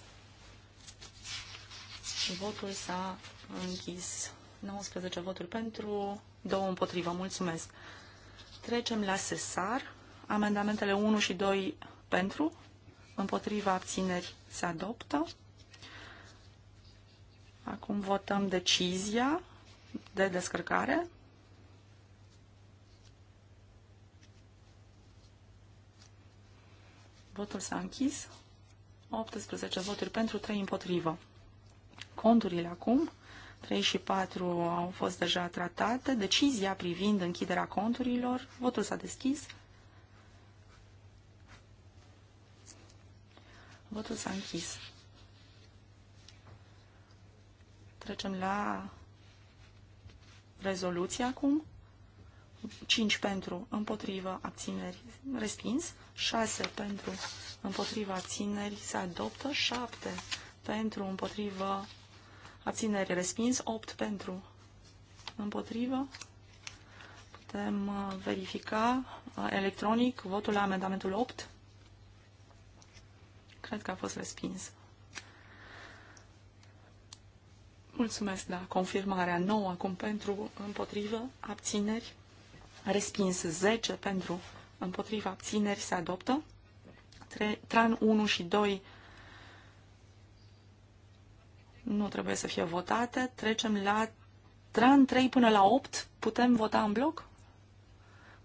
Votul s-a închis. 19 voturi pentru, 2 împotriva. Mulțumesc! Trecem la SESAR. Amendamentele 1 și 2 pentru, împotriva abțineri se adoptă. Acum votăm decizia de descărcare. Votul s-a închis. 18 voturi pentru, 3 împotrivă. Conturile acum. 3 și 4 au fost deja tratate. Decizia privind închiderea conturilor, votul s-a deschis. Votul s-a închis. Trecem la rezoluție acum. 5 pentru, împotrivă, abțineri, respins. 6 pentru, împotrivă, abțineri, se adoptă. 7 pentru, împotrivă, abțineri respins, 8 pentru, împotrivă. Putem uh, verifica uh, electronic votul la amendamentul 8. Cred că a fost respins. Mulțumesc, da, confirmarea 9 acum pentru, împotrivă, abțineri, respins 10 pentru, împotriva, abțineri, se adoptă. Tran 1 și 2 nu trebuie să fie votate. Trecem la tran 3 până la 8. Putem vota în bloc?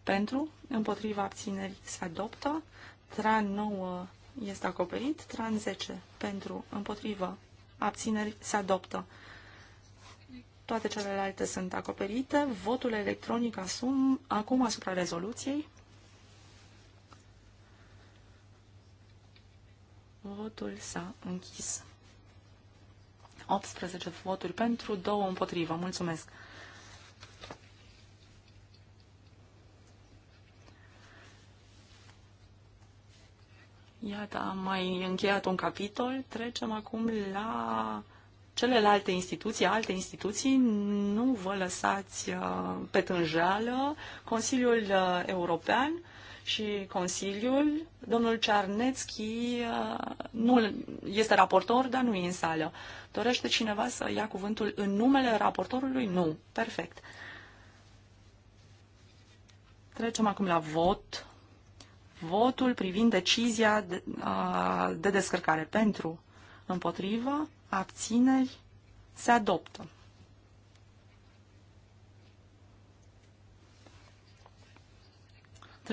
Pentru, împotriva abținerii se adoptă. Tran 9 este acoperit. Tran 10 pentru, împotriva abțineri se adoptă. Toate celelalte sunt acoperite. Votul electronic asum, acum asupra rezoluției. Votul s-a închis. 18 voturi pentru, 2 împotrivă. Mulțumesc! Iată, am mai încheiat un capitol. Trecem acum la celelalte instituții, alte instituții, nu vă lăsați uh, pe tânjeală. Consiliul uh, European și Consiliul. Domnul Cearnețchi uh, nu este raportor, dar nu e în sală. Dorește cineva să ia cuvântul în numele raportorului? Nu. Perfect. Trecem acum la vot. Votul privind decizia de, uh, de descărcare pentru, împotrivă, abțineri, se adoptă.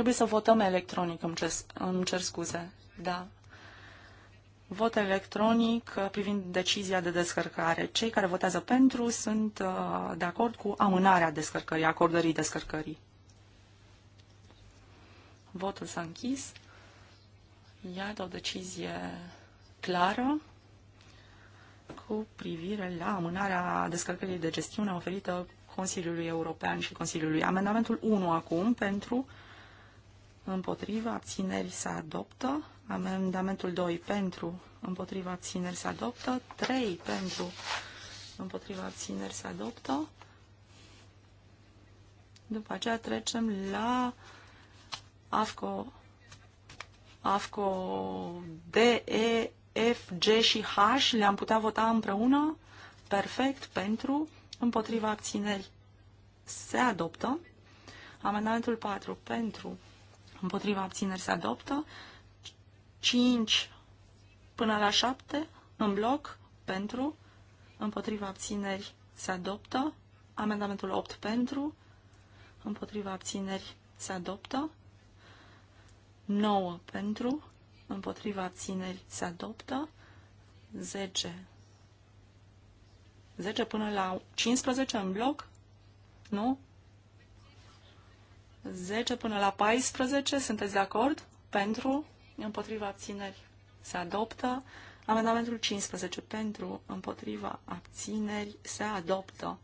Trebuie să votăm electronic, îmi cer, îmi cer scuze. Da. Vot electronic uh, privind decizia de descărcare. Cei care votează pentru sunt uh, de acord cu amânarea descărcării, acordării descărcării. Votul s-a închis. Iată o decizie clară cu privire la amânarea descărcării de gestiune oferită Consiliului European și Consiliului. Amendamentul 1 acum pentru împotriva, abținerii se adoptă. Amendamentul 2 pentru, împotriva, abținerii se adoptă. 3 pentru, împotriva, abținerii se adoptă. După aceea trecem la AFCO, AFCO D, E, F, G și H. Le-am putea vota împreună. Perfect pentru, împotriva, abținerii se adoptă. Amendamentul 4 pentru împotriva abțineri se adoptă, 5 până la 7 în bloc pentru, împotriva abțineri se adoptă, amendamentul 8 pentru, împotriva abțineri se adoptă, 9 pentru, împotriva abțineri se adoptă, 10 10 până la 15 în bloc, nu? 10 până la 14. Sunteți de acord? Pentru, împotriva abțineri se adoptă. Amendamentul 15 pentru, împotriva abțineri se adoptă.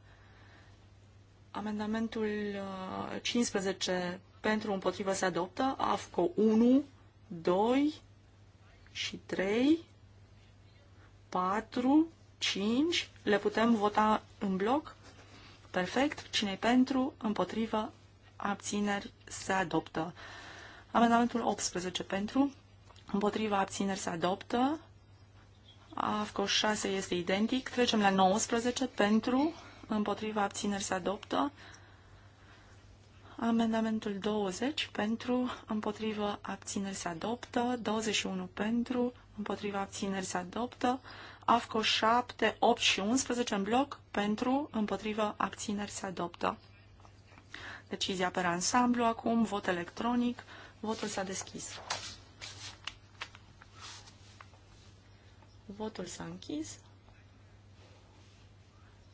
Amendamentul 15 uh, pentru, împotriva se adoptă. AFCO 1, 2 și 3, 4, 5. Le putem vota în bloc? Perfect. cine pentru? Împotriva abțineri, se adoptă. Amendamentul 18 pentru, împotriva, abțineri, se adoptă. AFCO 6 este identic. Trecem la 19 pentru, împotriva, abțineri, se adoptă. Amendamentul 20 pentru, împotriva abțineri se adoptă, 21 pentru, împotriva abțineri se adoptă, AFCO 7, 8 și 11 în bloc, pentru, împotriva abțineri se adoptă. Decizia pe ansamblu acum, vot electronic, votul s-a deschis. Votul s-a închis.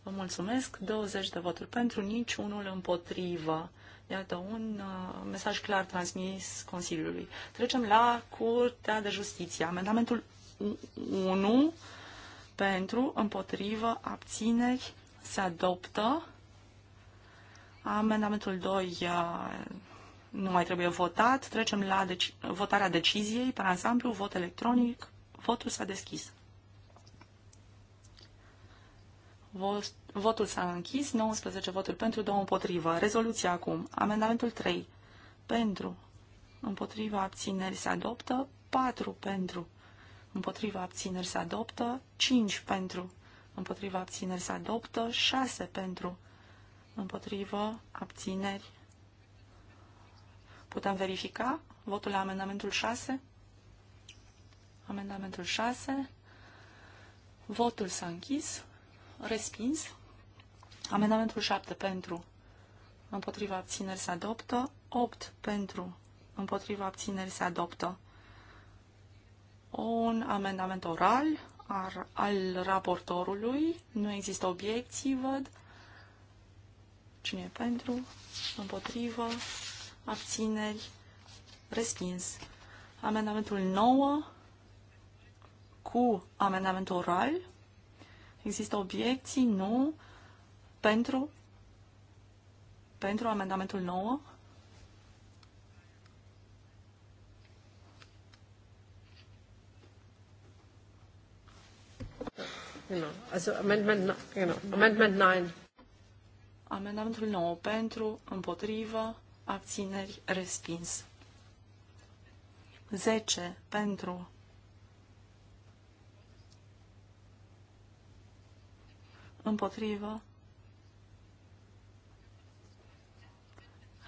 Vă mulțumesc. 20 de voturi pentru, niciunul împotrivă. Iată un uh, mesaj clar transmis Consiliului. Trecem la Curtea de Justiție. Amendamentul 1 pentru, împotrivă, abțineri se adoptă. Amendamentul 2 uh, nu mai trebuie votat. Trecem la deci votarea deciziei. Pe ansamblu, vot electronic. Votul s-a deschis. Vot, votul s-a închis. 19 voturi pentru, 2 împotrivă. Rezoluția acum. Amendamentul 3. Pentru. Împotriva abțineri se adoptă. 4 pentru. Împotriva abțineri se adoptă. 5 pentru. Împotriva abțineri se adoptă. 6 pentru Împotrivă? Abțineri? Putem verifica votul la amendamentul 6? Amendamentul 6. Votul s-a închis. Respins. Amendamentul 7 pentru. Împotriva abțineri se adoptă. 8 pentru. Împotriva abțineri se adoptă. Un amendament oral ar, al raportorului. Nu există obiecții, văd. Cine e pentru? Împotrivă? Abțineri? Respins. Amendamentul 9 cu amendamentul oral. Există obiecții? Nu. Pentru? Pentru amendamentul 9? Genau, also Amendment, you know, Amendment 9. Amendamentul 9 pentru, împotrivă, abțineri, respins. 10 pentru, împotrivă.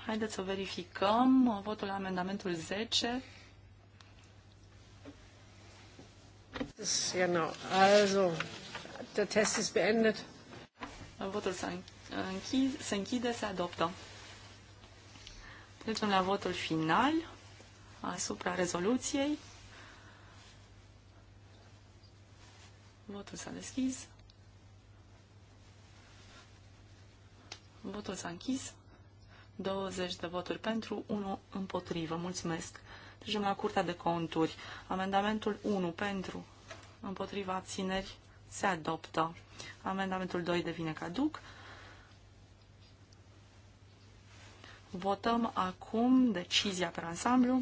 Haideți să verificăm votul la amendamentul 10. Genau, also, der Test ist beendet. Votul s-a încheiat închid, se închide, se adoptă. Trecem la votul final asupra rezoluției. Votul s-a deschis. Votul s-a închis. 20 de voturi pentru, 1 împotrivă. Mulțumesc. Trecem la Curtea de Conturi. Amendamentul 1 pentru, împotriva abțineri, se adoptă. Amendamentul 2 devine caduc. Votăm acum decizia pe ansamblu.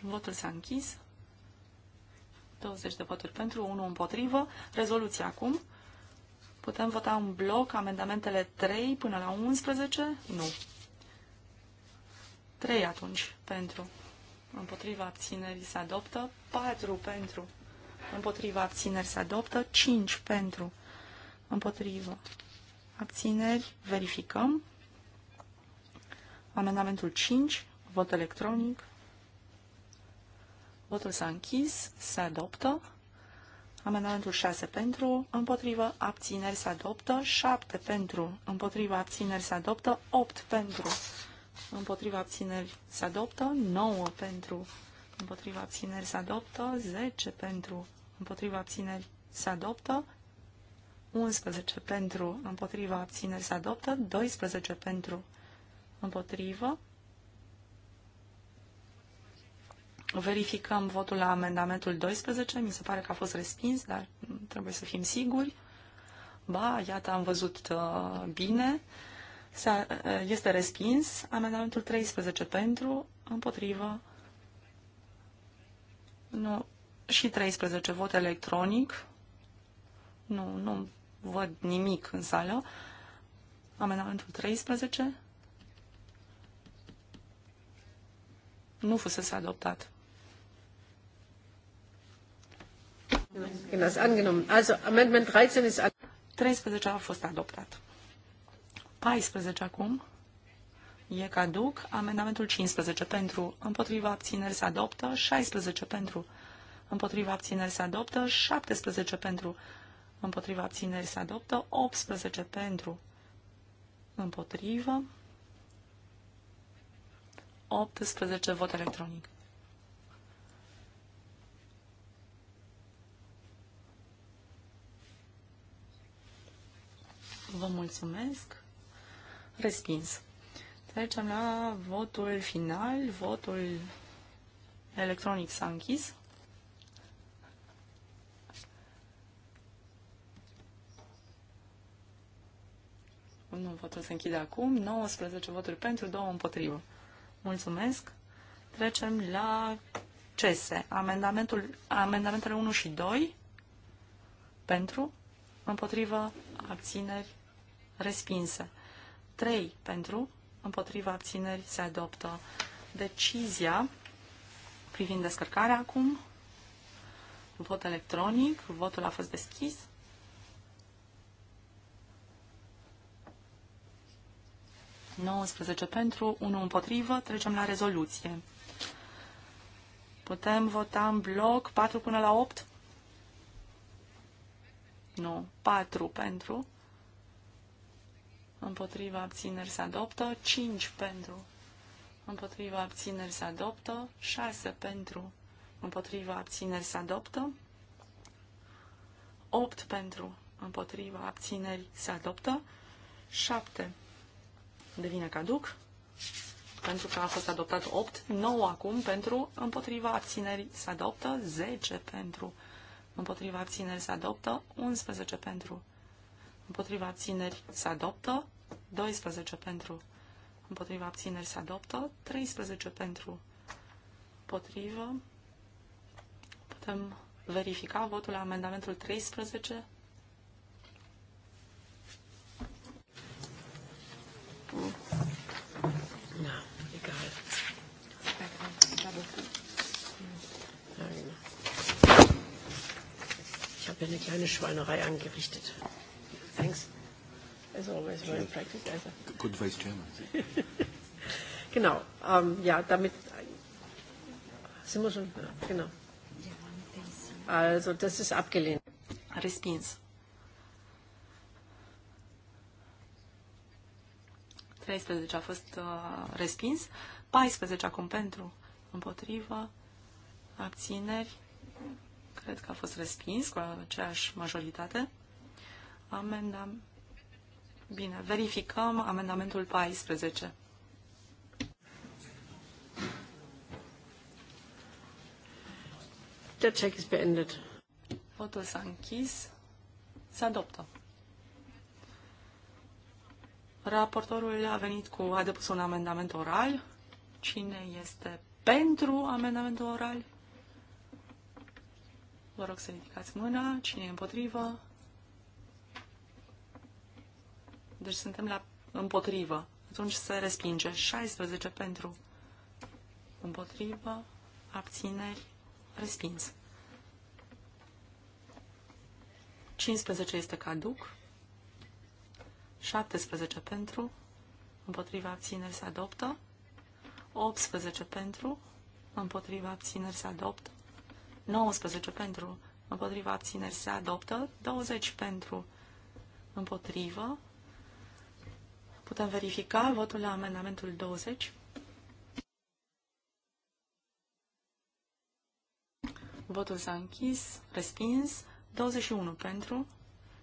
Votul s-a închis. 20 de voturi pentru, 1 împotrivă. Rezoluția acum. Putem vota în bloc amendamentele 3 până la 11? Nu. 3 atunci pentru. Împotriva abținerii se adoptă. 4 pentru. Împotriva abținerii se adoptă. 5 pentru împotrivă, abțineri, verificăm. Amendamentul 5, vot electronic. Votul s-a închis, se adoptă. Amendamentul 6 pentru, împotrivă, abțineri se adoptă, 7 pentru, împotrivă, abțineri se adoptă, 8 pentru, împotrivă, abțineri se adoptă, 9 pentru, împotrivă, abțineri se adoptă, 10 pentru, împotrivă, abțineri se adoptă, 11 pentru, împotriva, abțineri se adoptă, 12 pentru, împotrivă. Verificăm votul la amendamentul 12, mi se pare că a fost respins, dar trebuie să fim siguri. Ba, iată, am văzut uh, bine, se, uh, este respins, amendamentul 13 pentru, împotrivă, nu, și 13 vot electronic, nu, nu văd nimic în sală. Amenamentul 13 nu fusese adoptat. Also Amendment 13 ist 13 a fost adoptat. 14 acum e caduc. Amendamentul 15 pentru împotriva abțineri se adoptă. 16 pentru împotriva abțineri se adoptă. 17 pentru împotriva abțineri se adoptă, 18 pentru, împotrivă, 18 vot electronic. Vă mulțumesc. Respins. Trecem la votul final. Votul electronic s-a închis. nu, votul se închide acum, 19 voturi pentru, 2 împotrivă. Mulțumesc. Trecem la CESE. Amendamentul, amendamentele 1 și 2 pentru, împotrivă, abțineri, respinse. 3 pentru, împotrivă, abțineri se adoptă decizia privind descărcarea acum, vot electronic, votul a fost deschis. 19 pentru, 1 împotrivă. Trecem la rezoluție. Putem vota în bloc 4 până la 8? Nu. 4 pentru. Împotriva abțineri se adoptă. 5 pentru. Împotriva abțineri se adoptă. 6 pentru. Împotriva abțineri se adoptă. 8 pentru. Împotriva abțineri se adoptă. 7 pentru devine caduc pentru că a fost adoptat 8, 9 acum pentru, împotriva abținerii se adoptă, 10 pentru, împotriva abținerii se adoptă, 11 pentru, împotriva abținerii se adoptă, 12 pentru, împotriva abținerii se adoptă, 13 pentru, împotrivă, putem verifica votul la amendamentul 13, habe eine kleine Schweinerei angerichtet. Thanks. As always, well practice. Also. Good Vice Chairman. genau. Ähm, ja, damit sind wir schon. Ja, genau. Also, das ist abgelehnt. Respins. 13 a fost uh, respins, 14 acum pentru, împotrivă, abțineri, cred că a fost respins cu aceeași majoritate. Amendam... Bine, verificăm amendamentul 14. Der check is beendet. Votul s-a închis. Se adoptă. Raportorul a venit cu, a depus un amendament oral. Cine este pentru amendamentul oral? Vă rog să ridicați mâna. Cine e împotrivă? Deci suntem la împotrivă. Atunci se respinge. 16 pentru împotrivă, abțineri, respins. 15 este caduc. 17 pentru, împotriva abțineri se adoptă. 18 pentru, împotriva abțineri se adoptă. 19 pentru, împotriva abțineri se adoptă, 20 pentru, împotrivă. Putem verifica votul la amendamentul 20. Votul s-a închis, respins, 21 pentru,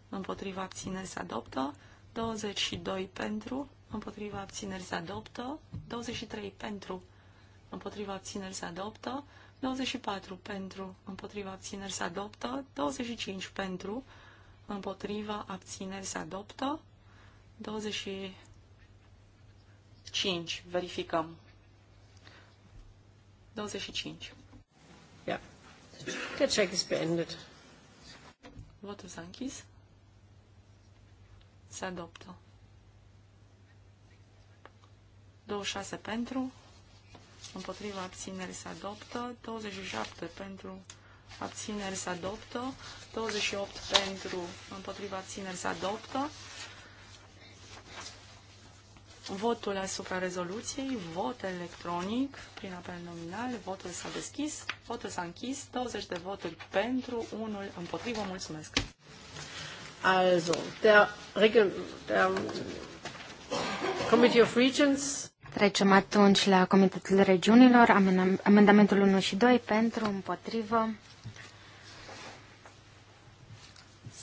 împotriva abțineri se adoptă, 22 pentru, împotriva abțineri se adoptă, 23 pentru, împotriva abțineri se adoptă, 24 pentru, împotriva abțineri se adoptă, 25 pentru, împotriva abțineri se adoptă, 25, verificăm. 25. Ja. Der Check ist beendet. Votul s-a închis. Se adoptă. 26 pentru, împotriva abțineri se adoptă, 27 pentru abțineri se adoptă, 28 pentru împotriva abțineri se adoptă. Votul asupra rezoluției, vot electronic, prin apel nominal, votul s-a deschis, votul s-a închis, 20 de voturi pentru, unul împotrivă, mulțumesc. Also, der, Regel, der um, Committee of Regions Trecem atunci la Comitetul Regiunilor, amendamentul 1 și 2 pentru, împotrivă.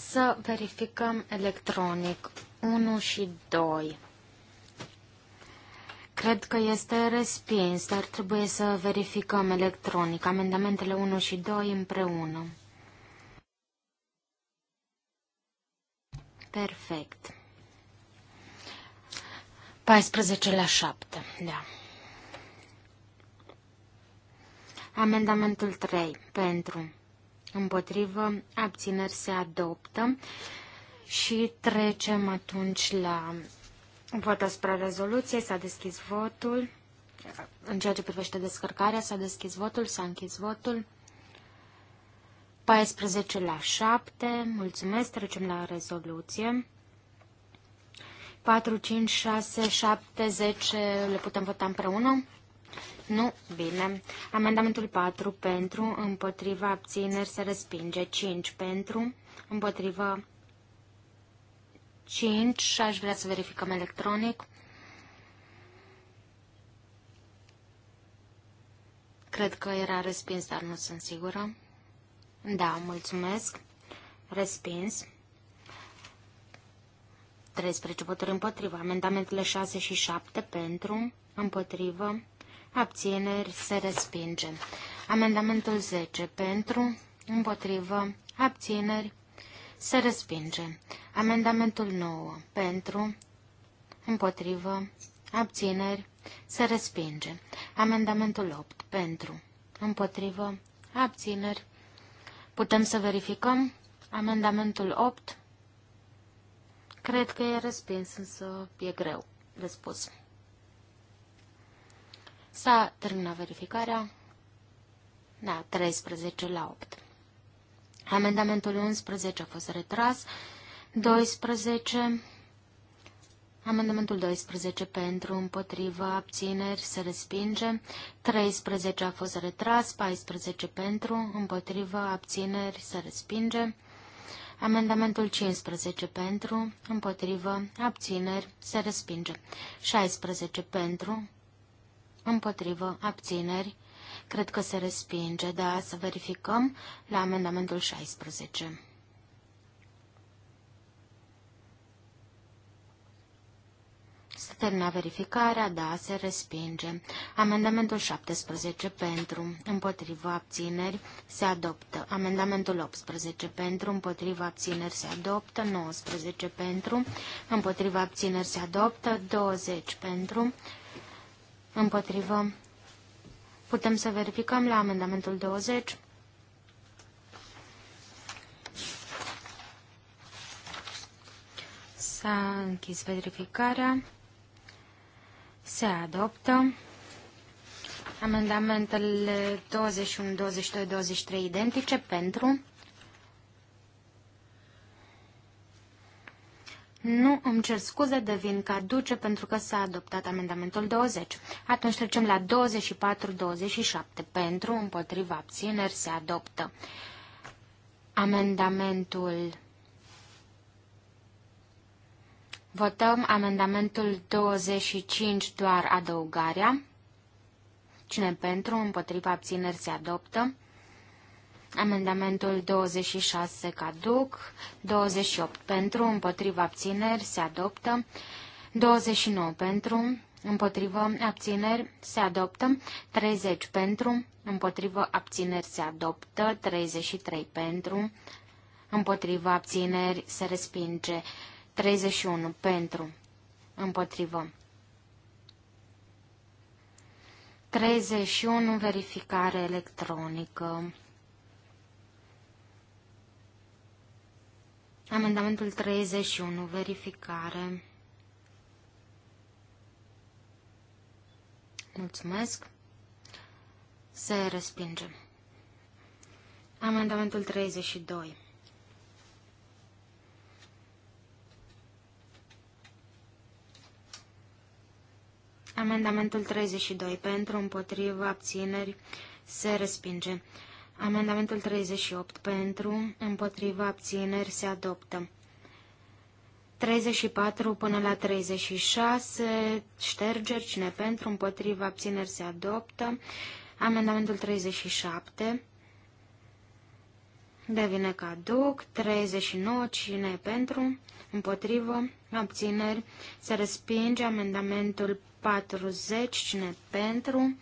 Să verificăm electronic 1 și 2. Cred că este respins, dar trebuie să verificăm electronic amendamentele 1 și 2 împreună. Perfect. 14 la 7, da. Amendamentul 3. Pentru. Împotrivă. Abțineri se adoptă. Și trecem atunci la vot asupra rezoluției. S-a deschis votul. În ceea ce privește descărcarea, s-a deschis votul, s-a închis votul. 14 la 7. Mulțumesc. Trecem la rezoluție. 4, 5, 6, 7, 10 le putem vota împreună? Nu? Bine. Amendamentul 4 pentru, împotriva, abțineri, se respinge. 5 pentru, împotriva, 5, aș vrea să verificăm electronic. Cred că era respins, dar nu sunt sigură. Da, mulțumesc. Respins. 13 voturi împotrivă. Amendamentele 6 și 7 pentru, împotrivă, abțineri, se respinge. Amendamentul 10 pentru, împotrivă, abțineri, se respinge. Amendamentul 9 pentru, împotrivă, abțineri, se respinge. Amendamentul 8 pentru, împotrivă, abțineri. Putem să verificăm? Amendamentul 8 Cred că e respins, însă e greu de spus. S-a terminat verificarea. Da, 13 la 8. Amendamentul 11 a fost retras. 12. Amendamentul 12 pentru, împotriva, abțineri, se respinge. 13 a fost retras. 14 pentru, împotriva, abțineri, se respinge. Amendamentul 15 pentru, împotrivă, abțineri, se respinge. 16 pentru, împotrivă, abțineri, cred că se respinge, da, să verificăm la amendamentul 16. termina verificarea, da, se respinge. Amendamentul 17 pentru, împotriva abțineri, se adoptă. Amendamentul 18 pentru, împotriva abțineri, se adoptă. 19 pentru, împotriva abțineri, se adoptă. 20 pentru, împotriva. Putem să verificăm la amendamentul 20. S-a închis verificarea. Se adoptă. Amendamentele 21, 22, 23 identice pentru. Nu, îmi cer scuze, devin caduce pentru că s-a adoptat amendamentul 20. Atunci trecem la 24-27. Pentru, împotriva, abțineri, se adoptă. Amendamentul Votăm amendamentul 25, doar adăugarea. Cine pentru, împotriva abțineri se adoptă. Amendamentul 26 caduc, 28 pentru, împotriva abțineri se adoptă, 29 pentru, împotriva abțineri se adoptă, 30 pentru, împotriva abțineri se adoptă, 33 pentru, împotriva abțineri se respinge, 31. Pentru. Împotrivă. 31. Verificare electronică. Amendamentul 31. Verificare. Mulțumesc. Se respinge. Amendamentul 32. Amendamentul 32 pentru, împotrivă, abțineri, se respinge. Amendamentul 38 pentru, împotrivă, abțineri, se adoptă. 34 până la 36, ștergeri, cine pentru, împotrivă, abțineri, se adoptă. Amendamentul 37 devine caduc, 39 cine pentru, împotrivă, abțineri, se respinge amendamentul 40 cine pentru,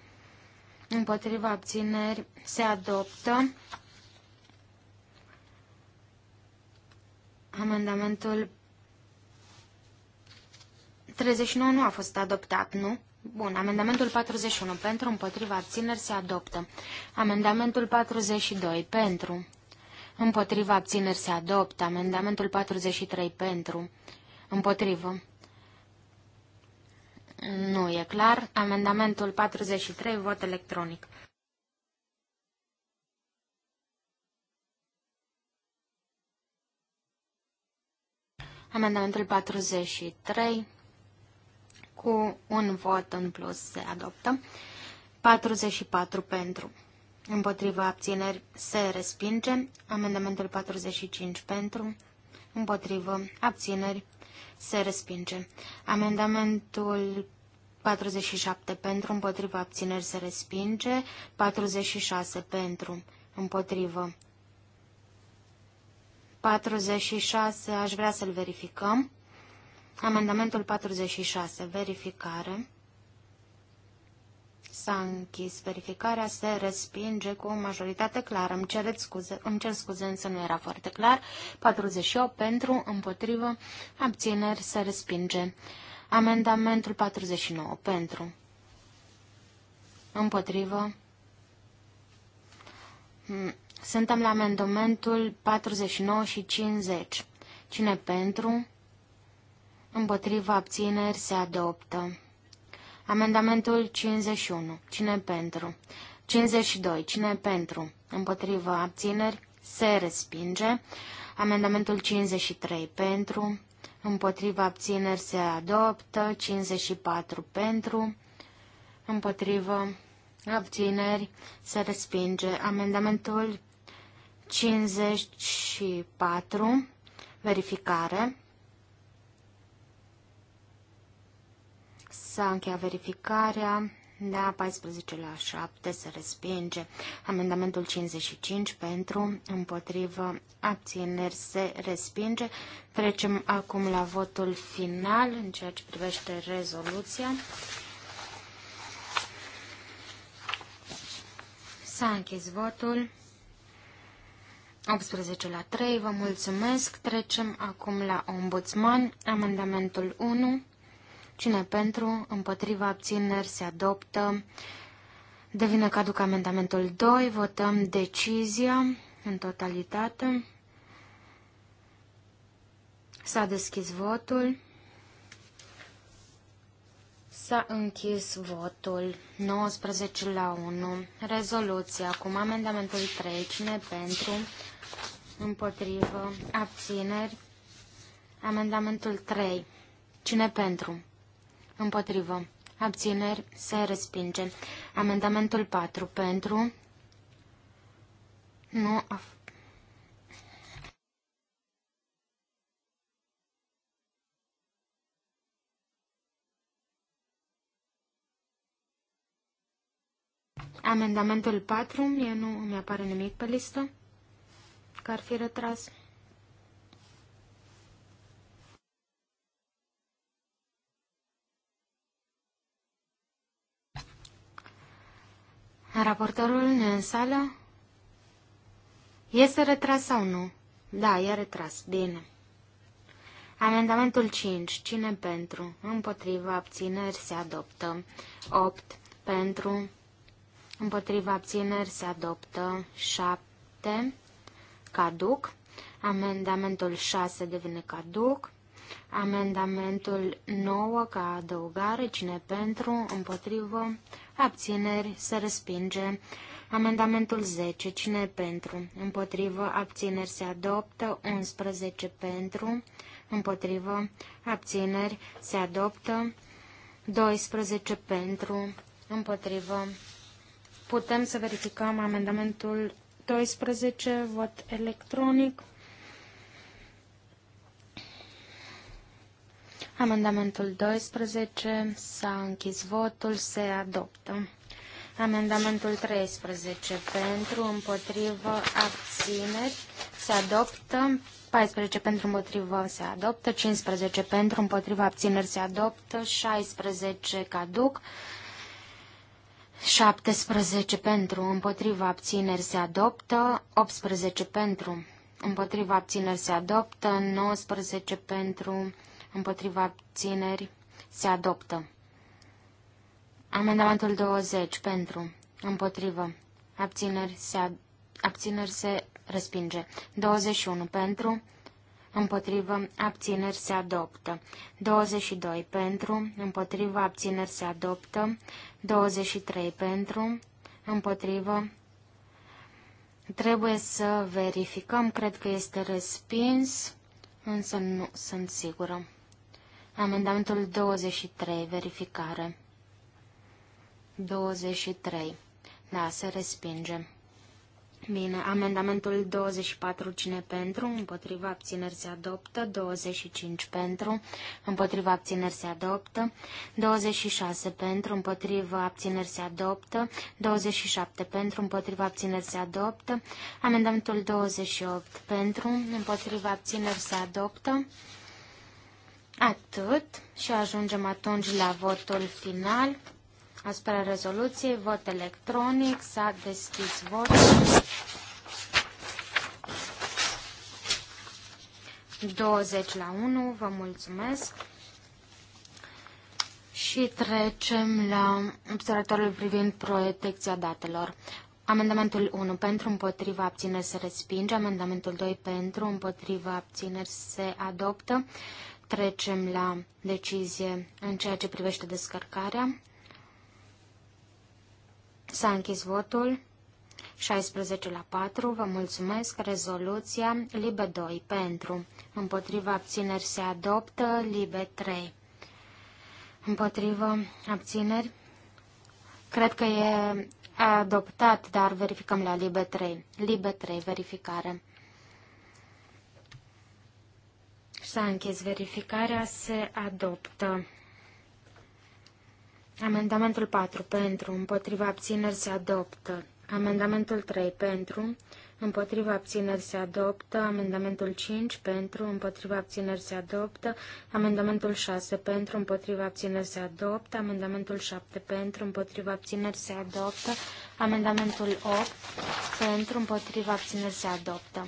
împotriva abțineri, se adoptă amendamentul 39 nu a fost adoptat, nu? Bun, amendamentul 41 pentru, împotriva abțineri se adoptă. Amendamentul 42 pentru, Împotriva abțineri se adoptă. Amendamentul 43 pentru. Împotrivă. Nu e clar. Amendamentul 43, vot electronic. Amendamentul 43 cu un vot în plus se adoptă. 44 pentru. Împotriva abțineri se respinge. Amendamentul 45 pentru. Împotrivă abțineri se respinge. Amendamentul 47 pentru. Împotriva abțineri se respinge. 46 pentru. Împotrivă. 46 aș vrea să-l verificăm. Amendamentul 46. Verificare. S-a închis verificarea, se respinge cu o majoritate clară. Îmi, cereți scuze, îmi cer scuze, însă nu era foarte clar. 48 pentru, împotrivă, abțineri, se respinge. Amendamentul 49 pentru, împotrivă. Hmm, suntem la amendamentul 49 și 50. Cine pentru? Împotriva abțineri se adoptă. Amendamentul 51. Cine pentru? 52. Cine pentru? Împotrivă abțineri? Se respinge. Amendamentul 53. Pentru? Împotrivă abțineri se adoptă. 54. Pentru? Împotrivă abțineri se respinge. Amendamentul 54. Verificare. S-a încheiat verificarea. Da, 14 la 7 se respinge. Amendamentul 55 pentru, împotrivă, abțineri se respinge. Trecem acum la votul final în ceea ce privește rezoluția. S-a închis votul. 18 la 3, vă mulțumesc. Trecem acum la ombudsman, amendamentul 1. Cine pentru, împotriva abțineri se adoptă. Devine caduc amendamentul 2. Votăm decizia în totalitate. S-a deschis votul. S-a închis votul 19 la 1. Rezoluția. Acum amendamentul 3. Cine pentru? Împotrivă. Abțineri. Amendamentul 3. Cine pentru? Împotrivă. Abțineri se respinge. Amendamentul 4 pentru. Nu. Amendamentul 4, mie nu mi apare nimic pe listă, că ar fi retras. Raportorul ne în sală? Este retras sau nu? Da, e retras. Bine. Amendamentul 5. Cine pentru? Împotriva abțineri se adoptă. 8. Pentru. Împotriva abțineri se adoptă. 7. Caduc. Amendamentul 6 devine caduc. Amendamentul 9 ca adăugare. Cine pentru? Împotrivă abțineri, se respinge. Amendamentul 10, cine e pentru? Împotrivă, abțineri, se adoptă. 11 pentru, împotrivă, abțineri, se adoptă. 12 pentru, împotrivă. Putem să verificăm amendamentul 12, vot electronic. Amendamentul 12 s-a închis votul, se adoptă. Amendamentul 13 pentru, împotrivă, abțineri, se adoptă. 14 pentru împotrivă se adoptă, 15 pentru împotrivă abțineri se adoptă, 16 caduc, 17 pentru împotrivă abțineri se adoptă, 18 pentru împotrivă abțineri se adoptă, 19 pentru împotriva abțineri, se adoptă. Amendamentul 20 pentru, împotrivă, abțineri se, ad... abțineri se respinge. 21 pentru, împotrivă, abțineri se adoptă. 22 pentru, împotrivă, abțineri se adoptă. 23 pentru, împotrivă, trebuie să verificăm, cred că este respins, însă nu sunt sigură. Amendamentul 23, verificare. 23. Da, se respinge. Bine, amendamentul 24, cine pentru, împotriva abțineri se adoptă, 25 pentru, împotriva abțineri se adoptă, 26 pentru, împotriva abțineri se adoptă, 27 pentru, împotriva abțineri se adoptă, amendamentul 28 pentru, împotriva abțineri se adoptă, Atât și ajungem atunci la votul final. Asupra rezoluției, vot electronic, s-a deschis votul. 20 la 1, vă mulțumesc. Și trecem la observatorul privind protecția datelor. Amendamentul 1 pentru împotriva abțineri se respinge, amendamentul 2 pentru împotriva abțineri se adoptă, trecem la decizie în ceea ce privește descărcarea. S-a închis votul. 16 la 4, vă mulțumesc, rezoluția, libe 2, pentru, împotriva abțineri se adoptă, libe 3, împotriva abțineri, cred că e adoptat, dar verificăm la libe 3, libe 3, verificare. S-a închis verificarea, se adoptă. Amendamentul 4 pentru, împotriva abțineri se adoptă. Amendamentul 3 pentru, împotriva abțineri se adoptă. Amendamentul 5 pentru, împotriva abțineri se adoptă. Amendamentul 6 pentru, împotriva abțineri se adoptă. Amendamentul 7 pentru, împotriva abțineri se adoptă. Amendamentul 8 pentru, împotriva abțineri se adoptă.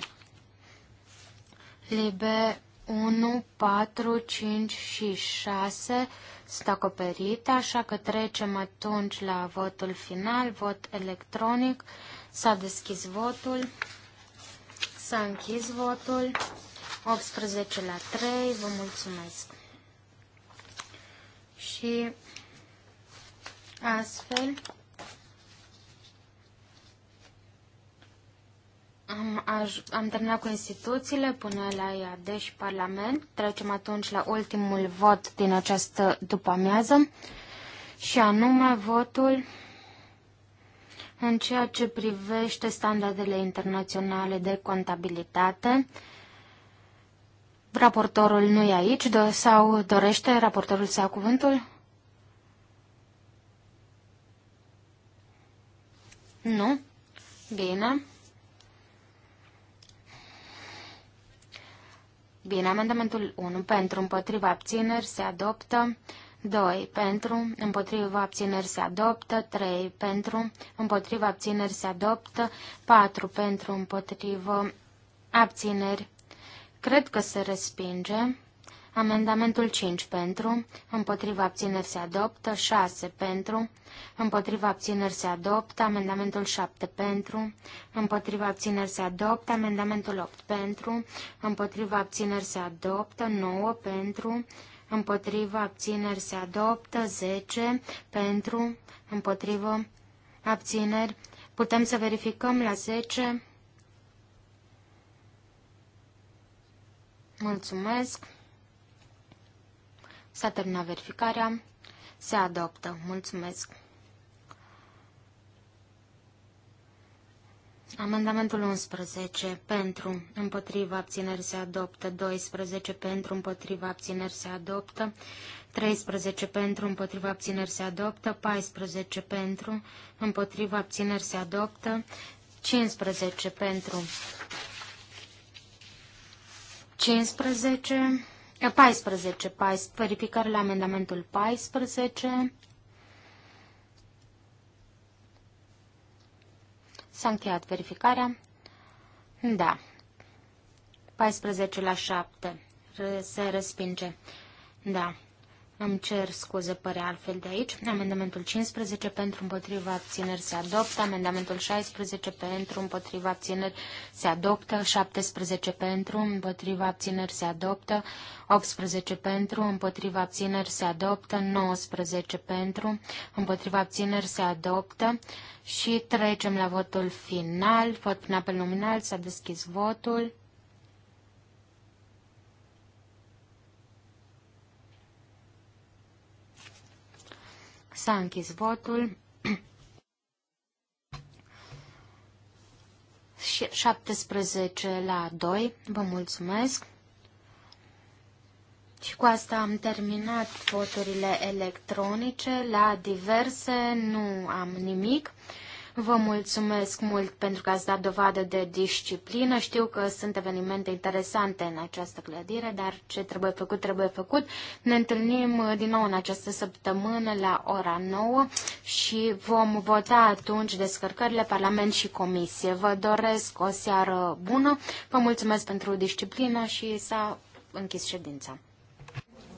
Libe 1, 4, 5 și 6 sunt acoperite, așa că trecem atunci la votul final, vot electronic. S-a deschis votul, s-a închis votul, 18 la 3, vă mulțumesc. Și astfel Am, aj- am terminat cu instituțiile până la IAD și Parlament. Trecem atunci la ultimul vot din această după-amiază și anume votul în ceea ce privește standardele internaționale de contabilitate. Raportorul nu e aici do- sau dorește raportorul să ia cuvântul? Nu? Bine. Bine, amendamentul 1 pentru împotriva abțineri se adoptă. 2. Pentru, împotriva abțineri se adoptă. 3. Pentru, împotriva abțineri se adoptă. 4. Pentru, împotriva abțineri. Cred că se respinge. Amendamentul 5 pentru, împotriva abțineri se adoptă, 6 pentru, împotriva abțineri se adoptă, amendamentul 7 pentru, împotriva abțineri se adoptă, amendamentul 8 pentru, împotriva abțineri se adoptă, 9 pentru, împotriva abțineri se adoptă, 10 pentru, împotriva abțineri. Putem să verificăm la 10. Mulțumesc. S-a terminat verificarea. Se adoptă. Mulțumesc. Amendamentul 11. Pentru. Împotriva abțineri se adoptă. 12. Pentru. Împotriva abțineri se adoptă. 13. Pentru. Împotriva abțineri se adoptă. 14. Pentru. Împotriva abțineri se adoptă. 15. Pentru. 15. 14, 14, verificare la amendamentul 14. S-a încheiat verificarea. Da. 14 la 7. Se respinge. Da. Îmi cer scuze, părea altfel de aici. Amendamentul 15 pentru împotriva abțineri se adoptă. Amendamentul 16 pentru împotriva abțineri se adoptă. 17 pentru împotriva abțineri se adoptă. 18 pentru împotriva abțineri se adoptă. 19 pentru împotriva abțineri se adoptă. Și trecem la votul final. Vot prin apel nominal. S-a deschis votul. S-a închis votul. Și 17 la 2. Vă mulțumesc. Și cu asta am terminat voturile electronice. La diverse nu am nimic. Vă mulțumesc mult pentru că ați dat dovadă de disciplină. Știu că sunt evenimente interesante în această clădire, dar ce trebuie făcut, trebuie făcut. Ne întâlnim uh, din nou în această săptămână la ora 9 și vom vota atunci descărcările Parlament și Comisie. Vă doresc o seară bună, vă mulțumesc pentru disciplină și s-a închis ședința.